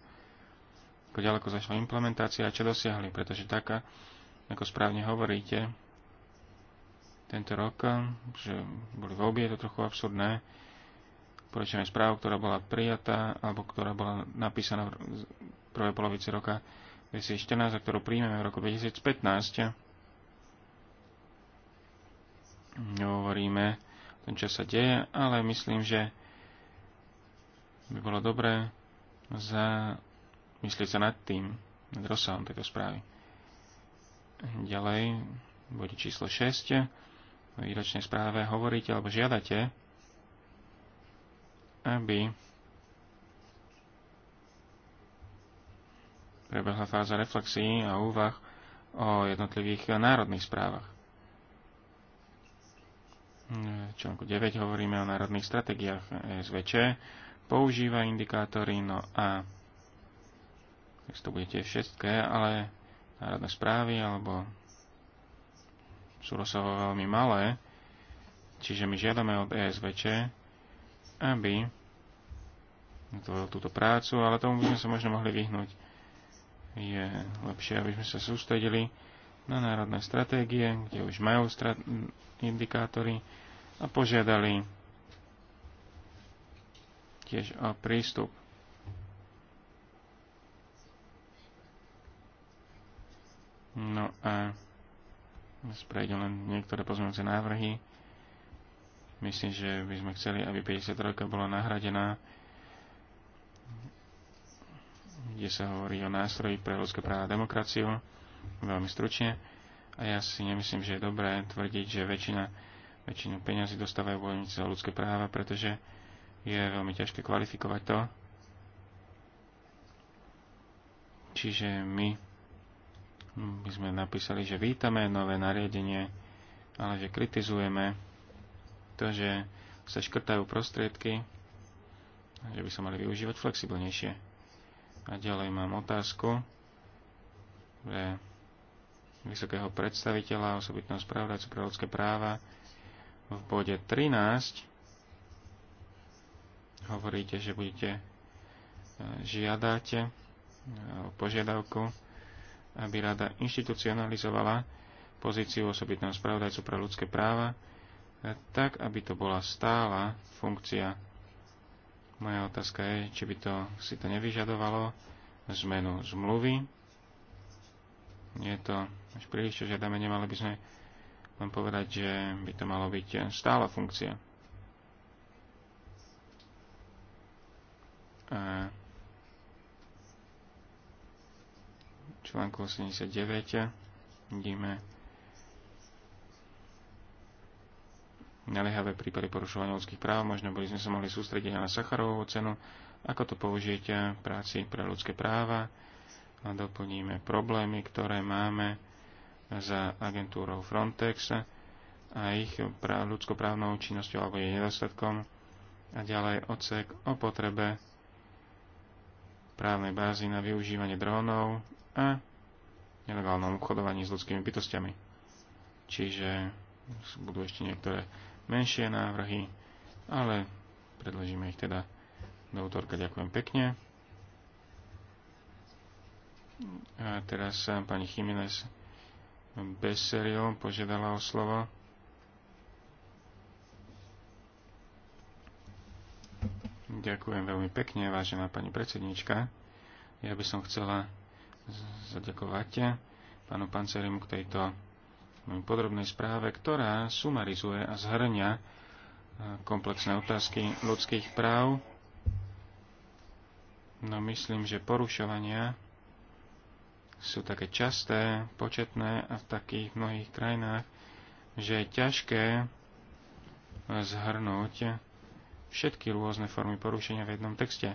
ako ďaleko zašla implementácia a čo dosiahli, pretože tak, ako správne hovoríte, tento rok, že boli v obie to trochu absurdné, porečujeme správu, ktorá bola prijatá, alebo ktorá bola napísaná v prvej polovici roka 2014 a ktorú príjmeme v roku 2015, hovoríme o tom, čo sa deje, ale myslím, že by bolo dobré za myslieť sa nad tým, nad rozsahom tejto správy. Ďalej, bude číslo 6, v výročnej správe hovoríte alebo žiadate, aby prebehla fáza reflexí a úvah o jednotlivých národných správach článku 9 hovoríme o národných stratégiách SVČ, používa indikátory, no a keď to bude všetké, ale národné správy alebo sú rozsahovo veľmi malé, čiže my žiadame od ESVČ, aby túto prácu, ale tomu by sme sa možno mohli vyhnúť. Je lepšie, aby sme sa sústredili na národné stratégie, kde už majú indikátory a požiadali tiež o prístup. No a sprejde len niektoré pozmeňujúce návrhy. Myslím, že by sme chceli, aby 53 bola nahradená, kde sa hovorí o nástroji pre ľudské práva a demokraciu veľmi stručne. A ja si nemyslím, že je dobré tvrdiť, že väčšina, väčšinu peňazí dostávajú bojovníci za ľudské práva, pretože je veľmi ťažké kvalifikovať to. Čiže my by sme napísali, že vítame nové nariadenie, ale že kritizujeme to, že sa škrtajú prostriedky, že by sa mali využívať flexibilnejšie. A ďalej mám otázku, že vysokého predstaviteľa, osobitného spravodajcu pre ľudské práva. V bode 13 hovoríte, že budete e, žiadať e, požiadavku, aby rada inštitucionalizovala pozíciu osobitného spravodajcu pre ľudské práva, e, tak, aby to bola stála funkcia. Moja otázka je, či by to si to nevyžadovalo zmenu zmluvy. Je to až príliš, čo žiadame, nemali by sme len povedať, že by to malo byť stála funkcia. A článku 89 vidíme naliehavé prípady porušovania ľudských práv. Možno by sme sa mohli sústrediť na Sacharovú cenu, ako to použijete práci pre ľudské práva. A doplníme problémy, ktoré máme za agentúrou Frontex a ich ľudskoprávnou činnosťou alebo jej nedostatkom a ďalej odsek o potrebe právnej bázy na využívanie drónov a nelegálnom obchodovaní s ľudskými bytostiami. Čiže budú ešte niektoré menšie návrhy, ale predložíme ich teda do útorka. Ďakujem pekne. A teraz eh, pani Chimines Beserio požiadala o slovo. Ďakujem veľmi pekne, vážená pani predsednička. Ja by som chcela zaďakovať pánu Pancerimu k tejto podrobnej správe, ktorá sumarizuje a zhrňa e, komplexné otázky ľudských práv. No myslím, že porušovania sú také časté, početné a v takých mnohých krajinách, že je ťažké zhrnúť všetky rôzne formy porušenia v jednom texte.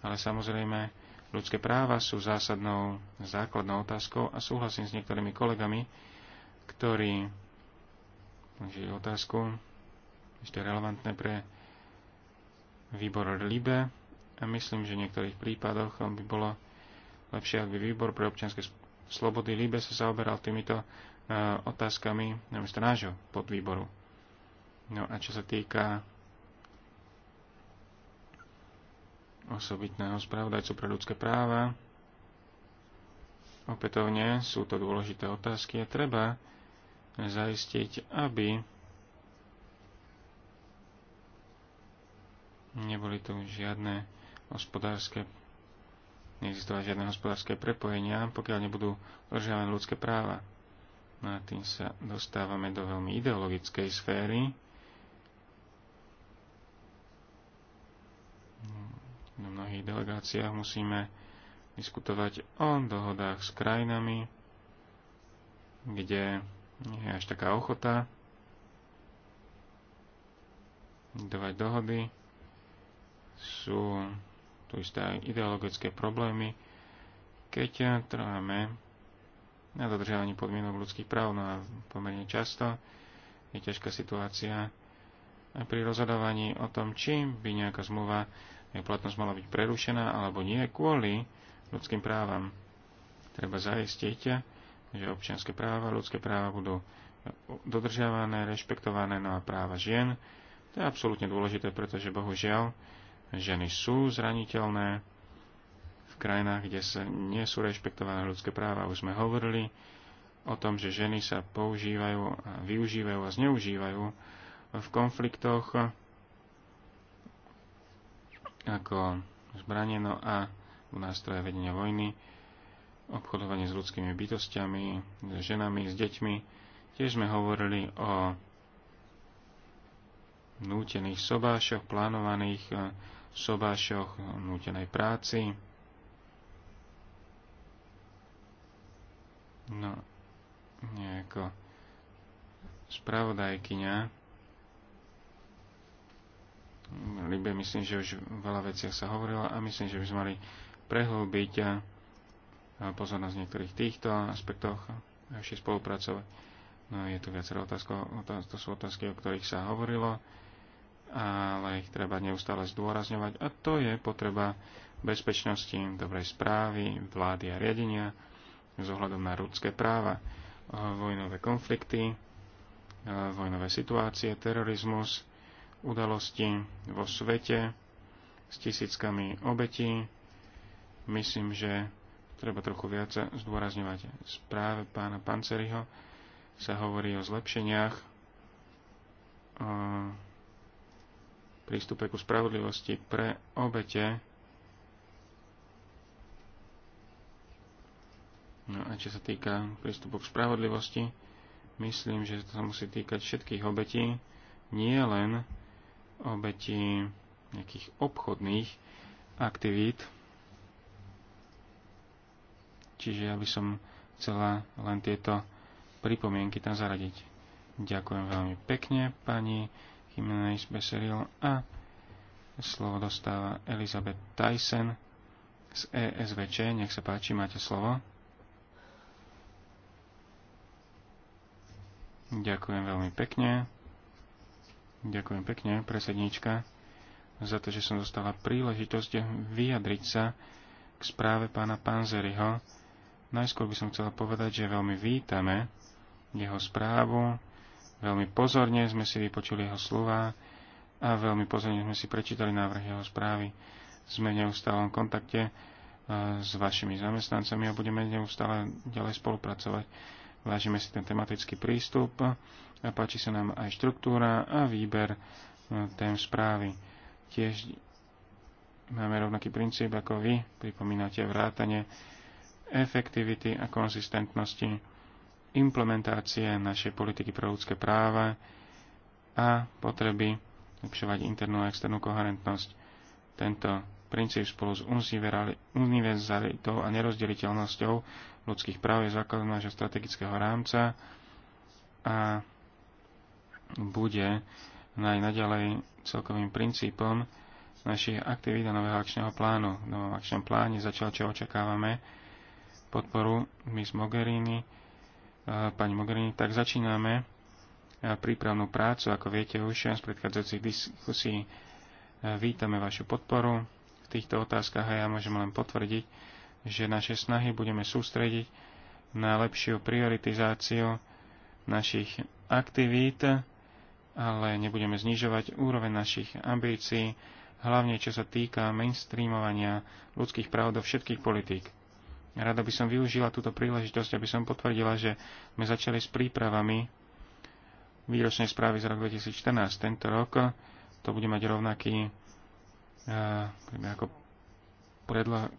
Ale samozrejme, ľudské práva sú zásadnou základnou otázkou a súhlasím s niektorými kolegami, ktorí že otázku ešte relevantné pre výbor LIBE a myslím, že v niektorých prípadoch by bolo lepšie, ak by výbor pre občianske slobody Líbe sa zaoberal týmito e, otázkami namiesto nášho podvýboru. No a čo sa týka osobitného spravodajcu pre ľudské práva, opätovne sú to dôležité otázky a treba zaistiť, aby neboli tu žiadne hospodárske neexistovať žiadne hospodárske prepojenia, pokiaľ nebudú dodržiavané ľudské práva. No a tým sa dostávame do veľmi ideologickej sféry. No, na mnohých delegáciách musíme diskutovať o dohodách s krajinami, kde nie je až taká ochota dovať dohody. Sú tu isté aj ideologické problémy, keď eh, trváme na dodržiavaní podmienok ľudských práv. No a pomerne často je ťažká situácia aj pri rozhodovaní o tom, či by nejaká zmluva, jej platnosť mala byť prerušená alebo nie kvôli ľudským právam. Treba zaistiť, že občianské práva, ľudské práva budú dodržiavané, rešpektované, no a práva žien. To je absolútne dôležité, pretože bohužiaľ ženy sú zraniteľné v krajinách, kde sa nie sú rešpektované ľudské práva. Už sme hovorili o tom, že ženy sa používajú, a využívajú a zneužívajú v konfliktoch ako zbraneno a nástroje vedenia vojny, obchodovanie s ľudskými bytostiami, s ženami, s deťmi. Tiež sme hovorili o nútených sobášoch, plánovaných sobášoch, nútenej práci. No, nejako spravodajkyňa. Libe, myslím, že už veľa veciach sa hovorila a myslím, že by sme mali prehlbiť pozornosť v niektorých týchto aspektoch a ešte spolupracovať. No, je tu viacero otázkov, to sú otázky, o ktorých sa hovorilo ale ich treba neustále zdôrazňovať a to je potreba bezpečnosti, dobrej správy, vlády a riadenia s ohľadom na ľudské práva, vojnové konflikty, vojnové situácie, terorizmus, udalosti vo svete s tisíckami obetí. Myslím, že treba trochu viac zdôrazňovať. správe pána Panceriho sa hovorí o zlepšeniach, prístupe ku spravodlivosti pre obete. No a čo sa týka prístupu k spravodlivosti, myslím, že to sa musí týkať všetkých obetí, nie len obetí nejakých obchodných aktivít. Čiže ja by som chcela len tieto pripomienky tam zaradiť. Ďakujem veľmi pekne, pani Jiménez Beseril a slovo dostáva Elizabeth Tyson z ESVČ. Nech sa páči, máte slovo. Ďakujem veľmi pekne. Ďakujem pekne, presedníčka, za to, že som dostala príležitosť vyjadriť sa k správe pána Panzeriho. Najskôr by som chcela povedať, že veľmi vítame jeho správu, Veľmi pozorne sme si vypočuli jeho slova a veľmi pozorne sme si prečítali návrh jeho správy. Sme v neustálom kontakte e, s vašimi zamestnancami a budeme neustále ďalej spolupracovať. Vážime si ten tematický prístup a páči sa nám aj štruktúra a výber e, tém správy. Tiež máme rovnaký princíp ako vy, pripomínate vrátanie efektivity a konzistentnosti implementácie našej politiky pro ľudské práva a potreby zlepšovať internú a externú koherentnosť. Tento princíp spolu s univerzalitou a nerozdeliteľnosťou ľudských práv je základom nášho strategického rámca a bude naj naďalej celkovým princípom našich aktivít a nového akčného plánu. V novom akčnom pláne začal, čo očakávame, podporu Miss Mogherini, pani Mogherini, tak začíname prípravnú prácu, ako viete už z predchádzajúcich diskusí. Vítame vašu podporu v týchto otázkach a ja môžem len potvrdiť, že naše snahy budeme sústrediť na lepšiu prioritizáciu našich aktivít, ale nebudeme znižovať úroveň našich ambícií, hlavne čo sa týka mainstreamovania ľudských práv do všetkých politík. Rada by som využila túto príležitosť, aby som potvrdila, že sme začali s prípravami výročnej správy z roku 2014. Tento rok to bude mať rovnaký e, ako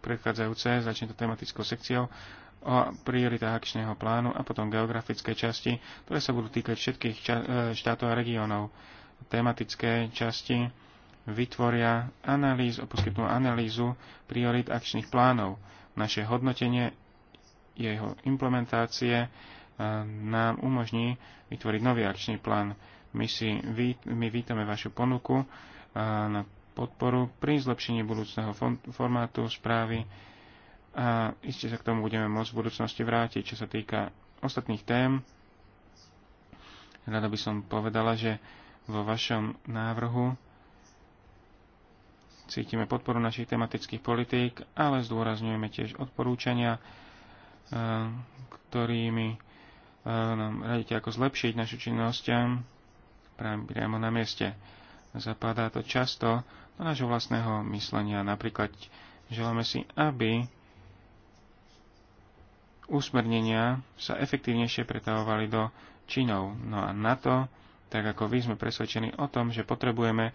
predchádzajúce, začne to tematickou sekciou o prioritách akčného plánu a potom geografické časti, ktoré sa budú týkať všetkých e, štátov a regiónov. Tematické časti vytvoria analýz, poskytnú analýzu priorit akčných plánov naše hodnotenie jeho implementácie e, nám umožní vytvoriť nový akčný plán. My, si, my vítame vašu ponuku e, na podporu pri zlepšení budúceho formátu správy a iste sa k tomu budeme môcť v budúcnosti vrátiť. Čo sa týka ostatných tém, rada by som povedala, že vo vašom návrhu cítime podporu našich tematických politík, ale zdôrazňujeme tiež odporúčania, e, ktorými e, nám radíte, ako zlepšiť našu činnosť e, priamo na mieste. Zapadá to často do nášho vlastného myslenia. Napríklad želáme si, aby úsmernenia sa efektívnejšie pretavovali do činov. No a na to, tak ako vy sme presvedčení o tom, že potrebujeme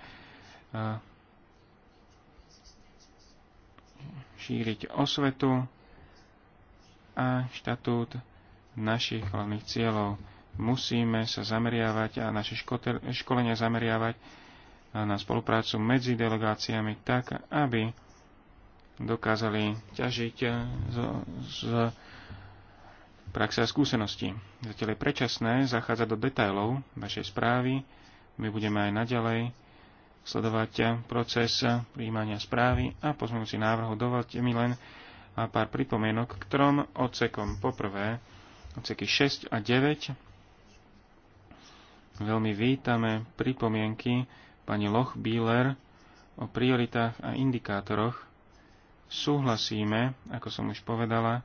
šíriť osvetu a štatút našich hlavných cieľov. Musíme sa zameriavať a naše školenia zameriavať na spoluprácu medzi delegáciami tak, aby dokázali ťažiť z, z praxe a skúsenosti. Zatiaľ je prečasné zachádzať do detajlov vašej správy. My budeme aj naďalej sledovať proces príjmania správy a pozmúci návrhu. Dovolte mi len pár pripomienok k trom odsekom. Poprvé, odseky 6 a 9. Veľmi vítame pripomienky pani Loch Bieler o prioritách a indikátoroch. Súhlasíme, ako som už povedala,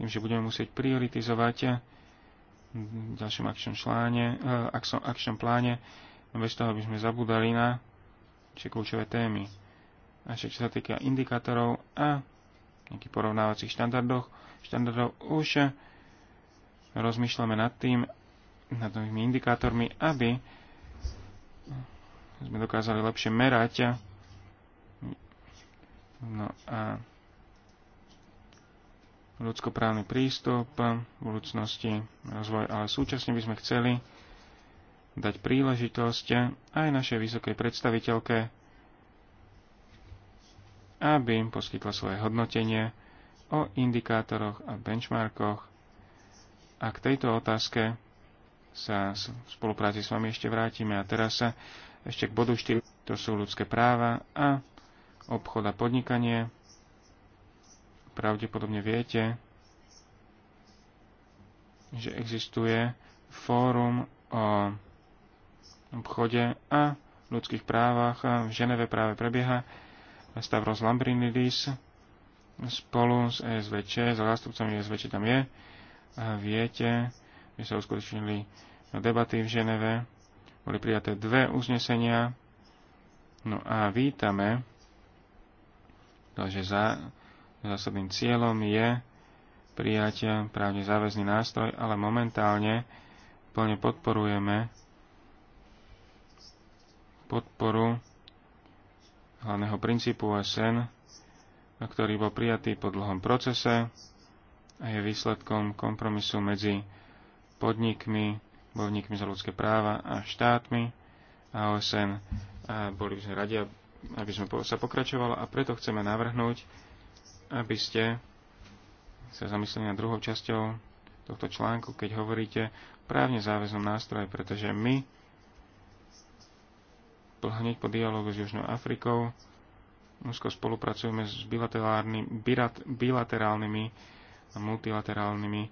tým, že budeme musieť prioritizovať v ďalšom akčnom, článe, eh, akčnom pláne No bez toho by sme zabudali na či kľúčové témy. A však čo sa týka indikátorov a nejakých porovnávacích štandardoch, štandardov už rozmýšľame nad tým, nad novými indikátormi, aby sme dokázali lepšie merať. No a ľudskoprávny prístup, v budúcnosti rozvoj, ale súčasne by sme chceli dať príležitosť aj našej vysokej predstaviteľke, aby im poskytla svoje hodnotenie o indikátoroch a benchmarkoch. A k tejto otázke sa v spolupráci s vami ešte vrátime. A teraz sa ešte k bodu 4. To sú ľudské práva a obchod a podnikanie. Pravdepodobne viete, že existuje fórum o obchode a ľudských právach v Ženeve práve prebieha Stavros Lambrinidis spolu s SVČ, s zástupcami SVČ tam je. A viete, že sa uskutočnili debaty v Ženeve, boli prijaté dve uznesenia. No a vítame, že za, zásadným cieľom je prijať právne záväzný nástroj, ale momentálne plne podporujeme podporu hlavného princípu OSN, ktorý bol prijatý po dlhom procese a je výsledkom kompromisu medzi podnikmi, bojovníkmi za ľudské práva a štátmi a OSN. A boli by sme radi, aby sme sa pokračovalo a preto chceme navrhnúť, aby ste sa zamysleli nad druhou časťou tohto článku, keď hovoríte právne záväznom nástroje, pretože my hneď po dialogu s Južnou Afrikou. Úzko spolupracujeme s bilaterálnymi a multilaterálnymi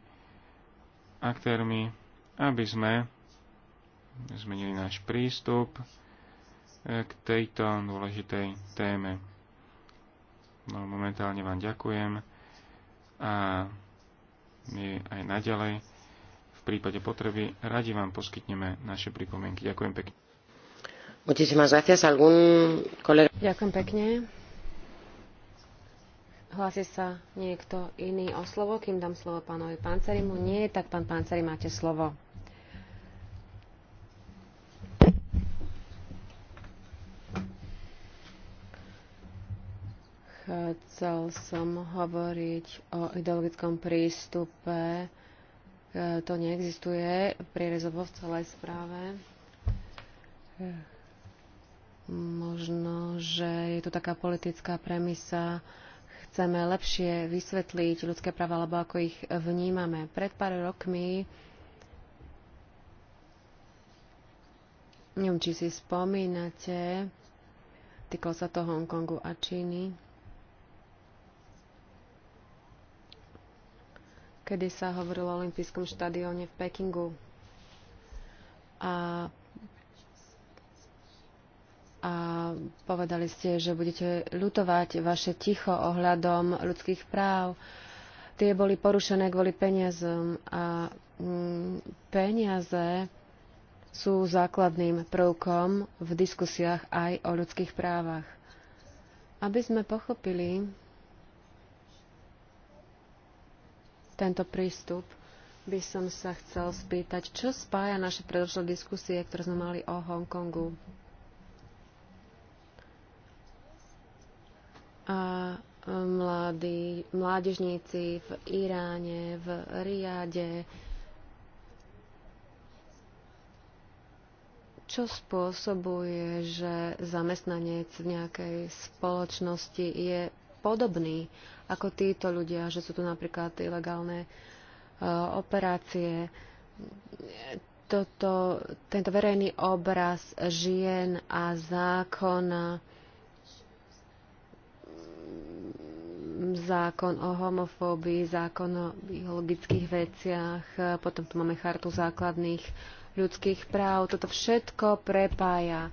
aktérmi, aby sme zmenili náš prístup e, k tejto dôležitej téme. No, momentálne vám ďakujem a my aj naďalej v prípade potreby radi vám poskytneme naše pripomienky. Ďakujem pekne. Ďakujem pekne. Hlási sa niekto iný o slovo, kým dám slovo pánovi Pancerimu. Nie, tak pán Panceri, máte slovo. Chcel som hovoriť o ideologickom prístupe. E, to neexistuje prierezovo v celej správe. E, Možno, že je to taká politická premisa, chceme lepšie vysvetliť ľudské práva, alebo ako ich vnímame. Pred pár rokmi, neviem, či si spomínate, týkalo sa to Hongkongu a Číny, kedy sa hovorilo o olympijskom štadióne v Pekingu. A a povedali ste, že budete ľutovať vaše ticho ohľadom ľudských práv. Tie boli porušené kvôli peniazom a mm, peniaze sú základným prvkom v diskusiách aj o ľudských právach. Aby sme pochopili tento prístup, by som sa chcel spýtať, čo spája naše predošlé diskusie, ktoré sme mali o Hongkongu. a e, mladí, mládežníci v Iráne, v Riade, čo spôsobuje, že zamestnanec v nejakej spoločnosti je podobný ako títo ľudia, že sú tu napríklad ilegálne uh, operácie. Toto, tento verejný obraz žien a zákona zákon o homofóbii, zákon o biologických veciach, potom tu máme chartu základných ľudských práv. Toto všetko prepája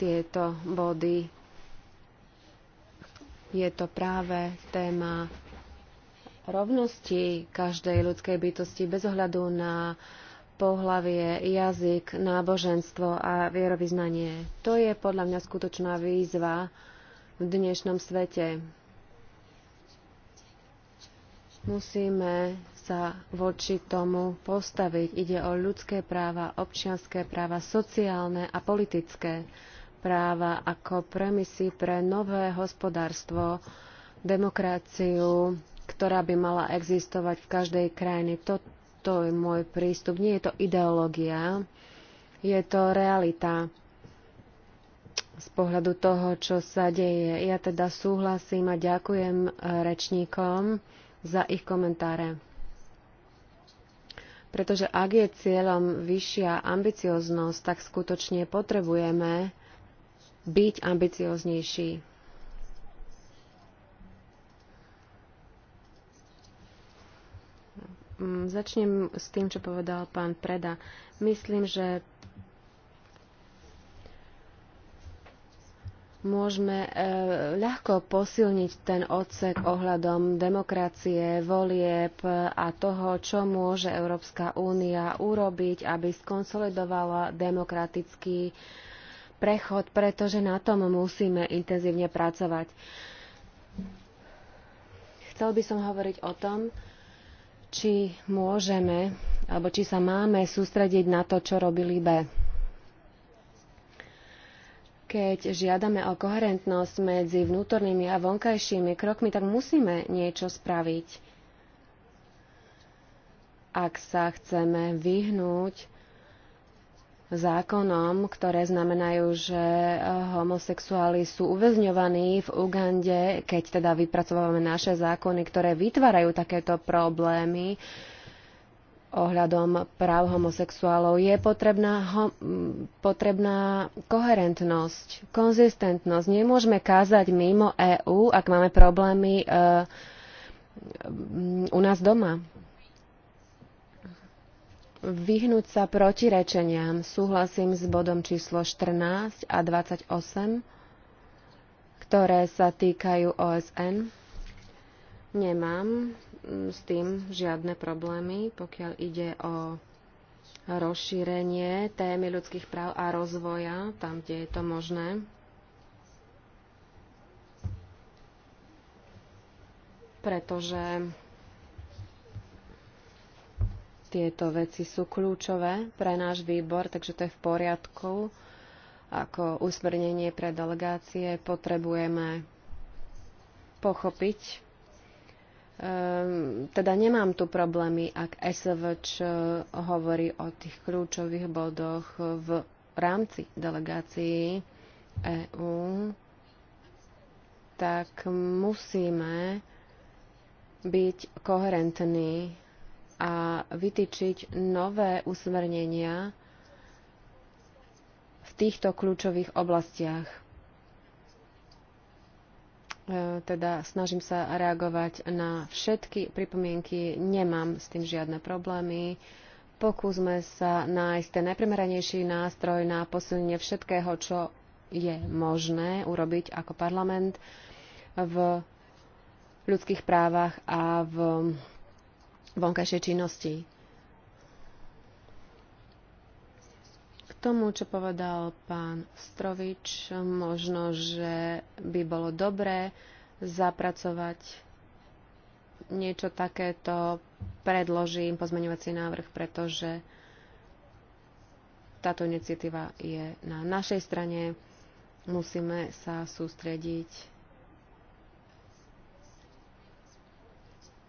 tieto body. Je to práve téma rovnosti každej ľudskej bytosti bez ohľadu na pohlavie, jazyk, náboženstvo a vierovýznanie. To je podľa mňa skutočná výzva v dnešnom svete. Musíme sa voči tomu postaviť. Ide o ľudské práva, občianské práva, sociálne a politické práva ako premisy pre nové hospodárstvo, demokraciu, ktorá by mala existovať v každej krajine. Toto je môj prístup. Nie je to ideológia, je to realita z pohľadu toho, čo sa deje. Ja teda súhlasím a ďakujem eh, rečníkom za ich komentáre. Pretože ak je cieľom vyššia ambicioznosť, tak skutočne potrebujeme byť ambicioznejší. Mm, začnem s tým, čo povedal pán Preda. Myslím, že môžeme e, ľahko posilniť ten odsek ohľadom demokracie, volieb a toho, čo môže Európska únia urobiť, aby skonsolidovala demokratický prechod, pretože na tom musíme intenzívne pracovať. Chcel by som hovoriť o tom, či môžeme, alebo či sa máme sústrediť na to, čo robili B keď žiadame o koherentnosť medzi vnútornými a vonkajšími krokmi, tak musíme niečo spraviť. Ak sa chceme vyhnúť zákonom, ktoré znamenajú, že homosexuáli sú uväzňovaní v Ugande, keď teda vypracovávame naše zákony, ktoré vytvárajú takéto problémy, ohľadom práv homosexuálov. Je potrebná, ho, potrebná koherentnosť, konzistentnosť. Nemôžeme kázať mimo EÚ, ak máme problémy e, u nás doma. Vyhnúť sa protirečeniam. Súhlasím s bodom číslo 14 a 28, ktoré sa týkajú OSN. Nemám s tým žiadne problémy, pokiaľ ide o rozšírenie témy ľudských práv a rozvoja tam, kde je to možné. Pretože tieto veci sú kľúčové pre náš výbor, takže to je v poriadku. Ako usmernenie pre delegácie potrebujeme pochopiť Ehm, teda nemám tu problémy, ak SVČ hovorí o tých kľúčových bodoch v rámci delegácií EÚ, tak musíme byť koherentní a vytýčiť nové usmernenia v týchto kľúčových oblastiach E, teda snažím sa reagovať na všetky pripomienky, nemám s tým žiadne problémy. Pokúsme sa nájsť ten najprimeranejší nástroj na posilnenie všetkého, čo je možné urobiť ako parlament v ľudských právach a v vonkajšej činnosti. tomu, čo povedal pán Strovič, možno, že by bolo dobré zapracovať niečo takéto, predložím pozmeňovací návrh, pretože táto iniciatíva je na našej strane. Musíme sa sústrediť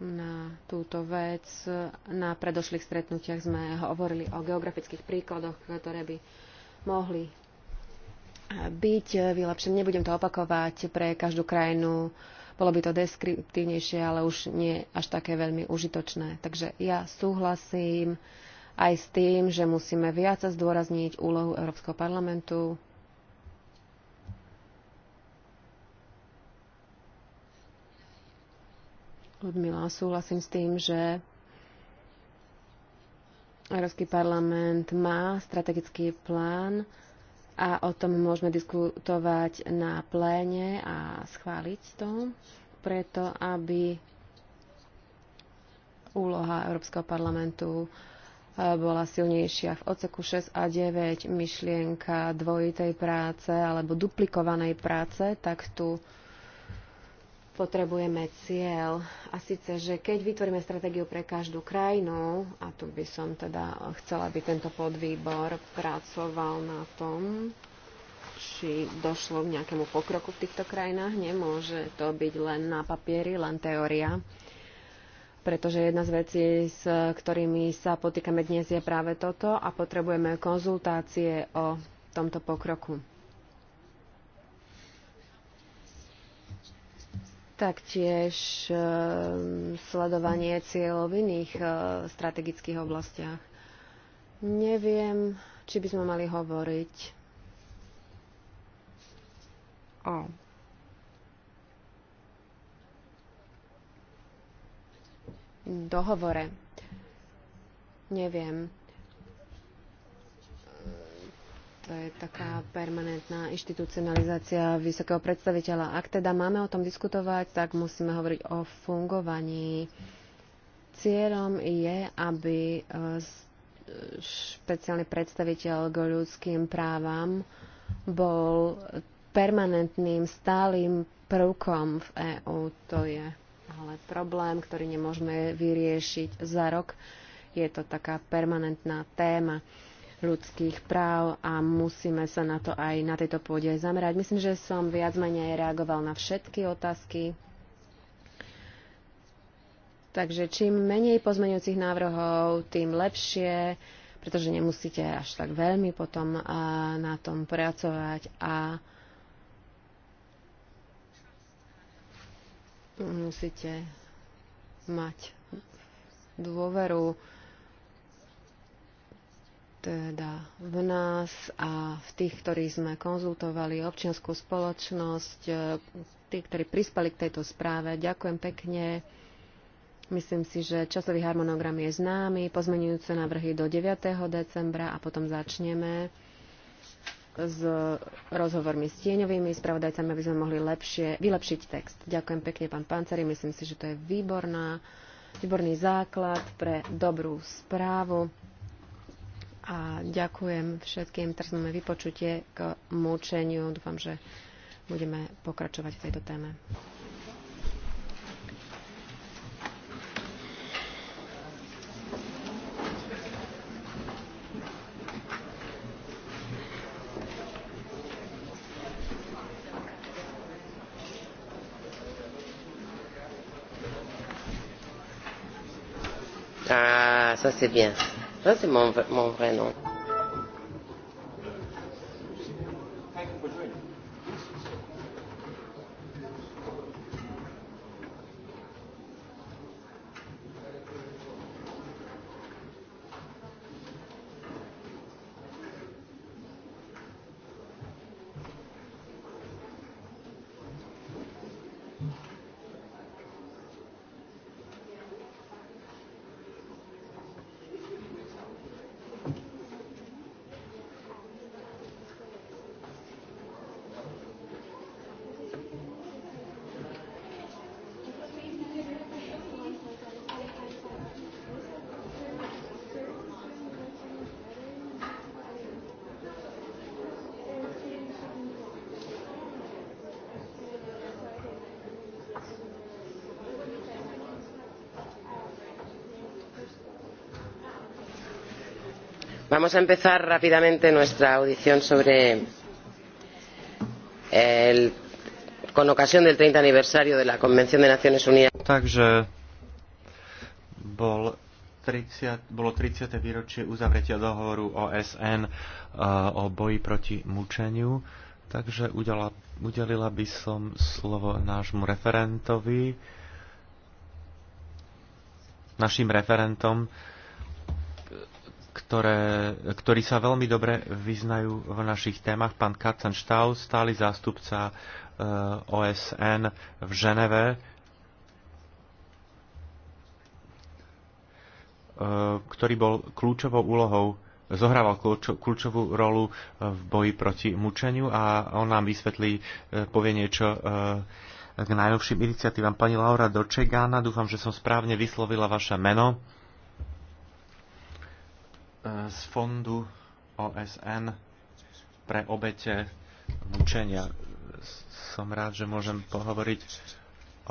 na túto vec. Na predošlých stretnutiach sme hovorili o geografických príkladoch, ktoré by mohli byť vylepšené. Nebudem to opakovať pre každú krajinu. Bolo by to deskriptívnejšie, ale už nie až také veľmi užitočné. Takže ja súhlasím aj s tým, že musíme viac zdôrazniť úlohu Európskeho parlamentu Ludmila, súhlasím s tým, že Európsky parlament má strategický plán a o tom môžeme diskutovať na pléne a schváliť to, preto aby úloha Európskeho parlamentu eh, bola silnejšia. V oceku 6 a 9 myšlienka dvojitej práce alebo duplikovanej práce, tak tu potrebujeme cieľ. A síce, že keď vytvoríme stratégiu pre každú krajinu, a tu by som teda chcela, aby tento podvýbor pracoval na tom, či došlo k nejakému pokroku v týchto krajinách. Nemôže to byť len na papieri, len teória. Pretože jedna z vecí, s ktorými sa potýkame dnes, je práve toto a potrebujeme konzultácie o tomto pokroku. taktiež ehm, sledovanie cieľov v iných e, strategických oblastiach. Neviem, či by sme mali hovoriť o dohovore. Neviem. to je taká permanentná inštitucionalizácia vysokého predstaviteľa. Ak teda máme o tom diskutovať, tak musíme hovoriť o fungovaní. Cieľom je, aby e, špeciálny predstaviteľ k ľudským právam bol permanentným, stálym prvkom v EÚ. To je ale problém, ktorý nemôžeme vyriešiť za rok. Je to taká permanentná téma ľudských práv a musíme sa na to aj na tejto pôde zamerať. Myslím, že som viac menej reagoval na všetky otázky. Takže čím menej pozmeňujúcich návrhov, tým lepšie, pretože nemusíte až tak veľmi potom na tom pracovať a musíte mať dôveru teda v nás a v tých, ktorí sme konzultovali občianskú spoločnosť, e, tí, ktorí prispali k tejto správe. Ďakujem pekne. Myslím si, že časový harmonogram je známy, pozmenujúce návrhy do 9. decembra a potom začneme s rozhovormi s tieňovými spravodajcami, aby sme mohli lepšie, vylepšiť text. Ďakujem pekne, pán Panceri, myslím si, že to je výborná, výborný základ pre dobrú správu a ďakujem všetkým. Teraz máme vypočutie k mučeniu. Dúfam, že budeme pokračovať v tejto téme. Ah, ça c'est bien. Ça, c'est mon, mon vrai nom. vamos a empezar rápidamente nuestra audición sobre el, con ocasión del 30 aniversario de la Convención de Naciones Unidas. Takže bol 30, bolo 30. výročie uzavretia dohovoru OSN eh, o boji proti mučeniu, takže udala, udelila by som slovo nášmu referentovi, našim referentom, ktoré, ktorí sa veľmi dobre vyznajú v našich témach. Pán Štau, stály zástupca e, OSN v Ženeve, e, ktorý bol kľúčovou úlohou zohrával kľúčovú rolu v boji proti mučeniu a on nám vysvetlí, e, povie niečo k najnovším iniciatívam. Pani Laura Dočegána, dúfam, že som správne vyslovila vaše meno. E, z fondu OSN pre obete mučenia. Som rád, že môžem pohovoriť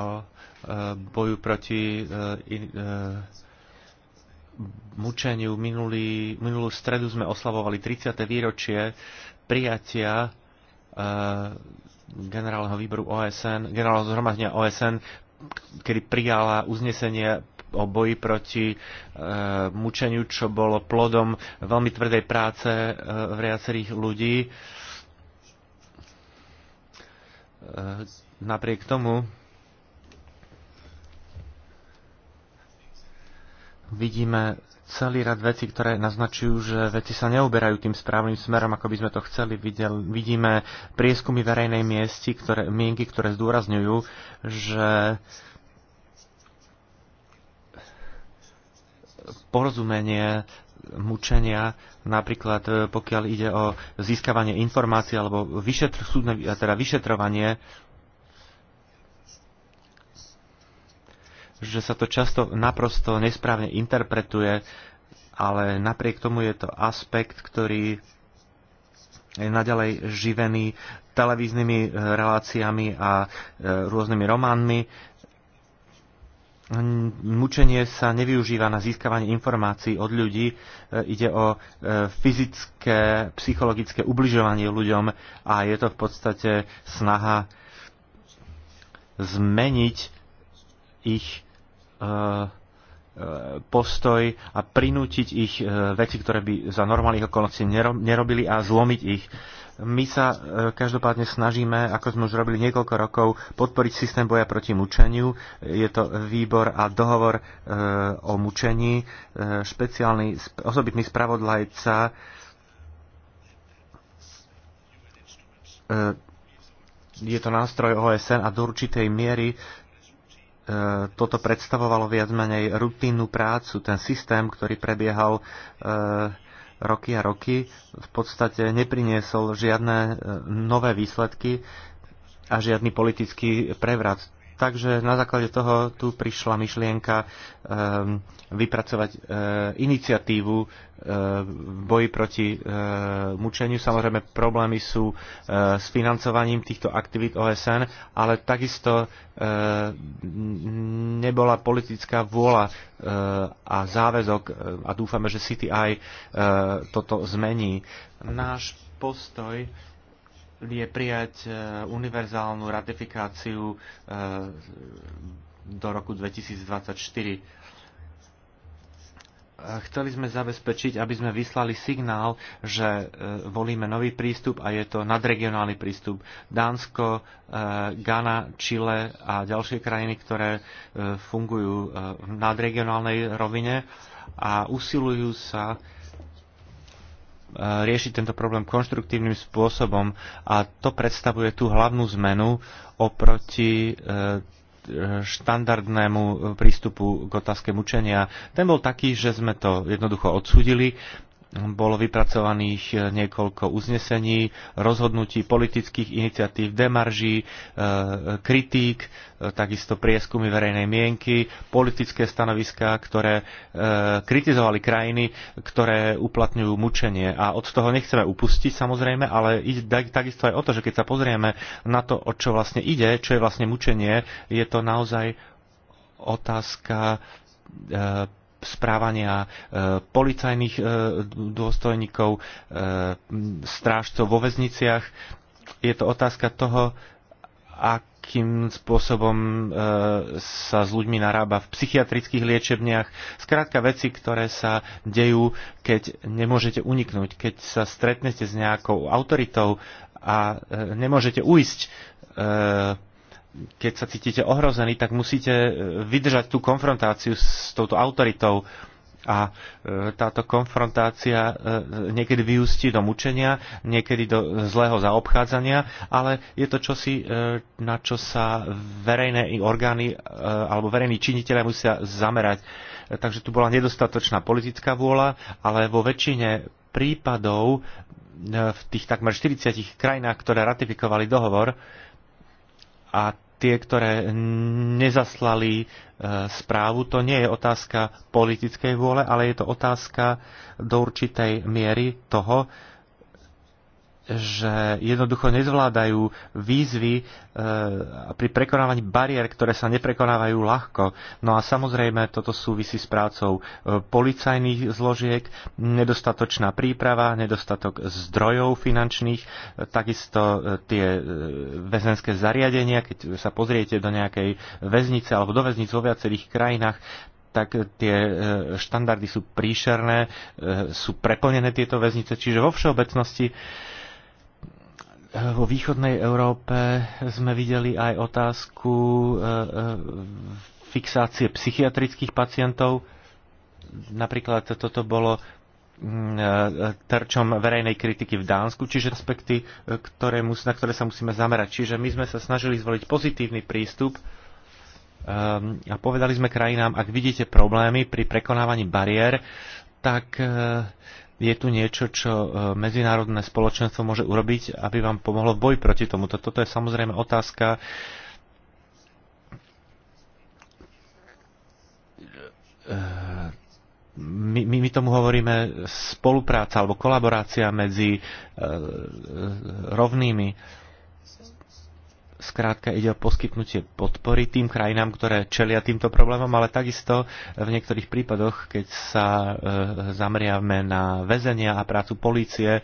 o e, boju proti e, mučeniu. Minulý, minulú stredu sme oslavovali 30. výročie prijatia generálneho výboru OSN, generálneho zhromaždenia OSN, kedy prijala uznesenie o boji proti e, mučeniu, čo bolo plodom veľmi tvrdej práce e, viacerých ľudí. E, napriek tomu vidíme celý rad vecí, ktoré naznačujú, že veci sa neuberajú tým správnym smerom, ako by sme to chceli. Videl, vidíme prieskumy verejnej miesti, ktoré, mienky, ktoré zdôrazňujú, že porozumenie mučenia, napríklad e, pokiaľ ide o získavanie informácií alebo vyšetr, súdne, teda vyšetrovanie, že sa to často naprosto nesprávne interpretuje, ale napriek tomu je to aspekt, ktorý je naďalej živený televíznymi e, reláciami a e, rôznymi románmi mučenie sa nevyužíva na získavanie informácií od ľudí. E, ide o e, fyzické, psychologické ubližovanie ľuďom a je to v podstate snaha zmeniť ich e, postoj a prinútiť ich veci, ktoré by za normálnych okolností nerobili a zlomiť ich. My sa e, každopádne snažíme, ako sme už robili niekoľko rokov, podporiť systém boja proti mučeniu. Je to výbor a dohovor e, o mučení. E, špeciálny osobitný spravodlajca je to nástroj OSN a do určitej miery toto predstavovalo viac menej rutinnú prácu, ten systém, ktorý prebiehal roky a roky v podstate nepriniesol žiadne e, nové výsledky a žiadny politický prevrat. Takže na základe toho tu prišla myšlienka ehm, vypracovať ehm, iniciatívu ehm, v boji proti mučeniu. Samozrejme, problémy sú s financovaním týchto aktivít OSN, ale takisto nebola politická vôľa a záväzok a dúfame, že CTI toto zmení. Náš postoj je prijať e, univerzálnu ratifikáciu e, do roku 2024. E, chceli sme zabezpečiť, aby sme vyslali signál, že volíme nový prístup a je to nadregionálny prístup. Dánsko, Ghana, Chile a ďalšie krajiny, ktoré fungujú v nadregionálnej rovine a usilujú sa Eh, riešiť tento problém konštruktívnym spôsobom a to predstavuje tú hlavnú zmenu oproti eh, štandardnému prístupu k otázke mučenia. Ten bol taký, že sme to jednoducho odsudili bolo vypracovaných e, niekoľko uznesení, rozhodnutí politických iniciatív, demarží, e, kritík, e, takisto prieskumy verejnej mienky, politické stanoviská, ktoré kritizovali krajiny, ktoré uplatňujú mučenie. A od toho nechceme upustiť samozrejme, ale ide takisto aj o to, že keď sa pozrieme na to, o čo vlastne ide, čo je vlastne mučenie, je to naozaj otázka správania e, policajných e, dôstojníkov, e, strážcov vo väzniciach. Je to otázka toho, akým spôsobom sa s ľuďmi narába v psychiatrických liečebniach. Skrátka veci, ktoré sa dejú, keď nemôžete uniknúť, keď sa stretnete s nejakou autoritou a nemôžete uísť keď sa cítite ohrození, tak musíte e, vydržať tú konfrontáciu s touto autoritou. A e, táto konfrontácia e, niekedy vyústi do mučenia, niekedy do zlého zaobchádzania, ale je to čosi, na čo sa verejné orgány alebo verejní činiteľe musia zamerať. Takže tu bola nedostatočná politická vôľa, ale vo väčšine prípadov v tých takmer 40 krajinách, ktoré ratifikovali dohovor, a tie, ktoré nezaslali e, správu, to nie je otázka politickej vôle, ale je to otázka do určitej miery toho, že jednoducho nezvládajú výzvy e, pri prekonávaní bariér, ktoré sa neprekonávajú ľahko. No a samozrejme toto súvisí s prácou e, policajných zložiek, nedostatočná príprava, nedostatok zdrojov finančných, e, takisto tie väzenské zariadenia, keď sa pozriete do nejakej väznice alebo do väznic vo viacerých krajinách, tak tie štandardy sú príšerné, sú preplnené tieto väznice, čiže vo všeobecnosti vo východnej Európe sme videli aj otázku e, e, fixácie psychiatrických pacientov. Napríklad toto bolo mm, e, terčom verejnej kritiky v Dánsku, čiže aspekty, ktoré mus, na ktoré sa musíme zamerať. Čiže my sme sa snažili zvoliť pozitívny prístup a povedali sme krajinám, ak vidíte problémy pri prekonávaní bariér, tak je tu niečo, čo e, medzinárodné spoločenstvo môže urobiť, aby vám pomohlo v boji proti tomuto. Toto je samozrejme otázka, e, e, my, my, my tomu hovoríme spolupráca alebo kolaborácia medzi rovnými Skrátka ide o poskytnutie podpory tým krajinám, ktoré čelia týmto problémom, ale takisto v niektorých prípadoch, keď sa e, zameriame na väzenia a prácu polície,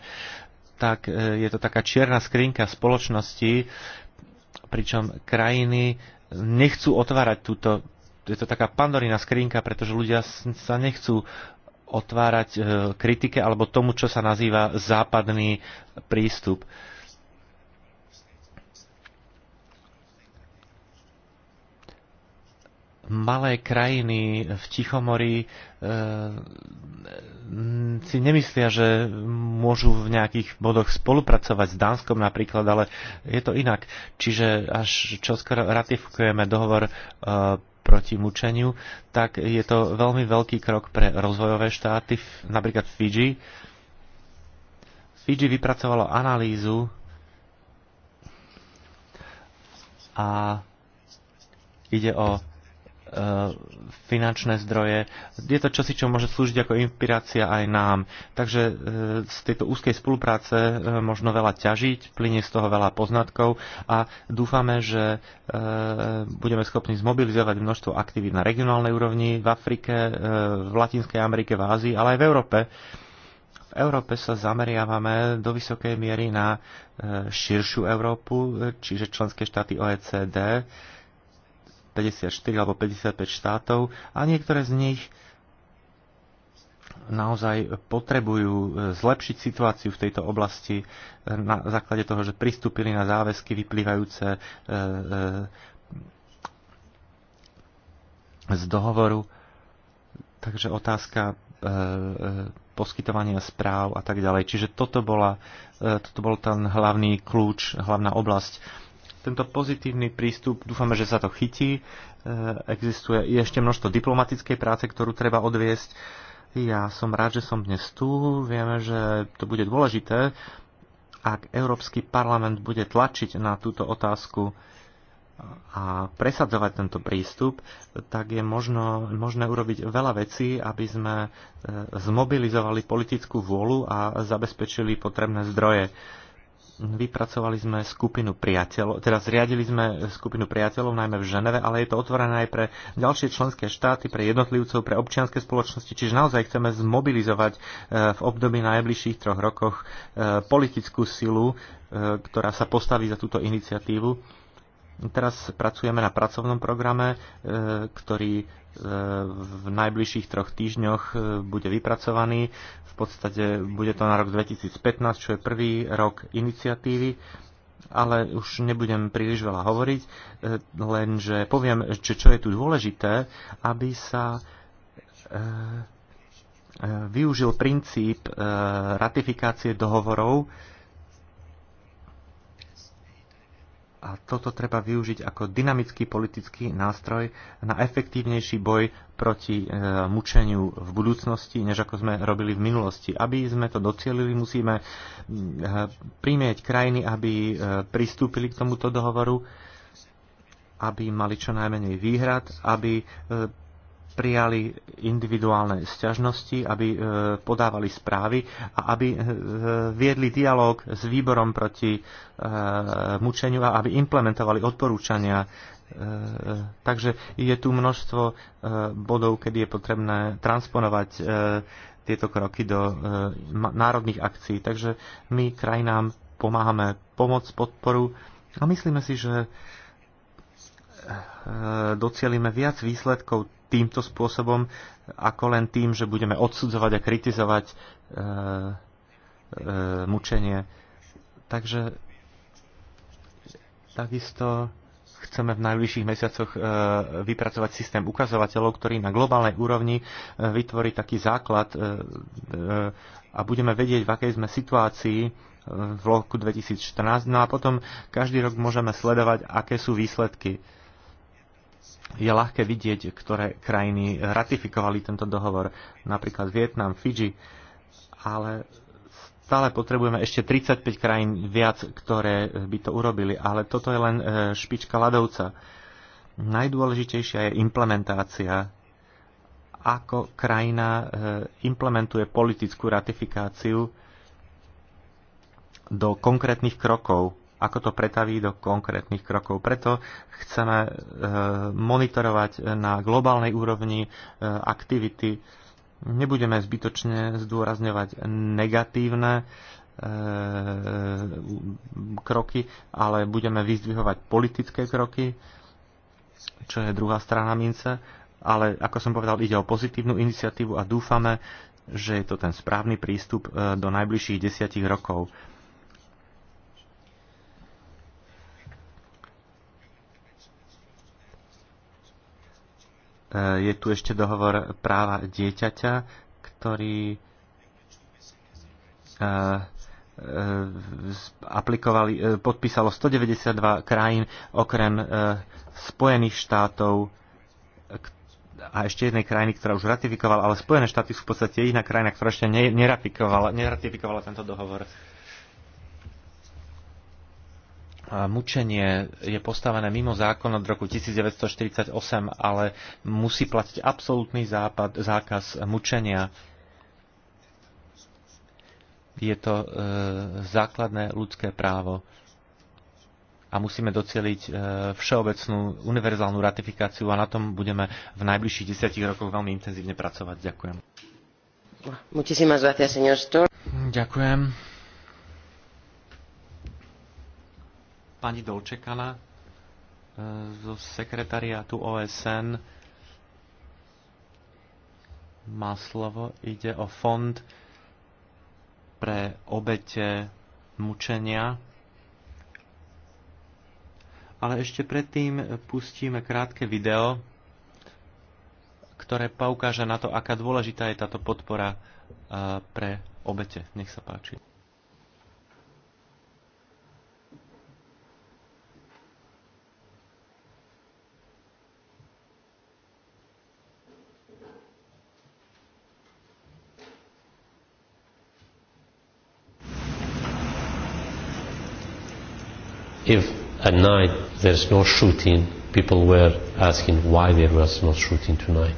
tak e, je to taká čierna skrinka spoločnosti, pričom krajiny nechcú otvárať túto. Je to taká pandorína skrinka, pretože ľudia sa nechcú otvárať e, kritike alebo tomu, čo sa nazýva západný prístup. malé krajiny v Tichomorí e, si nemyslia, že môžu v nejakých bodoch spolupracovať s Dánskom napríklad, ale je to inak. Čiže až čoskoro ratifikujeme dohovor e, proti mučeniu, tak je to veľmi veľký krok pre rozvojové štáty, napríklad Fiji. Fiji vypracovalo analýzu a ide o E, finančné zdroje. Je to čosi, čo môže slúžiť ako inspirácia aj nám. Takže e, z tejto úzkej spolupráce e, možno veľa ťažiť, plinie z toho veľa poznatkov a dúfame, že budeme schopní zmobilizovať množstvo aktivít na regionálnej úrovni v Afrike, v Latinskej Amerike, v Ázii, ale aj v Európe. V Európe sa zameriavame do vysokej miery na širšiu Európu, čiže členské štáty OECD, 54 alebo 55 štátov a niektoré z nich naozaj potrebujú e, zlepšiť situáciu v tejto oblasti e, na základe toho, že pristúpili na záväzky vyplývajúce e, z dohovoru. Takže otázka poskytovania správ a tak ďalej. Čiže toto, bola, toto bol ten hlavný kľúč, hlavná oblasť tento pozitívny prístup, dúfame, že sa to chytí. E, existuje ešte množstvo diplomatickej práce, ktorú treba odviesť. Ja som rád, že som dnes tu. Vieme, že to bude dôležité, ak Európsky parlament bude tlačiť na túto otázku a presadzovať tento prístup, tak je možno, možné urobiť veľa vecí, aby sme e, zmobilizovali politickú vôľu a zabezpečili potrebné zdroje. Vypracovali sme skupinu priateľov, teda zriadili sme skupinu priateľov najmä v Ženeve, ale je to otvorené aj pre ďalšie členské štáty, pre jednotlivcov, pre občianske spoločnosti, čiže naozaj chceme zmobilizovať e, v období najbližších troch rokoch e, politickú silu, e, ktorá sa postaví za túto iniciatívu Teraz pracujeme na pracovnom programe, e, ktorý e, v najbližších troch týždňoch e, bude vypracovaný. V podstate bude to na rok 2015, čo je prvý rok iniciatívy, ale už nebudem príliš veľa hovoriť, lenže poviem, že čo je tu dôležité, aby sa využil princíp ratifikácie dohovorov, a toto treba využiť ako dynamický politický nástroj na efektívnejší boj proti e, mučeniu v budúcnosti, než ako sme robili v minulosti. Aby sme to docielili, musíme e, primieť krajiny, aby e, pristúpili k tomuto dohovoru, aby mali čo najmenej výhrad, aby e, prijali individuálne sťažnosti, aby e, podávali správy a aby e, viedli dialog s výborom proti e, mučeniu a aby implementovali odporúčania. Takže je tu množstvo bodov, kedy je potrebné transponovať tieto kroky do národných akcií. Takže my krajinám pomáhame pomoc, podporu a myslíme si, že docielime viac výsledkov týmto spôsobom, ako len tým, že budeme odsudzovať a kritizovať e, e, mučenie. Takže takisto chceme v najbližších mesiacoch e, vypracovať systém ukazovateľov, ktorý na globálnej úrovni e, vytvorí taký základ e, a budeme vedieť, v akej sme situácii v roku 2014. No a potom každý rok môžeme sledovať, aké sú výsledky je ľahké vidieť, ktoré krajiny ratifikovali tento dohovor, napríklad Vietnam, Fidži, ale stále potrebujeme ešte 35 krajín viac, ktoré by to urobili, ale toto je len e, špička ľadovca. Najdôležitejšia je implementácia ako krajina e, implementuje politickú ratifikáciu do konkrétnych krokov ako to pretaví do konkrétnych krokov. Preto chceme e, monitorovať na globálnej úrovni e, aktivity. Nebudeme zbytočne zdôrazňovať negatívne e, kroky, ale budeme vyzdvihovať politické kroky, čo je druhá strana mince. Ale ako som povedal, ide o pozitívnu iniciatívu a dúfame, že je to ten správny prístup do najbližších desiatich rokov. Je tu ešte dohovor práva dieťaťa, ktorý e, e, aplikovali, e, podpísalo 192 krajín okrem Spojených štátov a ešte jednej krajiny, ktorá už ratifikovala, ale Spojené štáty sú v podstate jediná krajina, ktorá ešte neratifikovala, neratifikovala tento dohovor mučenie je postavené mimo zákon od roku 1948, ale musí platiť absolútny západ, zákaz mučenia. Je to e, základné ľudské právo a musíme docieliť e, všeobecnú univerzálnu ratifikáciu a na tom budeme v najbližších desiatich rokoch veľmi intenzívne pracovať. Ďakujem. Ďakujem. pani Dolčekana e, zo sekretariátu OSN má slovo. Ide o fond pre obete mučenia. Ale ešte predtým pustíme krátke video, ktoré poukáže na to, aká dôležitá je táto podpora e, pre obete. Nech sa páči. if at night there's no shooting, people were asking why there was no shooting tonight.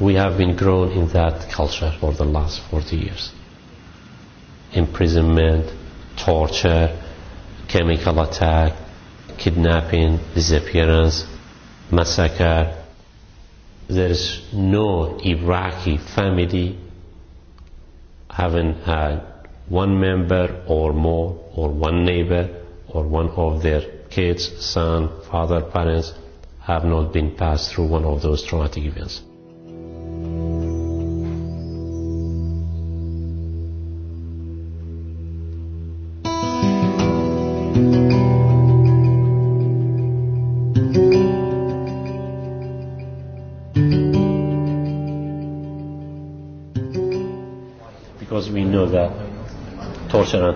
We have been grown in that culture for the last 40 years. Imprisonment, torture, chemical attack, kidnapping, disappearance, massacre. There is no Iraqi family haven't had one member or more, or one neighbor, or one of their kids, son, father, parents, have not been passed through one of those traumatic events.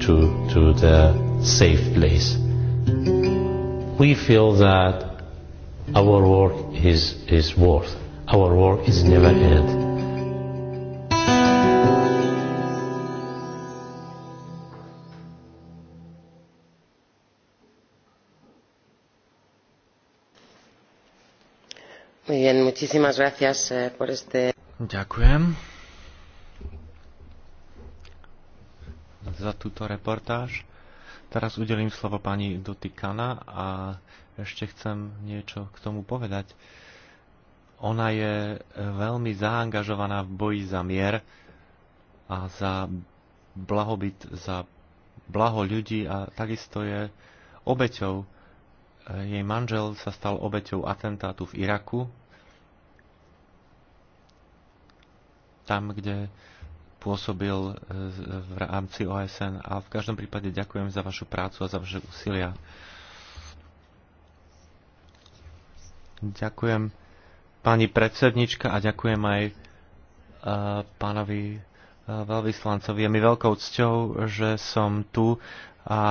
to, to the safe place. We feel that our work is, is worth. Our work is never end. Muy bien, muchísimas gracias eh, por este. Ya, za túto reportáž. Teraz udelím slovo pani Dotykana a ešte chcem niečo k tomu povedať. Ona je e, veľmi zaangažovaná v boji za mier a za blahobyt, za blaho ľudí a takisto je obeťou. E, jej manžel sa stal obeťou atentátu v Iraku, tam, kde pôsobil e, v rámci OSN a v každom prípade ďakujem za vašu prácu a za vaše úsilia. Ďakujem pani predsednička a ďakujem aj e, pánovi e, veľvyslancovi. Je mi veľkou cťou, že som tu a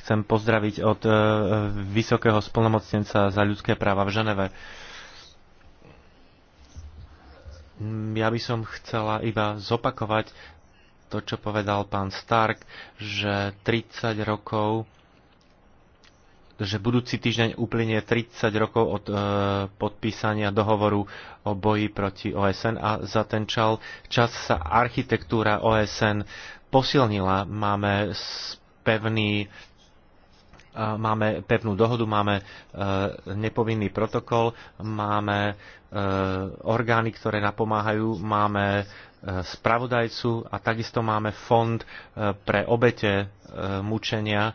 chcem pozdraviť od vysokého splnomocnenca za ľudské práva v Ženeve. Mm, ja by som chcela iba zopakovať to, čo povedal pán Stark, že 30 rokov že budúci týždeň uplynie 30 rokov od e, podpísania dohovoru o boji proti OSN a za ten čal, čas sa architektúra OSN posilnila. Máme pevný máme pevnú dohodu, máme e, nepovinný protokol, máme e, orgány, ktoré napomáhajú, máme e, spravodajcu a takisto máme fond pre obete mučenia,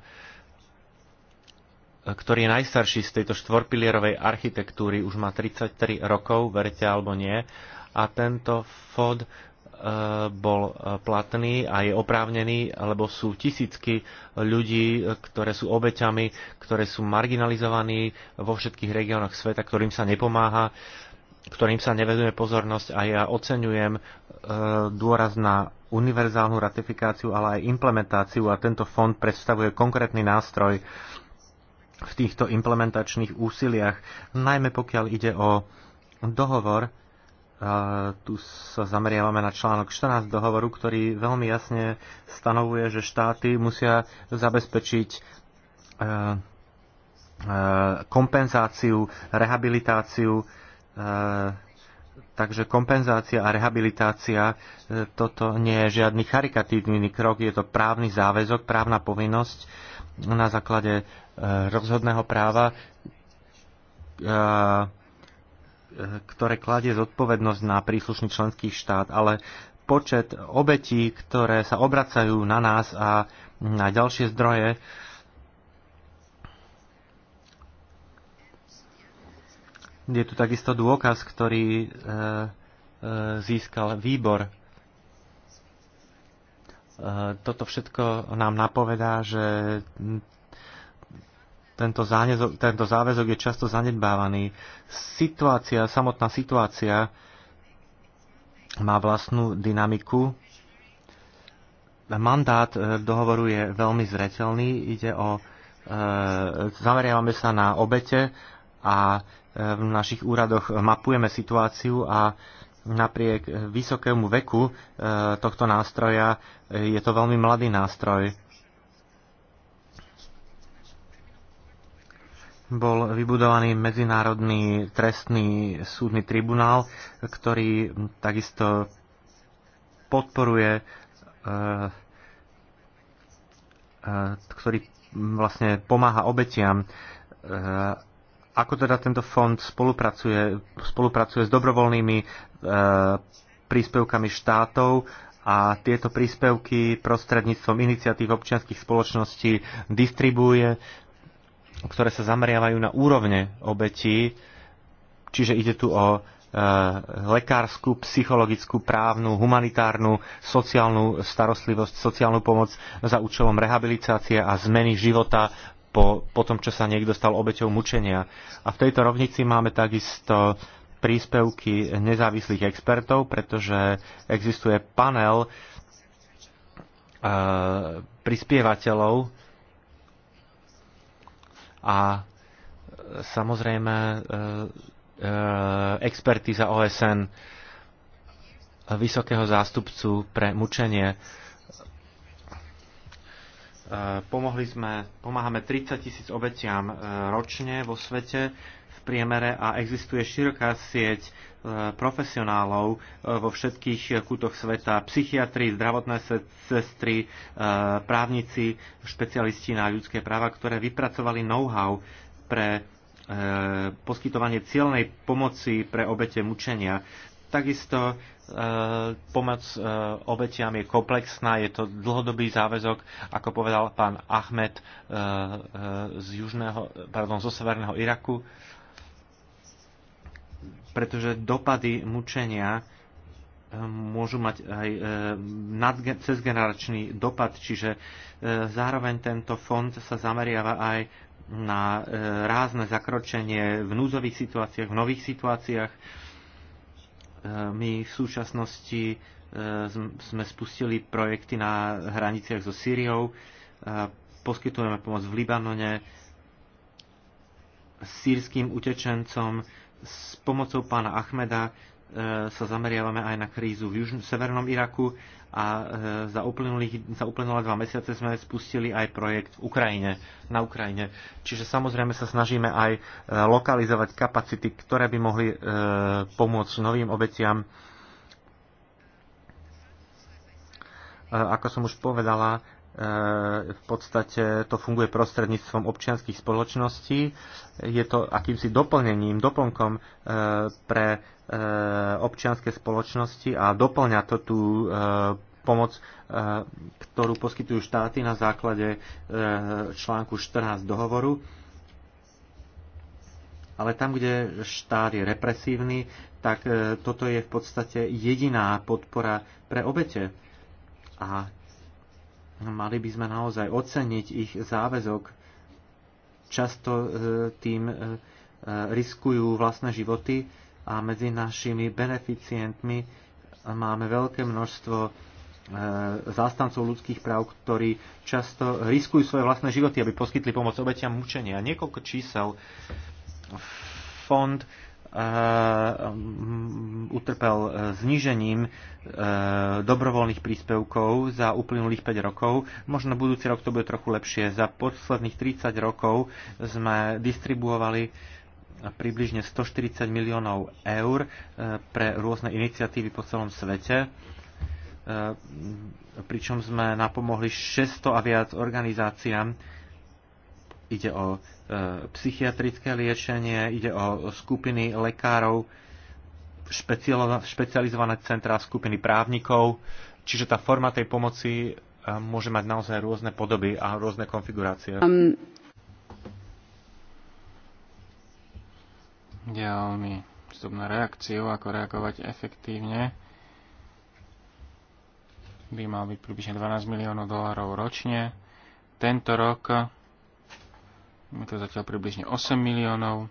ktorý je najstarší z tejto štvorpilierovej architektúry, už má 33 rokov, verte alebo nie. A tento fond E, bol e, platný a je oprávnený, lebo sú tisícky ľudí, ktoré sú obeťami, ktoré sú marginalizovaní vo všetkých regiónoch sveta, ktorým sa nepomáha, ktorým sa neveduje pozornosť a ja oceňujem e, dôraz na univerzálnu ratifikáciu, ale aj implementáciu a tento fond predstavuje konkrétny nástroj v týchto implementačných úsiliach, najmä pokiaľ ide o dohovor, tu sa zameriavame na článok 14 dohovoru, ktorý veľmi jasne stanovuje, že štáty musia zabezpečiť e, e, kompenzáciu, rehabilitáciu. E, takže kompenzácia a rehabilitácia toto nie je žiadny charikatívny krok, je to právny záväzok, právna povinnosť na základe rozhodného práva ktoré kladie zodpovednosť na príslušný členský štát, ale počet obetí, ktoré sa obracajú na nás a na ďalšie zdroje, Je tu takisto dôkaz, ktorý e, e, získal výbor. E, toto všetko nám napovedá, že tento, záväzok, tento záväzok je často zanedbávaný. Situácia, samotná situácia má vlastnú dynamiku. Mandát e, dohovoru je veľmi zretelný. Ide o, e, zameriavame sa na obete a e, v našich úradoch mapujeme situáciu a napriek vysokému veku e, tohto nástroja je to veľmi mladý nástroj. bol vybudovaný medzinárodný trestný súdny tribunál, ktorý takisto podporuje, eh, eh, ktorý vlastne pomáha obetiam. Eh, ako teda tento fond spolupracuje, spolupracuje s dobrovoľnými príspevkami štátov a tieto príspevky prostredníctvom iniciatív občianských spoločností distribuuje ktoré sa zameriavajú na úrovne obetí, čiže ide tu o e, lekárskú, psychologickú, právnu, humanitárnu, sociálnu starostlivosť, sociálnu pomoc za účelom rehabilitácie a zmeny života po, po tom, čo sa niekto stal obeťou mučenia. A v tejto rovnici máme takisto príspevky nezávislých expertov, pretože existuje panel e, prispievateľov a e, samozrejme e, e, expertíza OSN vysokého zástupcu pre mučenie. Pomohli sme, pomáhame 30 tisíc obetiam ročne vo svete v priemere a existuje široká sieť profesionálov eh, vo všetkých kútoch sveta, psychiatri, zdravotné sestry, eh, právnici, špecialisti na ľudské práva, ktoré vypracovali know-how pre eh, poskytovanie cieľnej pomoci pre obete mučenia. Takisto pomoc obetiam je komplexná, je to dlhodobý záväzok, ako povedal pán Ahmed z, južného, pardon, zo severného Iraku pretože dopady mučenia e, môžu mať aj e, cezgeneračný dopad, čiže e, zároveň tento fond sa zameriava aj na rázne zakročenie v núzových situáciách, v nových situáciách. My v súčasnosti sme spustili projekty na hraniciach so Sýriou, poskytujeme pomoc v Libanone, sírským utečencom, s pomocou pána Ahmeda e, sa zameriavame aj na krízu v južn- severnom Iraku a e, za, za uplynulé dva mesiace sme spustili aj projekt v Ukrajine, na Ukrajine. Čiže samozrejme sa snažíme aj e, lokalizovať kapacity, ktoré by mohli pomôcť novým obetiam. Ako som už povedala, v podstate to funguje prostredníctvom občianských spoločností. Je to akýmsi doplnením, doplnkom e, pre e, občianske spoločnosti a doplňa to tú e, pomoc, ktorú poskytujú štáty na základe článku 14 dohovoru. Ale tam, kde štát je represívny, tak toto je v podstate jediná podpora pre obete. A Mali by sme naozaj oceniť ich záväzok. Často e, tým e, e, riskujú vlastné životy a medzi našimi beneficientmi máme veľké množstvo zástancov ľudských práv, ktorí často riskujú svoje vlastné životy, aby poskytli pomoc obetiam mučenia. Niekoľko čísel. Fond Eh, utrpel eh, znížením eh, dobrovoľných príspevkov za uplynulých 5 rokov. Možno budúci rok to bude trochu lepšie. Za posledných 30 rokov sme distribuovali približne 140 miliónov eur pre rôzne iniciatívy po celom svete pričom sme napomohli 600 a viac organizáciám ide o e, psychiatrické liečenie, ide o skupiny lekárov, špecializované centrá, skupiny právnikov, čiže tá forma tej pomoci e, môže mať naozaj rôzne podoby a rôzne konfigurácie. Um... Ja veľmi vstup na reakciu, ako reagovať efektívne by mal byť približne 12 miliónov dolárov ročne. Tento rok je to zatiaľ približne 8 miliónov.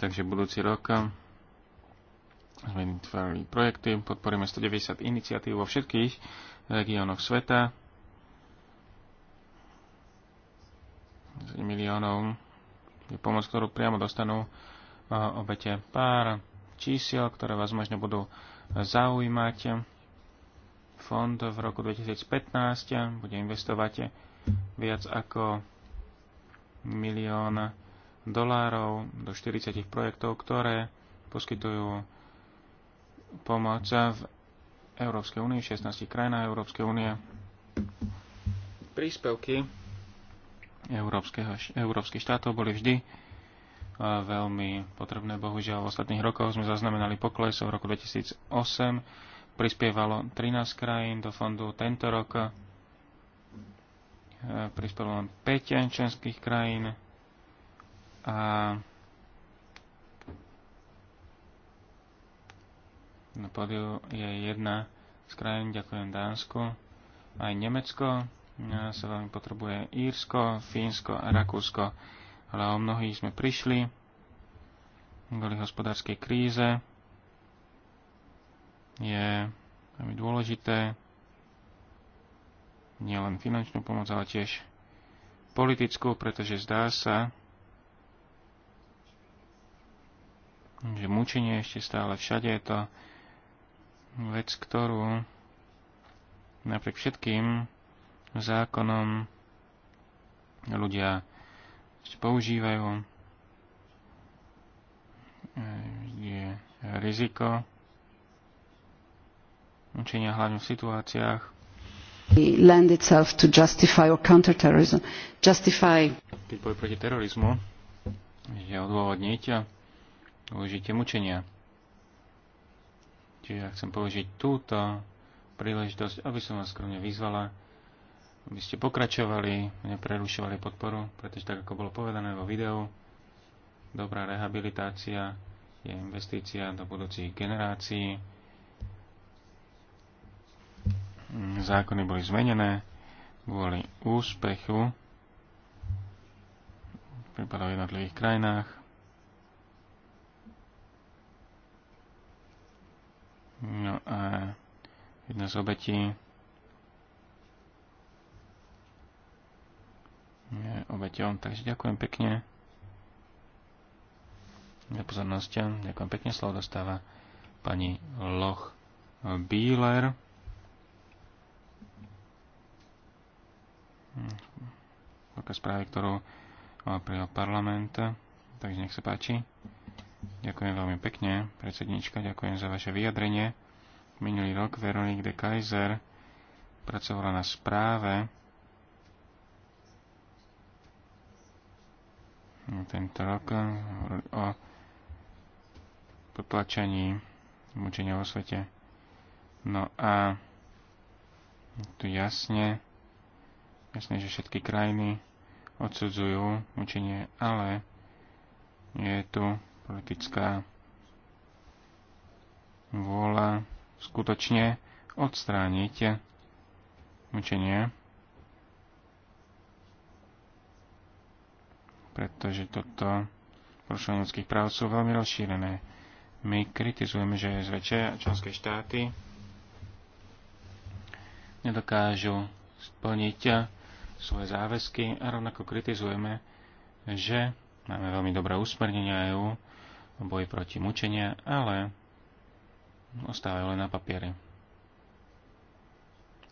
Takže budúci rok sme vytvárali projekty, podporíme 190 iniciatív vo všetkých regiónoch sveta. 7 miliónov je pomoc, ktorú priamo dostanú obete. Pár čísiel, ktoré vás možno budú zaujímať. Fond v roku 2015 bude investovať viac ako milión dolárov do 40 projektov, ktoré poskytujú pomoc v Európskej únii, 16 krajinách Európskej únie. Príspevky európskych štátov boli vždy veľmi potrebné. Bohužiaľ, v ostatných rokoch sme zaznamenali pokles. V roku 2008 prispievalo 13 krajín do fondu. Tento rok prispelo len 5 členských krajín a na podiu je jedna z krajín, ďakujem Dánsku, aj Nemecko, ja sa veľmi potrebuje Írsko, Fínsko a Rakúsko, ale o mnohých sme prišli kvôli hospodárskej kríze. Je veľmi dôležité nielen finančnú pomoc, ale tiež politickú, pretože zdá sa, že mučenie ešte stále všade je to vec, ktorú napriek všetkým zákonom ľudia používajú. Je riziko mučenia hlavne v situáciách, lend itself to justify or Justify. Keď boj proti terorizmu je odôvodniť a mučenia. Čiže ja chcem použiť túto príležitosť, aby som vás skromne vyzvala, aby ste pokračovali, neprerušovali podporu, pretože tak ako bolo povedané vo videu, dobrá rehabilitácia je investícia do budúcich generácií, zákony boli zmenené kvôli úspechu prípadov v jednotlivých krajinách. No a jedna z obetí je obeťom, takže ďakujem pekne za pozornosť. Ďakujem pekne, slovo dostáva pani Loch Bieler. Hm. veľká správy, ktorú eh, prijal parlament. Takže nech sa páči. Ďakujem veľmi pekne, predsednička, ďakujem za vaše vyjadrenie. Minulý rok Veronik de Kaiser pracovala na správe tento rok eh, o potlačení mučenia vo svete. No a tu jasne Jasné, že všetky krajiny odsudzujú učenie, ale je tu politická vôľa skutočne odstrániť učenie, pretože toto porušovanie ľudských práv sú veľmi rozšírené. My kritizujeme, že zväčšia členské štáty nedokážu splniť svoje záväzky a rovnako kritizujeme, že máme veľmi dobré usmernenia EÚ o boji proti mučenia, ale ostávajú len na papiere.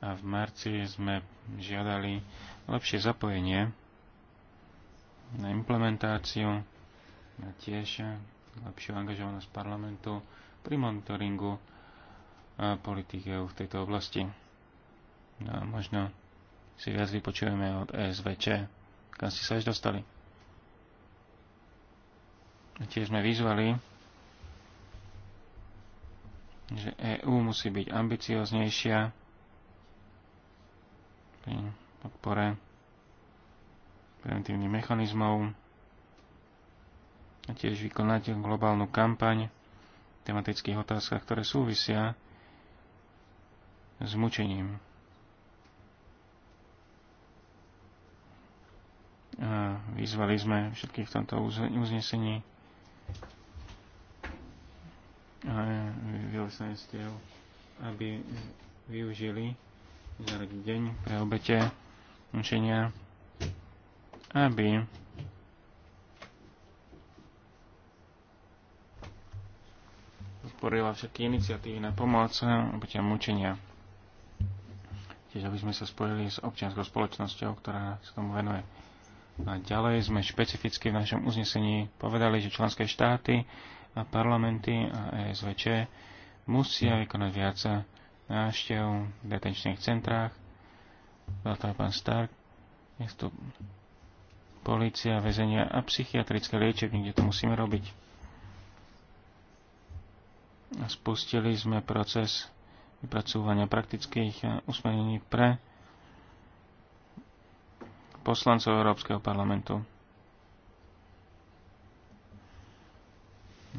A v marci sme žiadali lepšie zapojenie na implementáciu a tiež lepšiu angažovanosť parlamentu pri monitoringu politik EU v tejto oblasti. No, možno si viac vypočujeme od SVČ, kam ste sa až dostali. Tiež sme vyzvali, že EÚ musí byť ambicioznejšia pri podpore preventívnych mechanizmov a tiež vykonať globálnu kampaň v tematických otázkach, ktoré súvisia s mučením. Vyzvali sme všetkých v tomto uznesení vylesnenstiev, aby využili zaradiť deň pre obete mučenia, aby podporila všetky iniciatívy na pomoc obetiam mučenia. Tiež aby sme sa spojili s občianskou spoločnosťou, ktorá sa tomu venuje. A ďalej sme špecificky v našom uznesení povedali, že členské štáty a parlamenty a ESVČ musia vykonať viac návštev v detenčných centrách. Zatiaľ pán Stark, je tu policia, väzenia a psychiatrické liečební, kde to musíme robiť. Spustili sme proces vypracúvania praktických usmernení pre poslancov Európskeho parlamentu.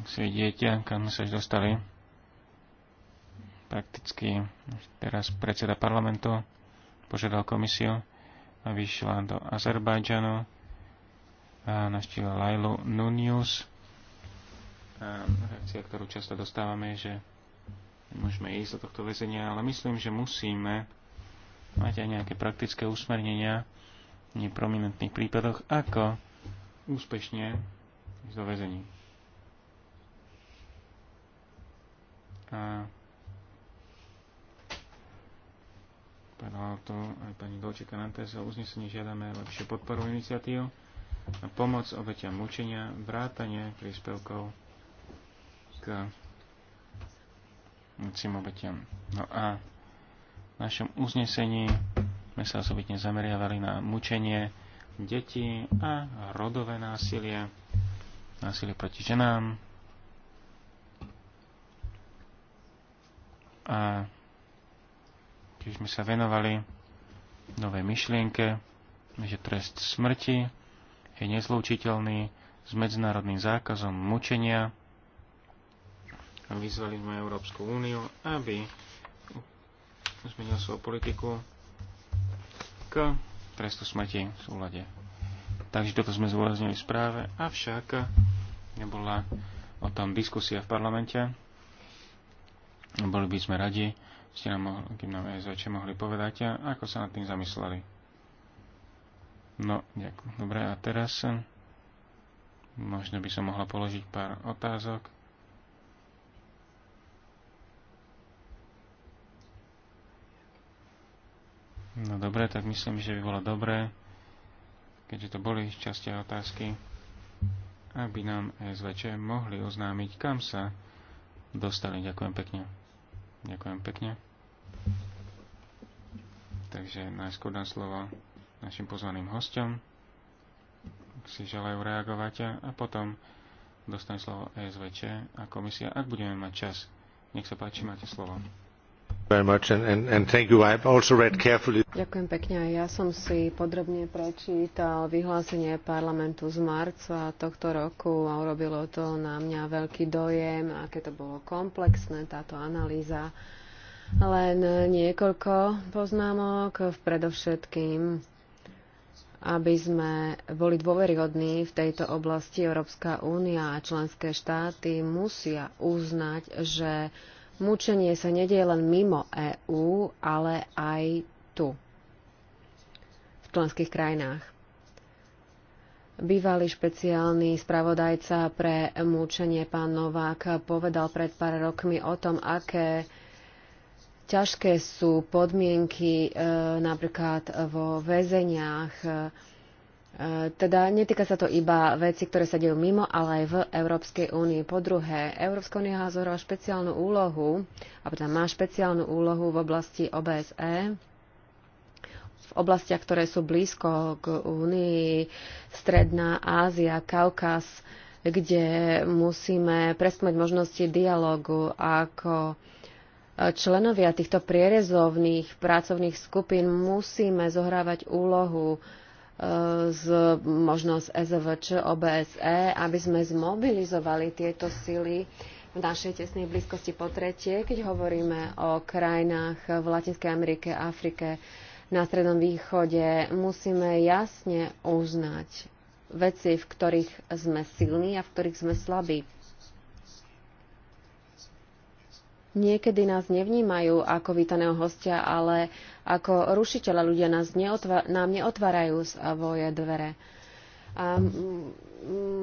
Ak si vidíte, kam sa už dostali, prakticky teraz predseda parlamentu požiadal komisiu, a vyšla do Azerbajdžanu a naštívila Lailu Nunius. A reakcia, ktorú často dostávame, je, že môžeme ísť do tohto väzenia, ale myslím, že musíme mať aj nejaké praktické usmernenia, neprominentných prípadoch, ako úspešne ísť do väzení. A povedala to aj pani Dolče Nantes, o uznesení žiadame lepšie podporu iniciatív a pomoc obetiam mučenia, vrátanie príspevkov k mučím obeťam. No a v našom uznesení sme sa osobitne zameriavali na mučenie detí a rodové násilie, násilie proti ženám a keď sme sa venovali novej myšlienke, že trest smrti je nezlúčiteľný s medzinárodným zákazom mučenia a vyzvali sme Európsku úniu, aby zmenil svoju politiku k trestu smrti v súlade. Takže toto sme zvôraznili v správe, avšak nebola o tom diskusia v parlamente. Boli by sme radi, ste nám mohli, kým nám zväčšie mohli povedať, a ako sa nad tým zamysleli. No, ďakujem. Dobre, a teraz možno by som mohla položiť pár otázok. No dobre, tak myslím, že by bolo dobré, keďže to boli časti otázky, aby nám SVČ mohli oznámiť, kam sa dostali. Ďakujem pekne. Ďakujem pekne. Takže najskôr dám slovo našim pozvaným hostom, ak si želajú reagovať a potom dostane slovo SVČ a komisia, ak budeme mať čas. Nech sa páči, máte slovo. Ďakujem pekne. Ja som si podrobne prečítal vyhlásenie parlamentu z marca tohto roku a urobilo to na mňa veľký dojem, aké to bolo komplexné, táto analýza. Len niekoľko poznámok, predovšetkým, aby sme boli dôveryhodní v tejto oblasti Európska únia a členské štáty musia uznať, že Mučenie sa nedieje len mimo EÚ, ale aj tu, v členských krajinách. Bývalý špeciálny spravodajca pre mučenie pán Novák povedal pred pár rokmi o tom, aké ťažké sú podmienky e, napríklad vo väzeniach E, teda netýka sa to iba veci, ktoré sa dejú mimo, ale aj v Európskej únii. Po druhé, Európska únia zohráva špeciálnu úlohu, alebo teda má špeciálnu úlohu v oblasti OBSE, v oblastiach, ktoré sú blízko k únii, Stredná Ázia, Kaukaz, kde musíme preskúmať možnosti dialogu ako členovia týchto prierezovných pracovných skupín musíme zohrávať úlohu z, možno z SVČ, OBSE, aby sme zmobilizovali tieto sily v našej tesnej blízkosti po tretie, keď hovoríme o krajinách v Latinskej Amerike, Afrike, na Strednom východe, musíme jasne uznať veci, v ktorých sme silní a v ktorých sme slabí. Niekedy nás nevnímajú ako vítaného hostia, ale ako rušiteľa ľudia nás neotva- nám neotvárajú svoje dvere. A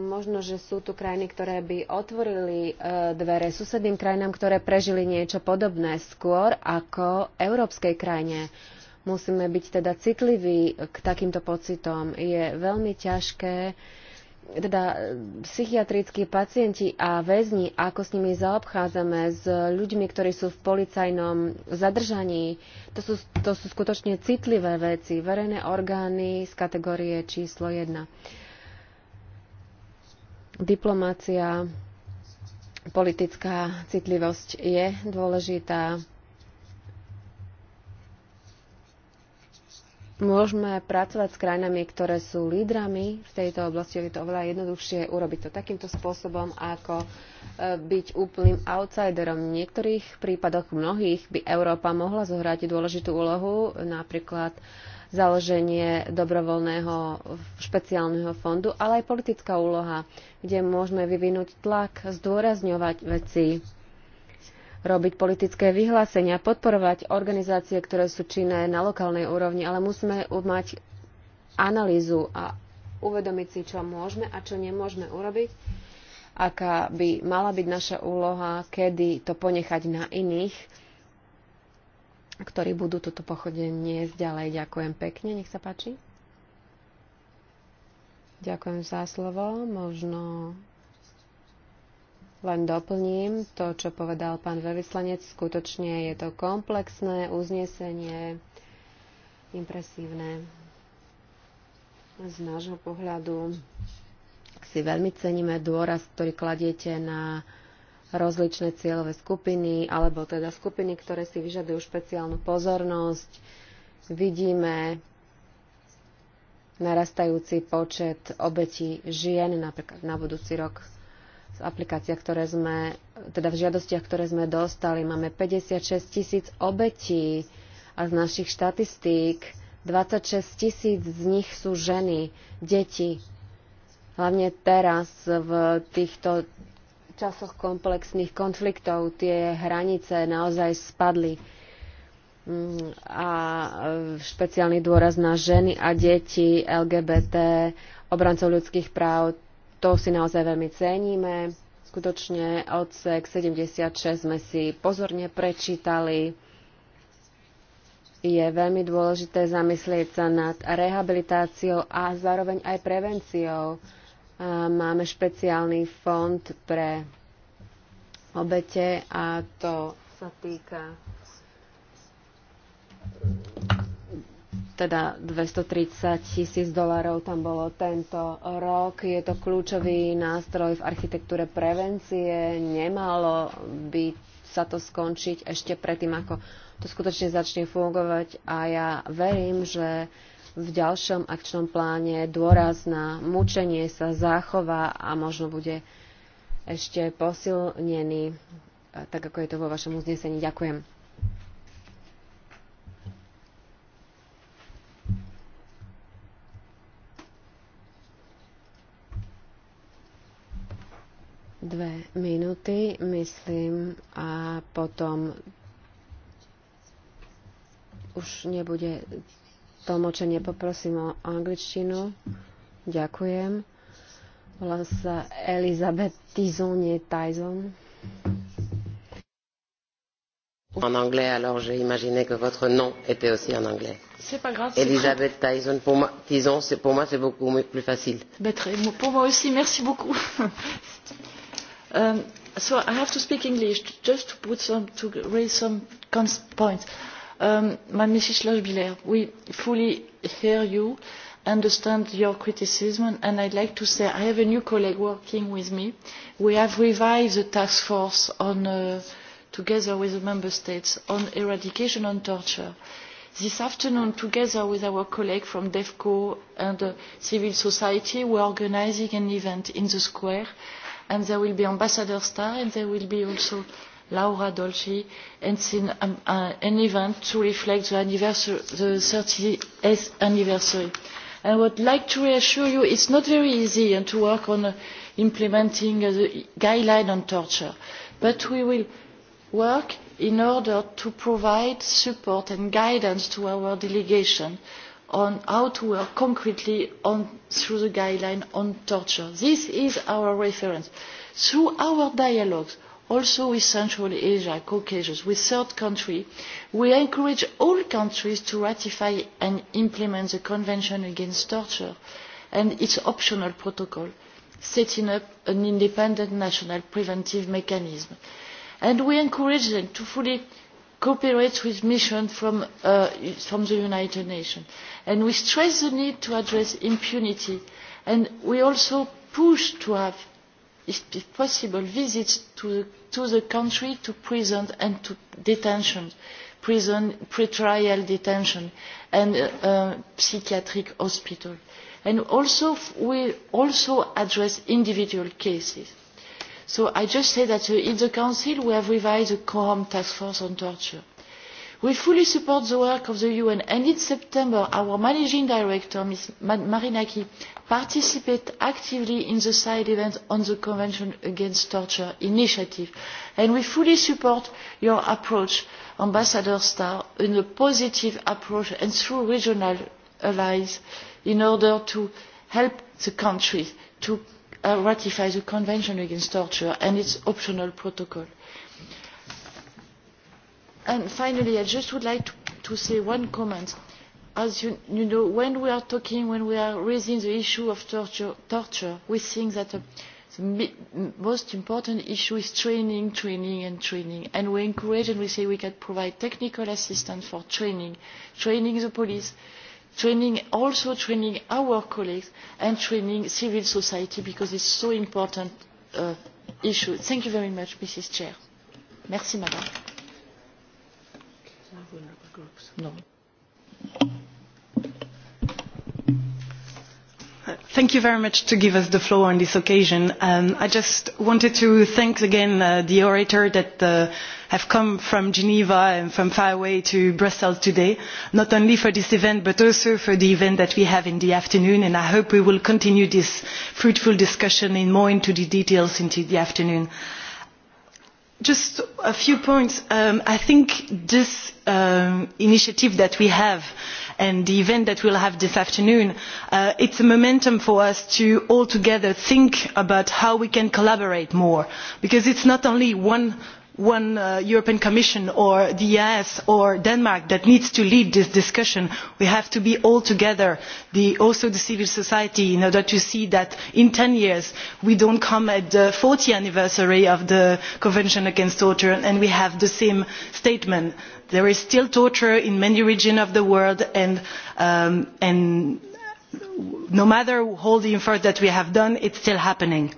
možno, že sú tu krajiny, ktoré by otvorili e, dvere susedným krajinám, ktoré prežili niečo podobné skôr ako európskej krajine. Musíme byť teda citliví k takýmto pocitom. Je veľmi ťažké teda e, psychiatrickí pacienti a väzni, ako s nimi zaobchádzame, s ľuďmi, ktorí sú v policajnom zadržaní, to sú, to sú skutočne citlivé veci, verejné orgány z kategórie číslo 1. Diplomácia, politická citlivosť je dôležitá môžeme pracovať s krajinami, ktoré sú lídrami v tejto oblasti. Je to oveľa jednoduchšie urobiť to takýmto spôsobom, ako e, byť úplným outsiderom. V niektorých prípadoch mnohých by Európa mohla zohrať dôležitú úlohu, napríklad založenie dobrovoľného špeciálneho fondu, ale aj politická úloha, kde môžeme vyvinúť tlak, zdôrazňovať veci, robiť politické vyhlásenia, podporovať organizácie, ktoré sú činné na lokálnej úrovni, ale musíme mať analýzu a uvedomiť si, čo môžeme a čo nemôžeme urobiť, aká by mala byť naša úloha, kedy to ponechať na iných, ktorí budú toto pochodenie ďalej. Ďakujem pekne, nech sa páči. Ďakujem za slovo. Možno len doplním to, čo povedal pán veľvyslanec. Skutočne je to komplexné uznesenie, impresívne. Z nášho pohľadu si veľmi ceníme dôraz, ktorý kladiete na rozličné cieľové skupiny, alebo teda skupiny, ktoré si vyžadujú špeciálnu pozornosť. Vidíme narastajúci počet obetí žien, napríklad na budúci rok z aplikácia, ktoré sme, teda v žiadostiach, ktoré sme dostali. Máme 56 tisíc obetí a z našich štatistík 26 tisíc z nich sú ženy, deti. Hlavne teraz v týchto časoch komplexných konfliktov tie hranice naozaj spadli mm, a e, špeciálny dôraz na ženy a deti, LGBT, obrancov ľudských práv, to si naozaj veľmi ceníme. Skutočne odsek 76 sme si pozorne prečítali. Je veľmi dôležité zamyslieť sa nad rehabilitáciou a zároveň aj prevenciou. Máme špeciálny fond pre obete a to sa týka teda 230 tisíc dolárov tam bolo tento rok. Je to kľúčový nástroj v architektúre prevencie. Nemalo by sa to skončiť ešte predtým, ako to skutočne začne fungovať a ja verím, že v ďalšom akčnom pláne dôraz na mučenie sa zachová a možno bude ešte posilnený, tak ako je to vo vašom uznesení. Ďakujem. dve minuty, myslím, a potom už nebude tlmočenie. Poprosím o angličtinu. Ďakujem. Volá sa Elizabeth Tyson, nie Tyson. En anglais, alors j'ai imaginé que votre nom était aussi en anglais. C'est pas grave. Elisabeth Tyson, pour moi, Tyson, pour moi c'est beaucoup plus facile. Mais très, pour moi aussi, merci beaucoup. *laughs* Um, so I have to speak English just to, put some, to raise some points. Um, Mrs. Lochbiller, we fully hear you, understand your criticism, and I would like to say I have a new colleague working with me. We have revised the task force on, uh, together with the member states on eradication and torture this afternoon together with our colleagues from devco and uh, civil society we are organising an event in the square and there will be Ambassador Star, and there will be also Laura Dolci, and um, uh, an event to reflect the, anniversary, the 30th anniversary. And I would like to reassure you, it's not very easy and uh, to work on uh, implementing uh, the guideline on torture, but we will work in order to provide support and guidance to our delegation on how to work concretely through the guideline on torture. This is our reference. Through our dialogues, also with Central Asia, Caucasus, with third countries, we encourage all countries to ratify and implement the Convention Against Torture and its optional protocol, setting up an independent national preventive mechanism. And we encourage them to fully cooperate with missions uh, from, the united nations and we stress the need to address impunity and we also push to have if possible visits to, the country to prison and to detention prison pre trial detention and uh, psychiatric hospitals. and also we also address individual cases so I just say that uh, in the Council we have revised the Quorum Task Force on Torture. We fully support the work of the UN and in September our Managing Director, Ms. Marinaki, participated actively in the side event on the Convention Against Torture initiative. And we fully support your approach, Ambassador Starr, in a positive approach and through regional allies in order to help the country to Uh, ratify the Convention Against Torture and its optional protocol. And finally, I just would like to, to say one comment. As you, you know, when we are talking, when we are raising the issue of torture, torture we think that uh, the most important issue is training, training and training. And we encourage and we say we can provide technical assistance for training, training the police, training also training our colleagues and training civil society because it is so important uh, issue. Thank you very much, Mrs. Chair. Merci, Madame. Thank you very much to give us the floor on this occasion. Um, I just wanted to thank again uh, the orator that uh, have come from Geneva and from far away to Brussels today, not only for this event but also for the event that we have in the afternoon. And I hope we will continue this fruitful discussion in more into the details into the afternoon. Just a few points. Um, I think this um, initiative that we have and the event that we will have this afternoon uh, it is a momentum for us to all together think about how we can collaborate more because it is not only one uh, european commission or the eeas or denmark that needs to lead this discussion we have to be all together also the civil society in order to see that in ten years we do not come at the fortieth anniversary of the convention against torture and we have the same statement there is still torture in many regions of the world and, um, and no matter all the efforts that we have done it is still happening.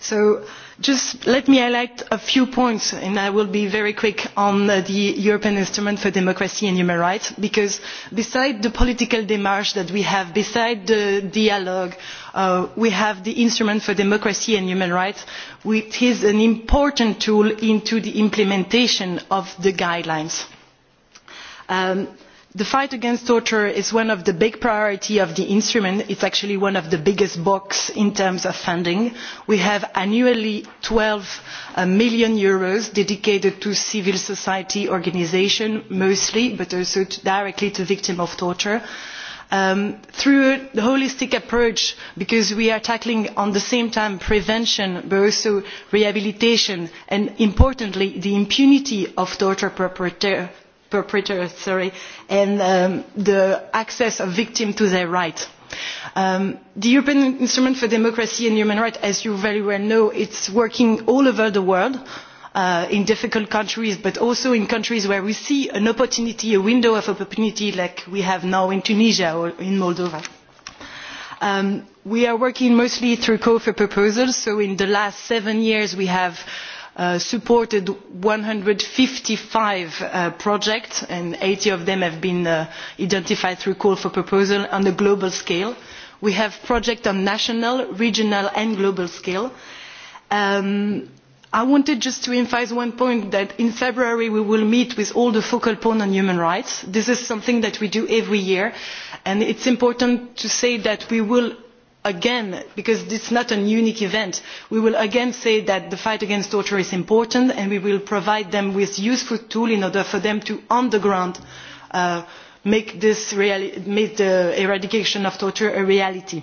so just let me highlight a few points and i will be very quick on the european instrument for democracy and human rights because besides the political démarche that we have besides the dialogue and Uh, we have the instrument for democracy and human rights which is an important tool in the implementation of the guidelines. Um, the fight against torture is one of the big priorities of the instrument it is actually one of the biggest boxes in terms of funding. we have annually eur twelve uh, million dedicated to civil society organisations mostly but also directly to victims of torture um, through a holistic approach because we are tackling at the same time prevention but also rehabilitation and importantly the impunity of torture perpetrators and um, the access of victims to their rights. Um, the european instrument for democracy and human rights as you very well know is working all over the world Uh, in difficult countries but also in countries where we see an opportunity a window of opportunity like we have now in tunisia or in moldova. Um, we are working mostly through call for proposals so in the last seven years we have uh, supported one hundred and fifty five uh, projects and eighty of them have been identified through call for proposal on a global scale. we have projects on national regional and global scale. Um, i wanted just to emphasise one point that in february we will meet with all the focal points on human rights. this is something that we do every year and it is important to say that we will again because this is not a unique event we will again say that the fight against torture is important and we will provide them with useful tools in order for them to on the ground uh, make, make the eradication of torture a reality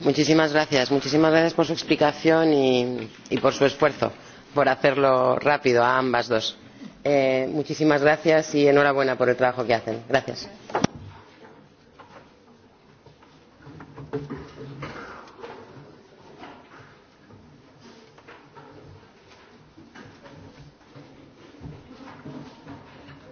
Muchísimas gracias. Muchísimas gracias por su explicación y, por su esfuerzo por hacerlo rápido a ambas dos. Eh, muchísimas gracias y enhorabuena por el trabajo que hacen. Gracias.